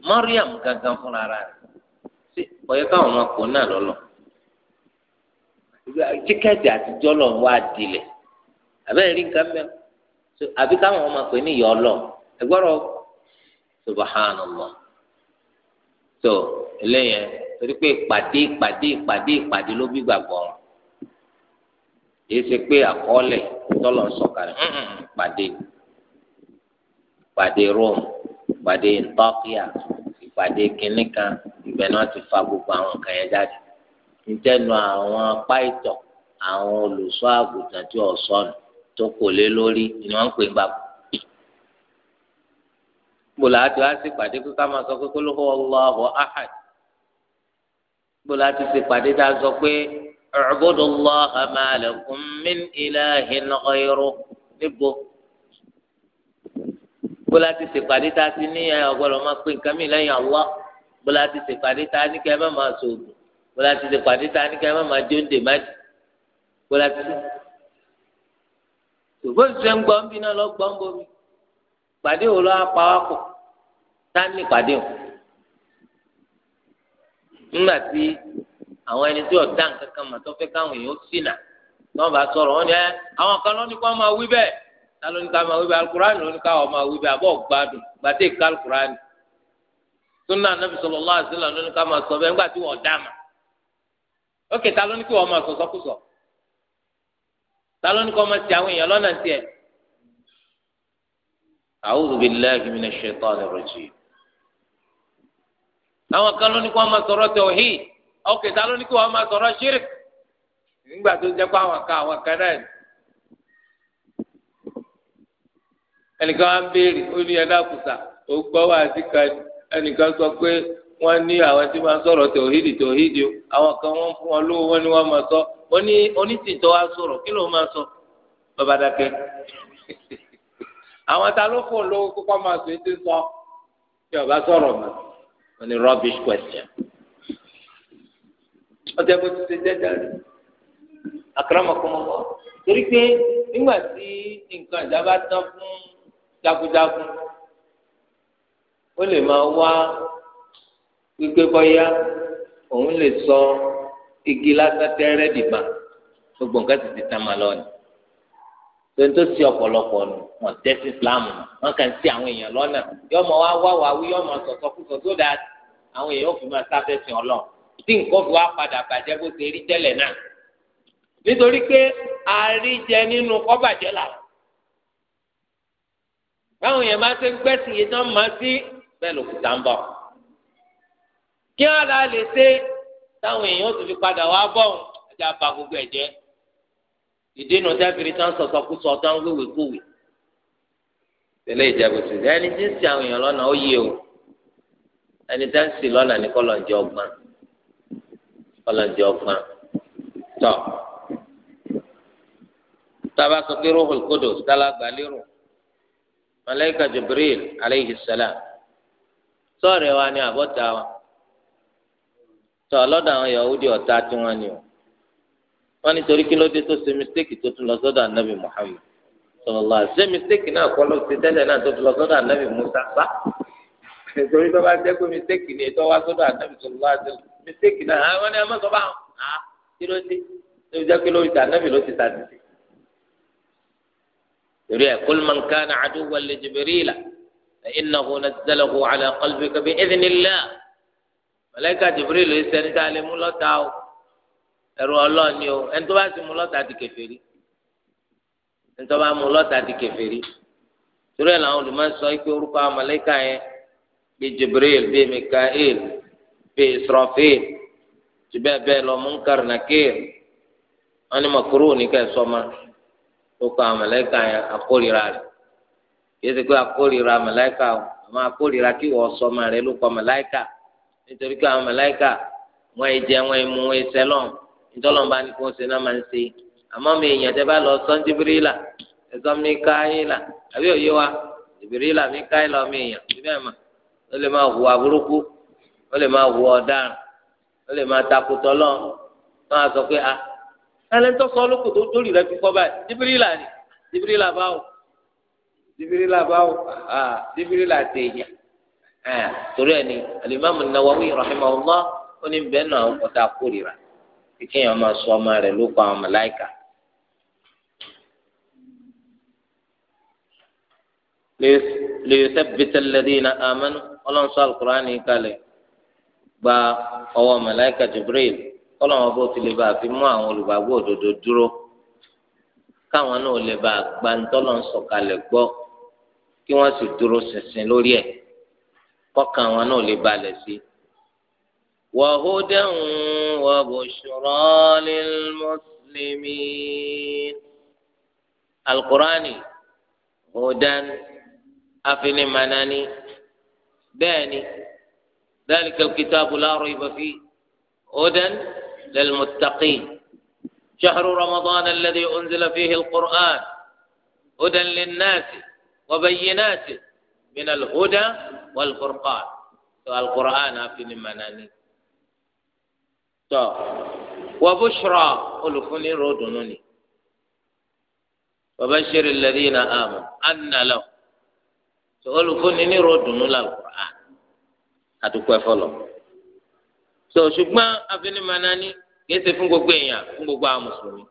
[SPEAKER 1] Mariam gangan fúnra rẹ̀ sí ọ̀yẹ́ká àwọn ọmọkùnrin náà lọ́lọ́ọ̀. tíkẹ́ẹ̀tì àtijọ́ lọ wá dilẹ̀ abẹ́rẹ́ rí nǹkan mẹ́rin àbí káwọn ọmọ pè ní ìyá ọlọ ẹgbọ́rọ̀ subhanallah tó eléyẹn torí pé ìpàdé ìpàdé ìpàdé ìpàdé ló bí gbàgbọ́ yìí ṣe pé àkọọ́lẹ̀ tọ́lọ̀ ń sọ̀kalẹ̀ ìpàdé ìpàdé Rome ìpàdé Turkey ìpàdé kìnnìkan ìbẹ̀ náà ti fa gbogbo àwọn nǹkan yẹn jáde ntẹnu àwọn apá ìtọ̀ àwọn olùṣọ́ àgùntàn tí ọsọnù tó kò lé lórí ni wọn ń pè ń bàbà gbọlá àti wá sí pàdé kó ká máa sọ pé kóló fọwọ́ lọ́wọ́ ahad gbọlá àti sí pàdé tá a sọ pé ọ̀gbọ́dọ̀ lọ́ha máa lẹ́kùn min ilahin ghayru níbo gbọlá àti sí pàdé tá a ti ní ọgbọ́dọ̀ máa pè nǹkan mi lẹ́yìn Allah gbọlá àti sí pàdé tá a ní kẹ́ ẹ má máa sọ ògùn bọ́lá ti ti pàdé ta ní ká ẹ má máa jó ń dè má jì bọ́lá ti ti. ṣùgbọ́n ìṣẹ́ ń gbọ́ ń bí náà lọ gbọ́ ń bomi pàdé òru apawakọ̀ tá ní pàdé òun. nígbà tí àwọn ẹni tí ọ̀dá nǹkan kan mà tó fẹ́ káwọn èèyàn ṣìnà tí wọ́n bá sọ̀rọ̀ wọ́n ní ẹ́ àwọn kan ló ní kó máa wí bẹ́ẹ̀ ta ló ní ká máa wí bẹ́ẹ̀ alukurani ló ní ká wọ́n máa wí bẹ́ẹ̀ àbọ̀ gbádùn gbàdé ká alukurani sunna àti sọlọ ló ní ká máa sọ bẹ́ẹ̀ nígbà tí wọ́n dá mà. ókè ta ló ní kí wọ́n máa sọ̀sọ́kùsọ̀ ta ló ní kí wọ́n máa ti àwọn èèyàn lọ́nà tiẹ̀. A'udhu billahi minash shaitani rajim. àwọn kan ló ní kí máa sọ̀rọ̀ ókè ta ló ní kí máa sọ̀rọ̀ shirk nígbà tó jẹ́ pé àwọn kan àwọn kan náà ẹnìkan á ń béèrè ó ní ó gbọ́ wá sí kan ẹnìkan sọ pé wọ́n ní àwọn tí wọ́n sọ̀rọ̀ tòhídì tòhídì o àwọn kan wọ́n fún wọn lówó wọ́n ní wọ́n máa sọ oní onítìtọ́ wa sọ̀rọ̀ kí ló máa sọ bàbá dákẹ́ àwọn ta ló fún lówó kókó máa sọ ètò sọ bí ọba sọ̀rọ̀ mọ́ wọ́n ní rubbish question ọjọ́ bó ti ṣe jẹ́jà rẹ̀ àkàràmọ̀kọ́mọ́kọ́ torí pé nígbà tí nǹkan ìjà bá tán fún jagunjagun ó lè máa wá wípé bọ́yá òun lè sọ igi lásán tẹ́rẹ́ dìgbà gbogbo nǹkan ti ti tán ma lọ ni tó ń tó sí ọ̀pọ̀lọpọ̀ nù wọ́n tẹ́sí Islam wọ́n kàn sí àwọn èèyàn lọ́nà yọmọ wá wá wá wí yọmọ sọ̀tọ̀ kú sọ̀tọ̀ dá àwọn èèyàn ò fi máa sáfẹ́ sìn ọlọ́ tí nǹkan fi wá padà bàjẹ́ bó ṣe rí tẹ́lẹ̀ náà nítorí pé àríjẹ nínú kọ́bàjẹ́ là báwọn èèyàn máa ṣe ń gbẹ́sìn yìí tán máa sí bẹ́ẹ̀ lòkùtà ń bọ̀ kí wọn la lè ṣe táwọn èèyàn tó fi padà wá bọ̀ ọ́n ẹja ba gbogbo ẹ̀jẹ̀ ìdènà dábìrì tán sọ̀tọ̀ kú sọ tán wéwèé kówè tẹ̀lé ìjẹ́bù sí i ẹni tí ń sin àwọn èèyàn lọ́nà ó yé o ẹni tí ń sin lọ́nà ní kọ́lọ̀jọ́ ọgbọ́n kọ́lọ̀jọ́ ọgbọ́n tọ́ tába sọ pé Ruhul Qudus tálágbá lérò Malaika Jibril aleyhi salam sọ́ọ̀rẹ́ wa ni àbọ̀tá wa tọ́ ọlọ́dọ̀ àwọn yahudi ọ̀tá tí wọ́n ní o wọ́n ní torí kí ló dé tó ṣe mistake tó tún lọ sọ́dọ̀ anabi muhammed sọlọ́lá ṣé mistake náà kọ́ ló ti tẹ́lẹ̀ náà tó tún lọ sọ́dọ̀ anabi musa bá nítorí tó bá jẹ́ pé mistake ni ètò wa sọ́dọ̀ anabi sọlọ́lá ṣe mistake náà àwọn ni a máa sọ á kí ló dé tó jẹ́ pé lórí anabi ló ti ta dìde. torí ẹ̀ kul man kana aduwwan li jibrila fa innahu nazzalahu ala qalbika bi idhnillah mọlẹ́kà jibril ló ṣe ń dá lé mú lọ́tà o ẹ̀rù ọlọ́ọ̀ni o ẹni tó bá sì mú lọ́tà di kèfèrí ẹni tó bá mú lọ́tà di kèfèrí torí ẹ̀ làwọn olùmọ̀ sọ pé orúkọ àwọn mọlẹ́kà yẹn bíi jibril bíi mikael bíi israfil tí bẹ́ẹ̀ bẹ́ẹ̀ lọ munkar nakir wọn ni mọ̀kúrú ní ká ẹ̀ sọ́mà orúkọ àwọn mọlẹ́kà yẹn akórira rẹ̀ yẹ́sẹ̀ pé akórira mọlẹ́kà o àmọ́ akórira kí wọ́n sọ́mà rẹ̀ ló kọ́ mọlẹ́kà nítorí pé àwọn màláíkà wọn ì jẹ wọn ì mu wọn ì sẹlọm ìtọ́lọ́mba ni kò ń ṣe náà máa ń ṣe àmọ́ mi èèyàn tẹ́ bá lọ sọ́n jibirila ẹ̀sọ́ mi káyìlà àbí òye wa jibirila mi káyìlà ọmọ èèyàn síbẹ̀ mà ó lè máa hùwà burúkú ó lè máa hùwà ọ̀daràn ó lè máa takùtọ̀ lọ́n máa sọ pé a ah, ẹlẹ́ntọ́ sọ lóko tó dórí rẹ fi kọ́ báyìí jibirila ni jibirila báwo jibirila báwo ah, jibirila tèèyàn torí ẹni alimami nawawi rahimahullah ó ní bẹ́ẹ̀ náà ọ̀tá kórìíra kíkẹ́ yẹn máa sọ ọmọ rẹ̀ ló pa àwọn màláìka. lèyọsẹ́bìtẹ́ lẹ́dínà àmánú ọlọ́nsọ alukur'an yìí kalẹ̀ gba ọwọ́ jibril bó fi mú àwọn òdodo dúró káwọn náà lè bá kalẹ̀ gbọ́ kí wọ́n sì dúró kọ́kàn wọn náà lè balẹ̀ sí. وهدى وبشرى للمسلمين القرآن هدى أفن مناني باني ذلك الكتاب لا ريب فيه هدى للمتقين شهر رمضان الذي أنزل فيه القرآن هدى للناس وبينات من الهدى والفرقان القرآن في المناني وبشرى olùfúnni na ni وبشر الذين آمنوا أن لهم tó olùfúnni ní ròdùnú la Qur'an ṣùgbọ́n abinimanani kìí ṣe fún gbogbo èèyàn fún gbogbo àwọn mùsùlùmí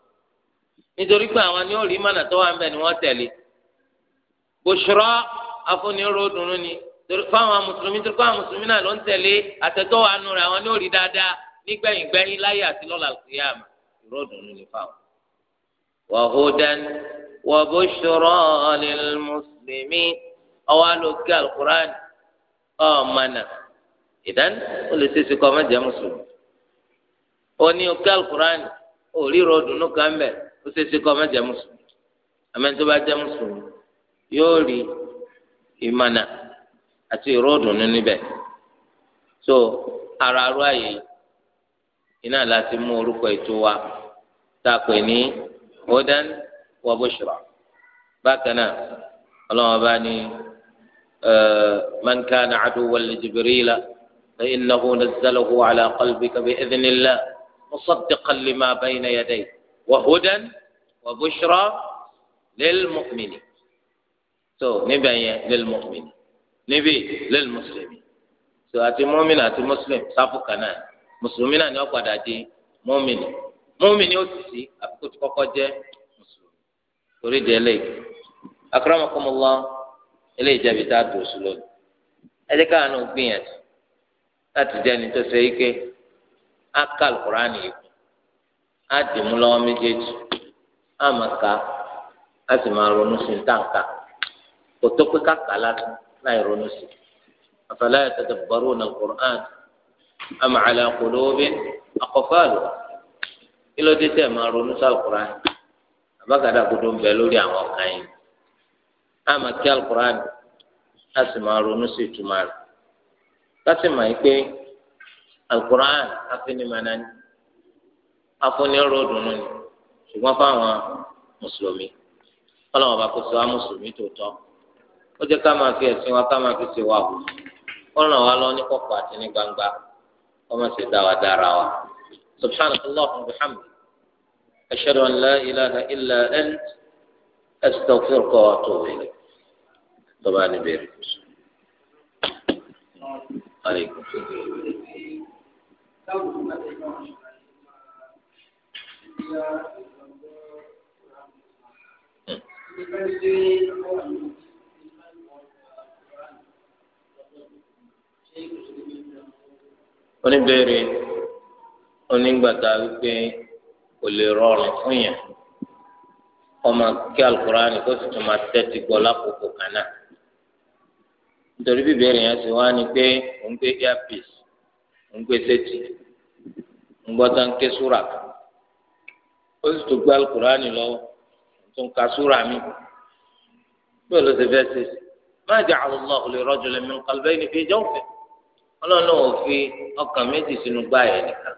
[SPEAKER 1] nítorí pé àwọn ni ó rí mànà tó wà ń bẹ ni wọ́n tẹ̀lé bushra afúniródùnú ni fáwọn mùsùlùmí tó kọ́ àwọn mùsùlùmí náà ló ń tẹ̀lé àtẹ̀tọ́ àánú rẹ̀ àwọn ní òrì dáadáa nígbẹ̀yìn gbẹ̀yìn láyé àti lọ́la kìyàmù ìródùnú ni fáwọn. wàhúdán wàbúṣọrọ lil mùsùlùmí ọwọ́ alókè alukur'an ọ̀mànà ìdán ó lè ṣèṣe kọ́ ọmọdé mùsùlùmí. ó ní òkè alukur'an ó rí kan bẹ̀ ó ṣèṣe kọ́ ọmọdé mùsùlùmí ìmànà àti ìròdùnú níbẹ̀ so ara arú àyè iná láti mú orúkọ ètò wa tá a pè ní hudan wa bushra bákan náà ọlọ́wọ́n bá ní man kana aduwwan li jibrila fa ala qalbika bi idhnillah musaddiqan lima bayna yadayhi wa hudan wa bushra lil mu'minin so níbẹ̀ yẹn lil mu'min níbi lil mùsùlùmí so àti mu'min àti mùsùlùmí sáfù kan náà mùsùlùmí náà ni wọ́n padà di mu'min mu'min ni ó sì sí àfikún tí kọ́kọ́ jẹ́ mùsùlùmí torí di eléyìí akramakumullah eléyìí jẹ́bi tá a dùn sí lónìí ẹ jẹ́ káwọn náà gbìyànjú láti jẹ́ ẹni tó ṣe é ké yìí á dì mú lọ́wọ́ méjèèjì á máa ka á sì máa ronú sí ní tàǹkà kò tó pé káka lásán láì ronú sí afala yatadabbaruna al-Qur'an am ala qulubin aqfaluha kí ló dé tẹ̀ máa ronú sí al-Qur'an abákàdá kodo ń bẹ lórí àwọn ọ̀kan yìí àmà kí al á sì máa ronú sí ìtumá rẹ̀ láti mọ̀ yìí pé al-Qur'an ni afúniródùnú ni ṣùgbọ́n fáwọn mùsùlùmí ọlọ́wọ́n bá sọ wá mùsùlùmí tó tọ́ ó jẹ́ ká máa fi ẹ̀sìn wa ká máa fi ṣe wa wò ó ràn wá lọ ní kọ̀kọ̀ àti ní gbangba ó má ṣe dá wa dára wa subhanahu wa bihamdi ashhadu an la ilaha illa ant astaghfiruka wa atubu ilayk tó bá ní bẹ̀rẹ̀. Aleykum. Hmm. oníbèrè onígbàtà wípé kò lè rọrùn fún yẹn ọmọ kí alukóraani kó sì tún máa tẹ́tí gbọ́ lákòókò kan náà nítorí bíbélì yẹn ti wá ni pé ò ń gbé earpiece ò ń gbé sétí ń gbọ́ tán ké súrà ó sì tún gbé alukóraani lọ́wọ́ tún ka súrà mi bí olóṣèlú fẹ́ ṣe máa ja'ala Allahu li rajulin min qalbayni fi jawfihi. ọlọ́run ò ọkàn méjì sínú gbáyé nìkan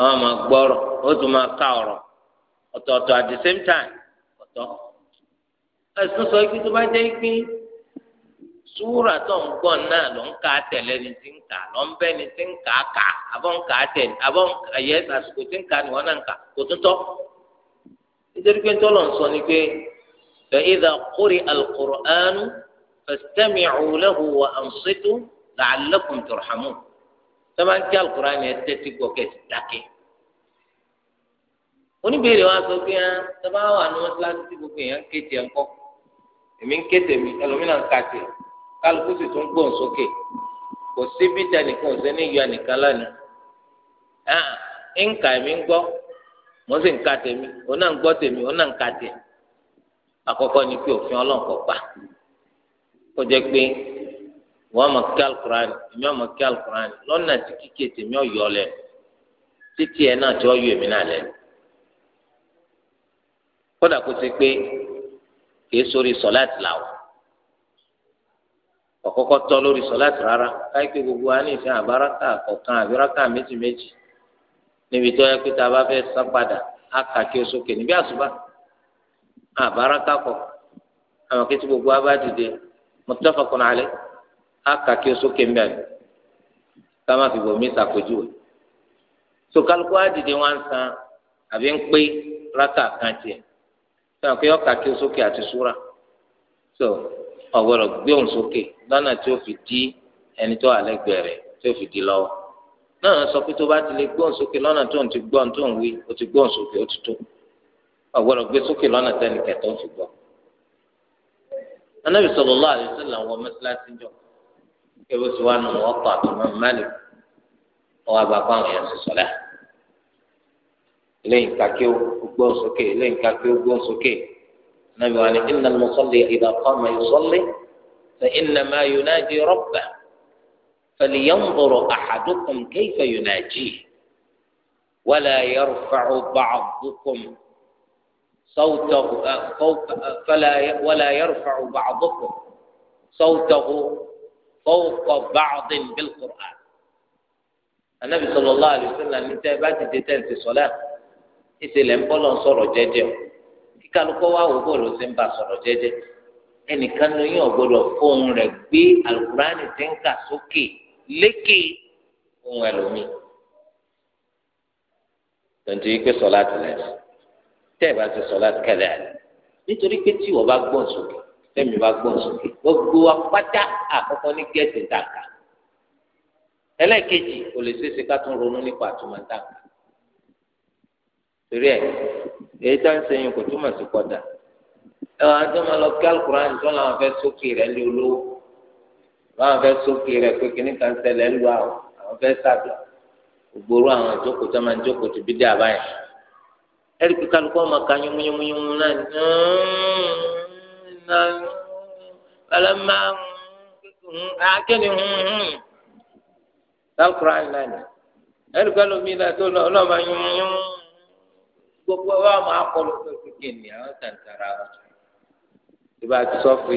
[SPEAKER 1] àwọn máa gbọ́rọ̀ ó tún ká at the same time ọ̀tọ̀ ẹ̀sùn sọ pé tó bá jẹ́ pé súwúrà tó ń gbọ́ náà ló ń kà tẹ̀lé ni ti ń kà ló ń sọ ni pé fastami'u lahu wa ansitu la'allakum turhamun sábà ń kí alukur'an yẹn tẹ́tí gbọ́ kẹ́sì dákẹ́ oníbèrè wa sọ pé hàn sábà wà ní mọ́tíláṣí tí gbogbo èèyàn ń ka tiẹ̀ kálukú kọjá pé wọn máa kí alukur'an èmi ọmọ kí alukur'an lọ́nà tí kíkè tèmi ọ̀yọ́ lẹ̀ títí ẹ̀ náà tí ó yọ èmi náà lẹ̀ kódà kó ti pé kìí sórí sọláàtì làwọn ọ̀kọ́kọ́ tọ́ lórí sọláàtì rárá káyí pé gbogbo wa ní ìfẹ́ àbáraka kọ̀ọ̀kan àbíraka méjì méjì níbi tó yẹ pé tá a bá fẹ́ sá padà á kà kí o sókè níbi àsùbá àbáraka kọ̀ àwọn kí tí gbogbo wa bá dìde muttafaqun alayh aka kí o sókè mbẹ ká má fi bòmí sàpèjúwe sokaluku adìde wọn san àbí ń pé rákà kan sọ pé ọkà kí o sókè àti súra so ọgbọdọ gbé òun sókè lọ́nà tí ó fi di ẹni tó àlẹgbẹ rẹ̀ tí ó fi di lọ́wọ́ náà sọ pé tó bá ti lè gbé òun sókè lọ́nà tó ń ti gbọ́ tó ń wí o ti gbé òun sókè ó ti tó ọgbọdọ gbé sókè lọ́nà tẹnikẹ tó ń fi gbọ́ anabi sallallahu alaihi wasallam wọ mẹsàlásì jọ kébù sí wa nù wọn kọ àtúmọ̀ mẹ́lì wọn wà bá kọ́ àwọn èèyàn sọ̀sọ̀ lẹ́ lẹ́yìn kakí gbọ́ sókè lẹ́yìn kakí gbọ́ sókè anabi wa ni innal musalli idha qama yusalli fa innama yunaji rabbah falyanzur ahadukum kayfa yunaji wala yarfa'u ba'dukum. صوته فوق فلا ولا يرفع بعضكم صوته فوق بعض بالقرآن النبي صلى الله عليه وسلم ní tẹ́ bá ti dé tẹ́ ti sọ́lá ìṣẹ̀lẹ̀ ń bọ́lọ̀ ń sọ̀rọ̀ jẹ́jẹ́ o kí kálukọ́ wá wò bọ́ọ̀lù ṣe ń bá sọ̀rọ̀ jẹ́jẹ́ ẹnìkan ní yín ọ̀gbọ́dọ̀ fóun rẹ̀ gbé alukurani ti ń kà sókè lékè ohun ẹlòmíì. tòǹtì yìí pé sọ́lá ti lẹ́sìn tẹ́ ẹ̀ bá ti sọ láti kẹlẹ́ àlẹ́ nítorí pé tí wọ́n bá gbọ́n sókè tẹ́mi bá gbọ́n sókè gbogbo apáta àkọ́kọ́ ní gẹ́ẹ̀tì dàgbà ẹlẹ́ẹ̀kejì kò lè ṣeéṣe ká tún ronú nípa àtúmọ̀ dàgbà torí ẹ̀ èyí tá ń sẹ́yìn kò túmọ̀ sí kọ́dà ẹ wàá tó máa lọ kí alukur'an tó làwọn fẹ́ sókè rẹ̀ lé olówó làwọn fẹ́ sókè rẹ̀ pé kíní kan ṣẹlẹ̀ ń àwọn fẹ́ sàgbà gbogbo àwọn àjókòó tó máa ń jókòó ti bí dé àbáyé ẹ̀rí pé kálukú ọmọ ká yúnmúyúnmúyúnmú náà ni balama akéde lálùkùrá náà ni ẹ̀rí pé lómi náà tó lọ ọlọ́mọ yúnmúyúnmú gbogbo wa máa kọlu pé kékeré ni àwọn tàǹtàrà wọn ìbá ti sọ́fì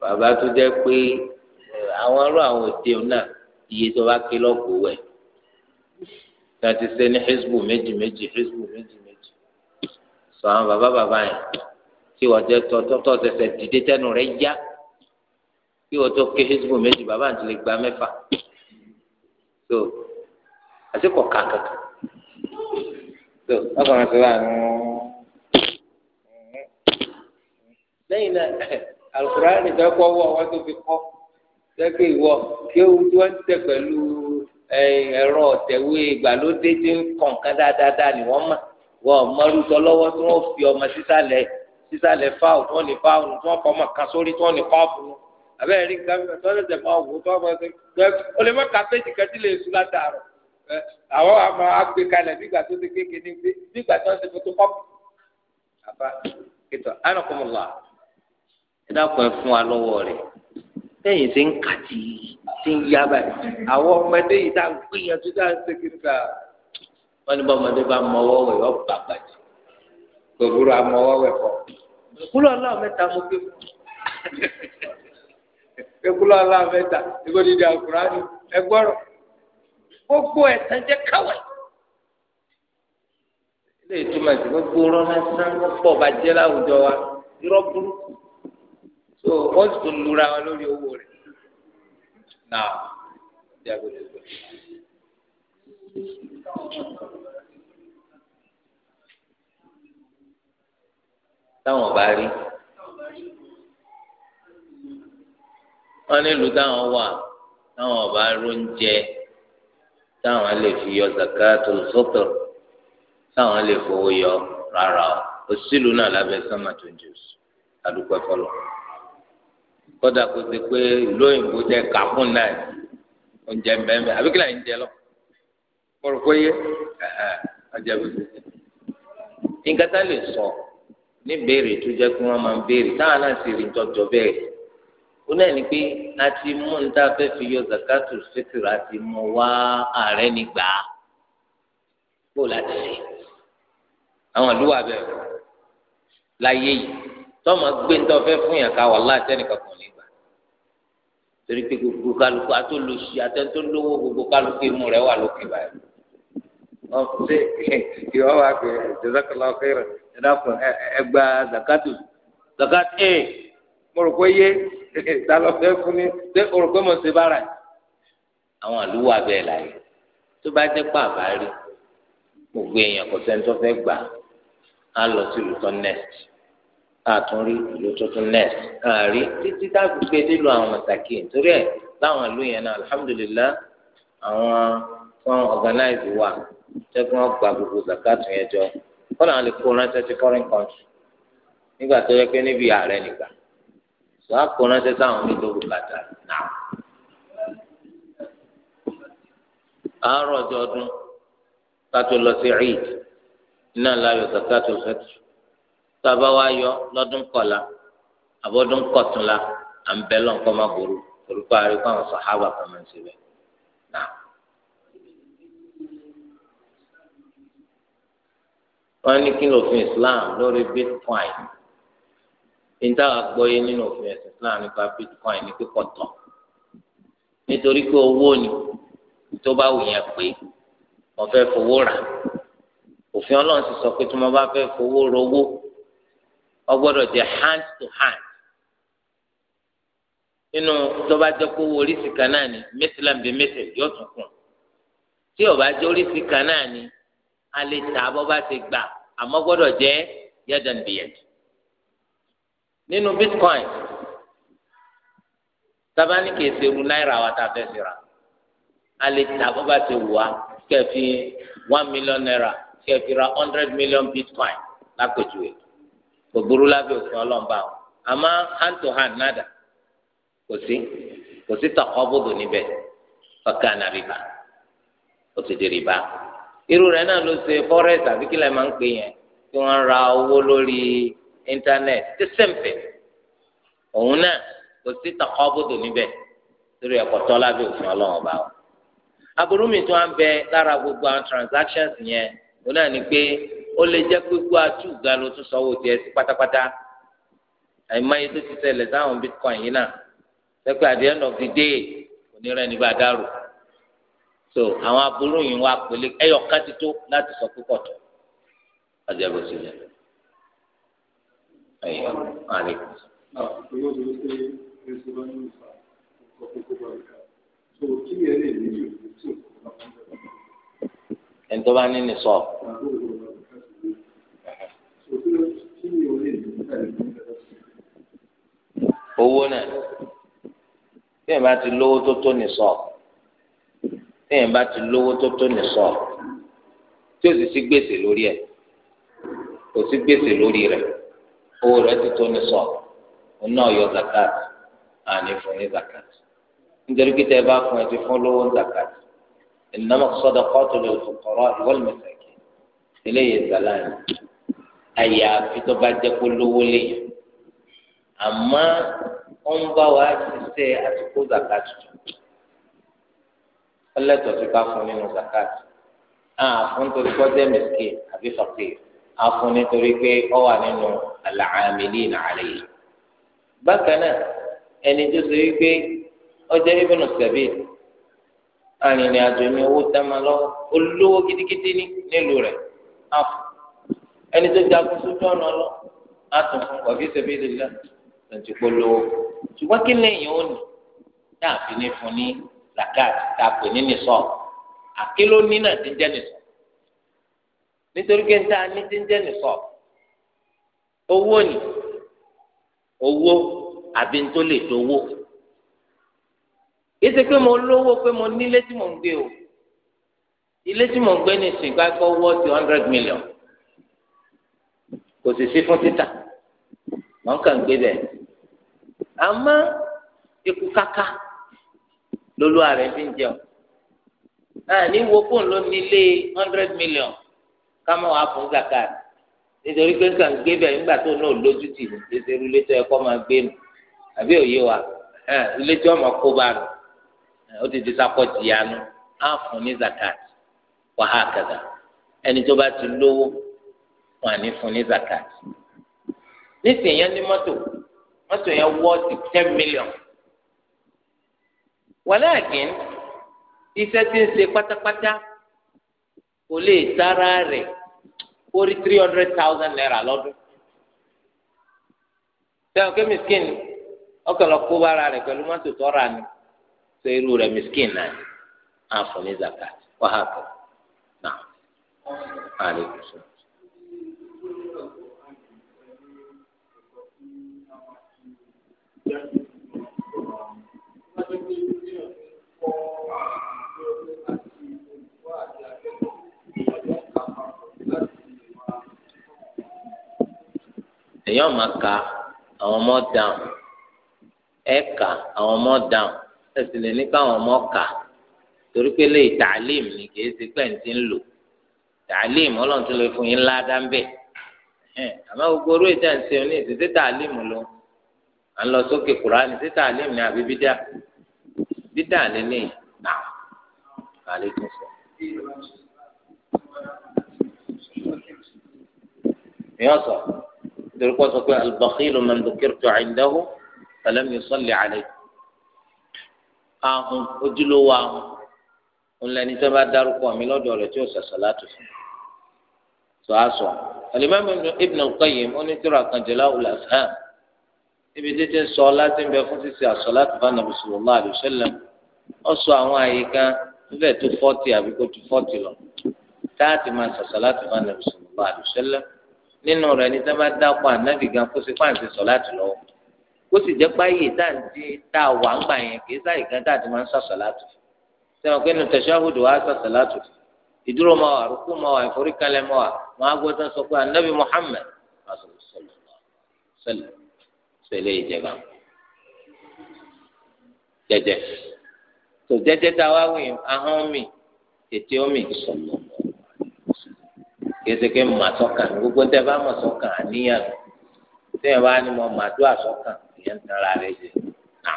[SPEAKER 1] bàbá tó jẹ́ pé eh, àwọn arú àwọn òde náà iye tó bá ké lọ́kùú wẹ̀ tí a ti ṣe ní hizbu méjì méjì hizbu méjì méjì sọ àwọn bàbá bàbá yẹn tí wọ́n jẹ́ tọ́tọ́ ṣẹ̀ṣẹ̀ dìde tẹnu rẹ̀ yá kí wọ́n tó ké hizbu méjì bàbá àti lè gba mẹ́fà so àti kọ̀ kàkà so ọkọ̀ mi sọ wà nù. lẹ́yìn náà alukura ni bẹ́ẹ̀ kọ́ wọ́ wọ́n tó fi kọ́ sẹ́kẹ̀ ìwọ kí ewu tí wọ́n ti ẹ̀rọ ọ̀tẹ̀wé ìgbàlódé tí ń kàn kán dáadáa ni wọ́n mọ̀ wọ́n mọ́rútọ́ lọ́wọ́ tí wọ́n fi ọmọ sísàlẹ̀ sísàlẹ̀ fáwù tí wọ́n lè fáwù tí wọ́n fọmọ kan sórí tí wọ́n lè kọ́ọ̀bù nù abẹ́rẹ́ rí nǹkan fífẹ́ tí wọ́n lè máa wò tí wọ́n máa ṣe o lè má ka péjì kan tí lè su látàrọ̀ àwọn àmọ́ agbè kalẹ̀ nígbà tó ti kéke ní gbé nígbà tí wọ́n ti fotó kọ́ọ̀bù. àbá kìtọ̀ ánàkùnmọ̀lá ẹ dákun ẹ fún wa lọ́wọ́ rẹ̀ lẹ́yìn tí ń kàtì tí ń yá báyìí àwọn ọmọdé
[SPEAKER 2] yìí tá a gbìyànjú ṣe wọn ní bá ọmọdé bá wẹ̀
[SPEAKER 1] bà bàjẹ́ gbogbo amọwọ́ wẹ̀ kọ́ kúlọ̀ mẹ́ta mo gbé
[SPEAKER 2] mẹ́ta gbogbo ẹ̀sán jẹ́ so ó sì tún lura wa lórí owó rẹ̀
[SPEAKER 1] náà jágbe lóko. táwọn bá rí wọn nílùú táwọn wà táwọn ọba róúnjẹ táwọn lè fi yọ zakatul fitr táwọn lè fowó yọ rárá o òsìlú náà lábẹ́ sọmọ tó ń jù àdúgbò fọlọ kódà kó ti pé ìlú òyìnbó jẹ kàkún náà oúnjẹ mbẹ́mbẹ́ àbí kí láyé ń jẹ lọ mo rò pé ọjà bí nǹkan tá lè sọ ní béèrè tó jẹ́ pé wọ́n máa ń béèrè táwọn náà sì rí jọjọ bẹ́ẹ̀ ó náà ní pé a mú ní tá fẹ́ fi yọ zakatul fitr a mú wá ààrẹ nígbà kó láti ṣe àwọn àdúrà bẹ́ẹ̀ láyé yìí tọ́mọ gbé ń tọ́ fẹ́ fún yàn wà láti ẹnìkan kò ní torí pé gbogbo kálukú atólóṣì atẹ́ntólówó gbogbo kálukú imú rẹ̀ wà lókè báyìí. ọ̀sẹ̀ ìwọ wa pé jẹ́sàkàlà ọ̀kẹ́rẹ̀ ẹ̀dàkùn ẹgbà zakatu zakat ẹ̀ mo rò pé yé ìtàlọ́fẹ́ fún mi ṣé o rò pé mo ṣe bára ẹ̀. àwọn àlùwà bẹ́ẹ̀ láyé tó bá jẹ́ pàbárí gbogbo èèyàn kò sẹ́ni tó gbà á lọ sí lùtọ́ next àtúnrí ìlú tuntun nẹẹsì àárí títí táàbù pé nílò àwọn mọ̀tàkì torí ẹ̀ láwọn ìlú yẹn náà alhamdulillah àwọn fún ọ̀gánáìzì wà tẹ́kun ọgbà gbogbo zakatu yẹn jọ kọ́ náà lè kó ránṣẹ́ sí foreign country nígbà tó yẹ pé níbi ààrẹ nìgbà sọ àpò ránṣẹ́ sáwọn mi tó náà. àárọ̀ ọjọ́ ọdún ká tó lọ sí eid iná láyọ̀ zakatu fẹ́tù tó a bá wá yọ lọ́dún kọ̀la àbọ̀dún kọ̀túnla à ń bẹ́ lọ́nkọ́ má burú orúkọ àríkọ́ àwọn sàhábà kan máa ń ṣe bẹ́ẹ̀ náà. ní kí lófin Islam lórí bitcoin níta àgbọ́yé nínú òfin ẹ̀sìn Islam nípa bitcoin ní kíkọ̀ tán nítorí pé owó ni tó bá wù yẹn pé wọ́n fẹ́ fowó rà òfin Ọlọ́run sì sọ pé tí wọ́n bá fẹ́ fowó rowó ọgbọ́dọ̀ jẹ́ hand to hand nínú tọ́ba jẹ́ kó wo oríṣi kan náà ni mẹ́tìlán bíi mẹ́tìl yóò tún kùn tí ọba jẹ́ oríṣi kan náà ni a lè tà bọ́ bá ti gbà àmọ́ gbọ́dọ̀ jẹ́ yẹ́dàn bìyẹ̀dì nínú bitcoin sábà ní kìí ṣe irú náírà wa tá a fẹ́ fi ra a lè tà bọ́ bá ti wù wá kẹ́ fi one million naira kẹ́ fi ra hundred million bitcoin lápèjúwe gbogbo lábẹ́ òfin ọlọ́mba o àmọ́ hand to hand nada kò sí kò sí taqabudu níbẹ̀ ọ̀gá àná riba, ó ti di rìbá irú rẹ̀ náà ló ṣe forex àbí kílẹ̀ máa ń pè yẹn tí wọ́n ra owó lórí íńtánẹ́ẹ̀tì tí sẹ́ǹpẹ̀ òun náà kò sí taqabudu níbẹ̀ torí ẹ̀kọ́ tọ́ lábẹ́ òfin ọlọ́mba o aburú mi tún á bẹ lára gbogbo àwọn transactions yẹn òun náà ni pé ó lè jẹ́ gbogbo àtúgà ló tún sanwó tiẹ̀ sí pátápátá àìmáyé tó ti ṣẹlẹ̀ sáwọn bitcoin yìí náà sẹ́pẹ́ at the end of the day kò ní rẹ́ni bá dárò so àwọn aburú yìí wá pélé ẹyọ ká ti tó láti sọ púpọ̀ tó ọjà bó ṣe jẹ́ ẹ̀yọ́ àlékún. ẹni bá ní ní sọ owó náà téèyàn bá ti lówó tó tó ní sọ téèyàn bá ti lówó tó tó ní sọ tí ó sì sí gbèsè lórí ẹ̀ kò sí gbèsè lórí rẹ̀ owó rẹ̀ ti tó ní sọ òun náà yọ zakat àní fún ní zakat nítorí pé ẹ bá fún ẹ ti fún lówó zakat ìnáwó sọdọ kọtò lè fọkọrọ ìwọlùmẹsàkì eléyìí ìsàlàyé àyàfi tó bá jẹ́ kó lówó léyìn àmọ́ wọ́n ń bá wa ṣiṣẹ́ àtúkò zakat tuntun ọlẹ́tọ̀ ti ká fún nínú zakat àfún torí kọ́ jẹ́ mẹ́sìkì àbí fàkì àfún nítorí pé ọ wà nínú àlàámìlì nàálẹ́ yìí bákan náà ẹni tó ṣe wípé ọjọ́ ibùnú sẹ́bìl arìnrìn àjò ní owó dáná lọ́wọ́ olówó gidigidi ní nílùú rẹ̀ àfún ẹni tó jagun sójú ọ̀nà lọ á tún fún wàbí sẹ́bí lélẹ̀ lọ́tí polówó ṣùgbọ́n kí lẹ́yìn ó nì náà fi ní fún ní làkàtì tá a pè ní nìsọ àkéló ní náà ti ń jẹ́ nìsọ nítorí pé níta ní ti jẹ́ nìsọ owó ni owó àbí ní tó lè dówó yìí ṣe pé mo lówó pé mo nílé tí mò ń gbé o ilé tí mò ń gbé ní ìsìn gbàgbọ́ wọ́ọ̀tì hundred million kò sì sí fún títà wọn kàn gbé bẹ àmọ́ ikú kaka lolú ààrẹ fi ń jẹun àní wo fóun ló nílé hundred million kámọ wàá fún zakat nítorí pé nǹkan gbé bẹ nígbà tó náà lójú tì ní ìṣerú ilé tó yẹ kó máa gbé nù àbí òye wa ilé tí wọn máa kó bá nù ó ti di sakọtì yanu á ní zakat wàhálà kàdà ẹni tó bá ti lówó wọn à ní fún ní zakat nísìnyí yẹn ní mọ́tò mọ́tò yẹn wọ́ọ̀tì ten million wàláàgìn iṣẹ́ tí ń ṣe pátápátá kò lè tara rẹ̀ ó three hundred thousand naira lọ́dún sẹ́wọ̀n ké miskin ọkàn lọ kó bára rẹ̀ pẹ̀lú mọ́tò tọ́ra ni sọ irú rẹ̀ miskin náà àǹfààní zakat wàhálà náà àlè kùsùn. èyàn máa ka àwọn ọmọ dáhùn ẹ kà àwọn ọmọ dáhùn ẹ sì lè ní káwọn ọmọ kà torí pé lè tàlíìmù ni kì í ṣe pẹ́ǹtì ń lò tàlíìmù ọlọ́run tún lè fún yín ládàá ń bẹ̀ àmọ́ gbogbo orú ìjà ń ṣe ní ìṣe tàlíìmù ló à ń lọ sókè kúránì ṣe tàlíìmù ni àbí bídà bídà lélẹ̀ nà àlékún sọ. èèyàn sọ nítorí pé sọ pé al-bakhilu man dhukirtu 'indahu falam yusalli 'alayhi ahun ojúlówó ahun ńlẹni tó bá dárúkọ mi lọ́dọ̀ rẹ̀ tí ó sàṣà láti fún sọ àṣọ alimami ibn al-qayyim onítìrọ àkànjẹlá ul-afham ibi títí ń sọ láti ń bẹ fún sísè àṣọ láti bá nàbì sallallahu alaihi wasallam ó sọ àwọn àyíká fífẹ tó fọtì àbí tó fọtì lọ táàtì máa sàṣà láti bá nàbì sallallahu alaihi wasallam nínú rẹ̀ ní sábà dákọ ànábì gan kó sì pàǹtí sọ láti lọ́wọ́ kó sì jẹ́ páyé tá à ń ti tá a wà ń gbà yẹn kì í sáyé gan tá a ti máa ń sọ̀sọ̀ láti sẹ́wọ̀n pé nu tẹ̀síwájú wa sọ̀sọ̀ láti ìdúró ma wà rúkú ma wà ìforíkalẹ̀ ma wà wọn á gbọ́dọ̀ sọ pé ànábì Muhammad sọlẹ̀ sọlẹ̀ ìjẹba jẹjẹ tó jẹjẹ tá a wá wí ahọ́n mi tètè omi sọlọ kéésìké mà sọ́kàn gbogbo ń tẹ́ bá mà sọ́kàn àníyàn tẹ́yìn bá ní mo mà tó àsọ́kàn ìyẹn ń tara rẹ̀ jẹ náà.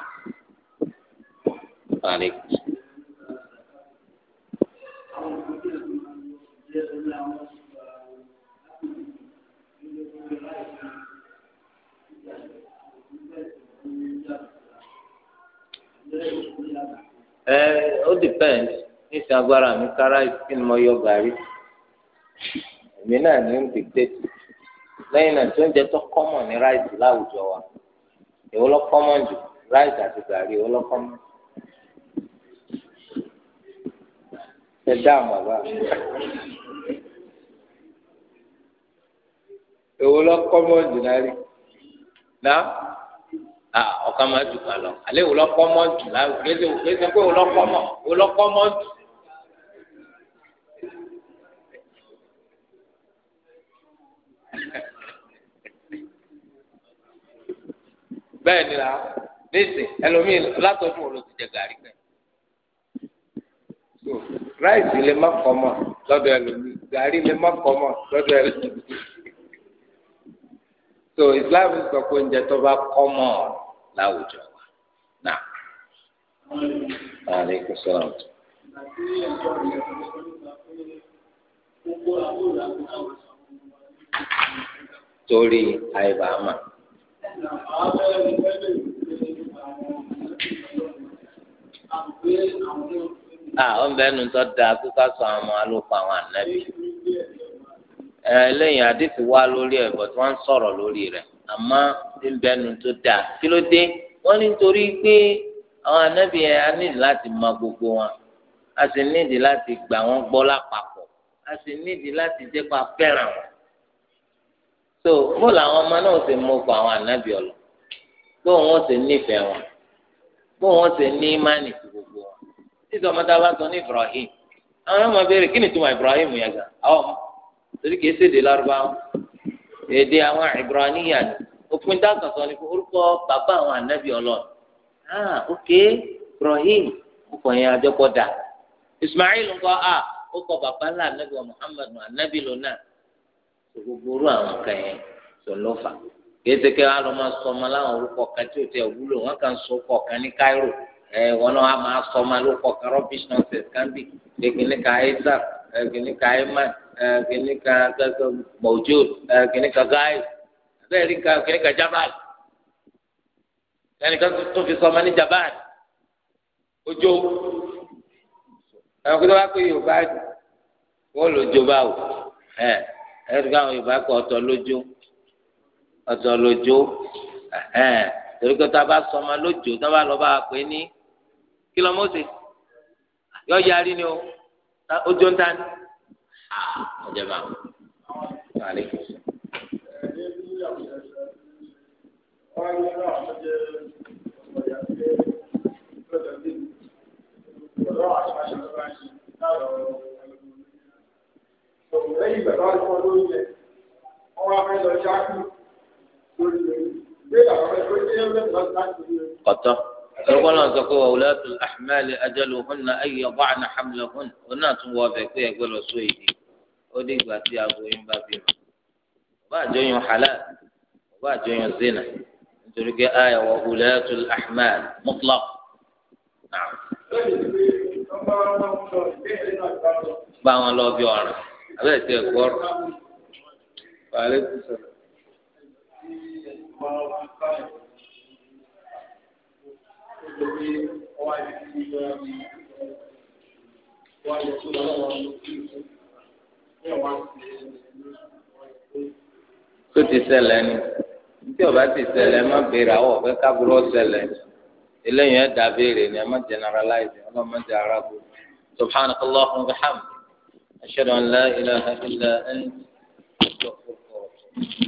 [SPEAKER 1] ẹ eh, ó dìpẹ́ǹd ní ìsìn agbára mi kára kí ni mo yọ gàrí èmi náà ní ń dìgbèsè lẹ́yìn náà tó ń jẹ tó kọ́mọ̀ ní ráìsì láwùjọ wa èwo ló kọ́mọ̀ jù ráìsì àti gàrí èwo ló kọ́mọ̀ ẹ dáhùn bàbá èwo ló kọ́mọ̀ jù náà rí ná ọ̀kan máa jù kàn lọ àlẹ́ èwo ló kọ́mọ̀ jù láwùjọ kí ẹ ṣe pé èwo ló kọ́mọ̀ èwo ló kọ́mọ̀ jù. bẹ́ẹ̀ ni la nísìn ẹlòmíì látọdún wo ló ti jẹ gàrí pẹ ráìsì lè má kọ mọ lọ́dọ̀ ẹlòmíì gàrí lè má kọ mọ lọ́dọ̀ ẹlòmíì so Islam sọ pé oúnjẹ tó bá kọ mọ láwùjọ wa náà àlẹ kò sọ àwọn tó àwọn bẹ́ẹ̀ nu tó da kó ká sọ àwọn alópa àwọn ànábì ẹlẹ́yìn àdìsí wá lórí ẹ̀ bọ̀t wọ́n ń sọ̀rọ̀ lórí rẹ̀ àmọ́ ń bẹ́ẹ̀ nu tó da kí ló dé wọ́n ní nítorí pé àwọn ànábì yẹn á nídìí láti mọ gbogbo wọn a sì nídìí láti gbà wọ́n gbọ́ lápapọ̀ a sì nídìí láti jẹ́ pa fẹ́ràn wọn so bó làwọn ọmọ náà ṣe mú kọ àwọn ànábì ọlọ bó wọn ṣe nífẹ̀ẹ́ wọn bó wọn ṣe ní gbogbo wọn títí ọmọ tá a bá sọ ní Ibrahim àwọn ọmọ béèrè kí ni túmọ̀ Ibrahim yẹn gan àwọn ọmọ torí kìí ṣèdè èdè àwọn ni òpin sọ ni ah, Ibrahim yẹn àjọpọ̀ dà Ismail ah ó kọ bàbá ńlá Muhammad ànábì lónà gbogbo orú àwọn kan yẹn sọ ló fà kéde kí wọn lọ máa sọ ọmọ láwọn orúkọ kan tí ò tẹ wúlò wọn kàn sọ ọkọ kan ní Cairo ẹ wọn náà wọn máa sọ ọmọ lórúkọ kan rubbish nonsense kan bí kìnìkà isaac kìnìkà emma kìnìkà mọjọ kìnìkà gáì bẹ́ẹ̀ rí kìnìkà jabal ẹnìkan tó fi sọ ọmọ ní jabal ojo ẹnìkan tó bá pé yorùbá wọn lò jọba o ẹ ẹ̀rí káwọn yorùbá kọ ọ̀tọ̀ lójú ọ̀tọ̀ lójú torí pé tá a bá sọmọ lójú tá a bá lọ bá a pè é ní kí yọ yarí ni o ojú ń ta ni. ọjọ́ bá
[SPEAKER 2] Thank you lẹ́yìn ìgbà táwọn ọmọ lórí yẹn wọ́n wá fẹ́ lọ ṣáájú lórí rẹ̀ gbé àwọn ẹgbẹ́ tí wọ́n lẹ́nu láti rẹ̀.
[SPEAKER 1] ọ̀tọ̀ orúkọ náà sọ pé wàhùlẹ́tù àhùmẹ́lì ajaluhunna ayé ọba àná hamlahun òun náà tún wọ ọbẹ̀ pé ẹgbẹ́ lọ sọ èdè ó dé ìgbà tí aago yín bá bí mi ọba àjọyún halal ọba àjọyún zina nítorí pé ayé wàhùlẹ́tù àhùmẹ́lì mutlaq.
[SPEAKER 2] bá wọn lọ bí ọ̀ràn. abẹ́rẹ́ tí ẹ kọ́ wàhálẹ́ kù sọ.
[SPEAKER 1] tó ti ṣẹlẹ̀ ni tí ọba ti ṣẹlẹ̀ má béèrè àwọn ọ̀fẹ́ kábúrò ṣẹlẹ̀ eléyìí ẹ̀ dá béèrè ni ẹ̀ má generalize ọlọ́mọdé arábò subhanahu wa ta'ala. أشهد أن لا إله إلا أنت أستغفرك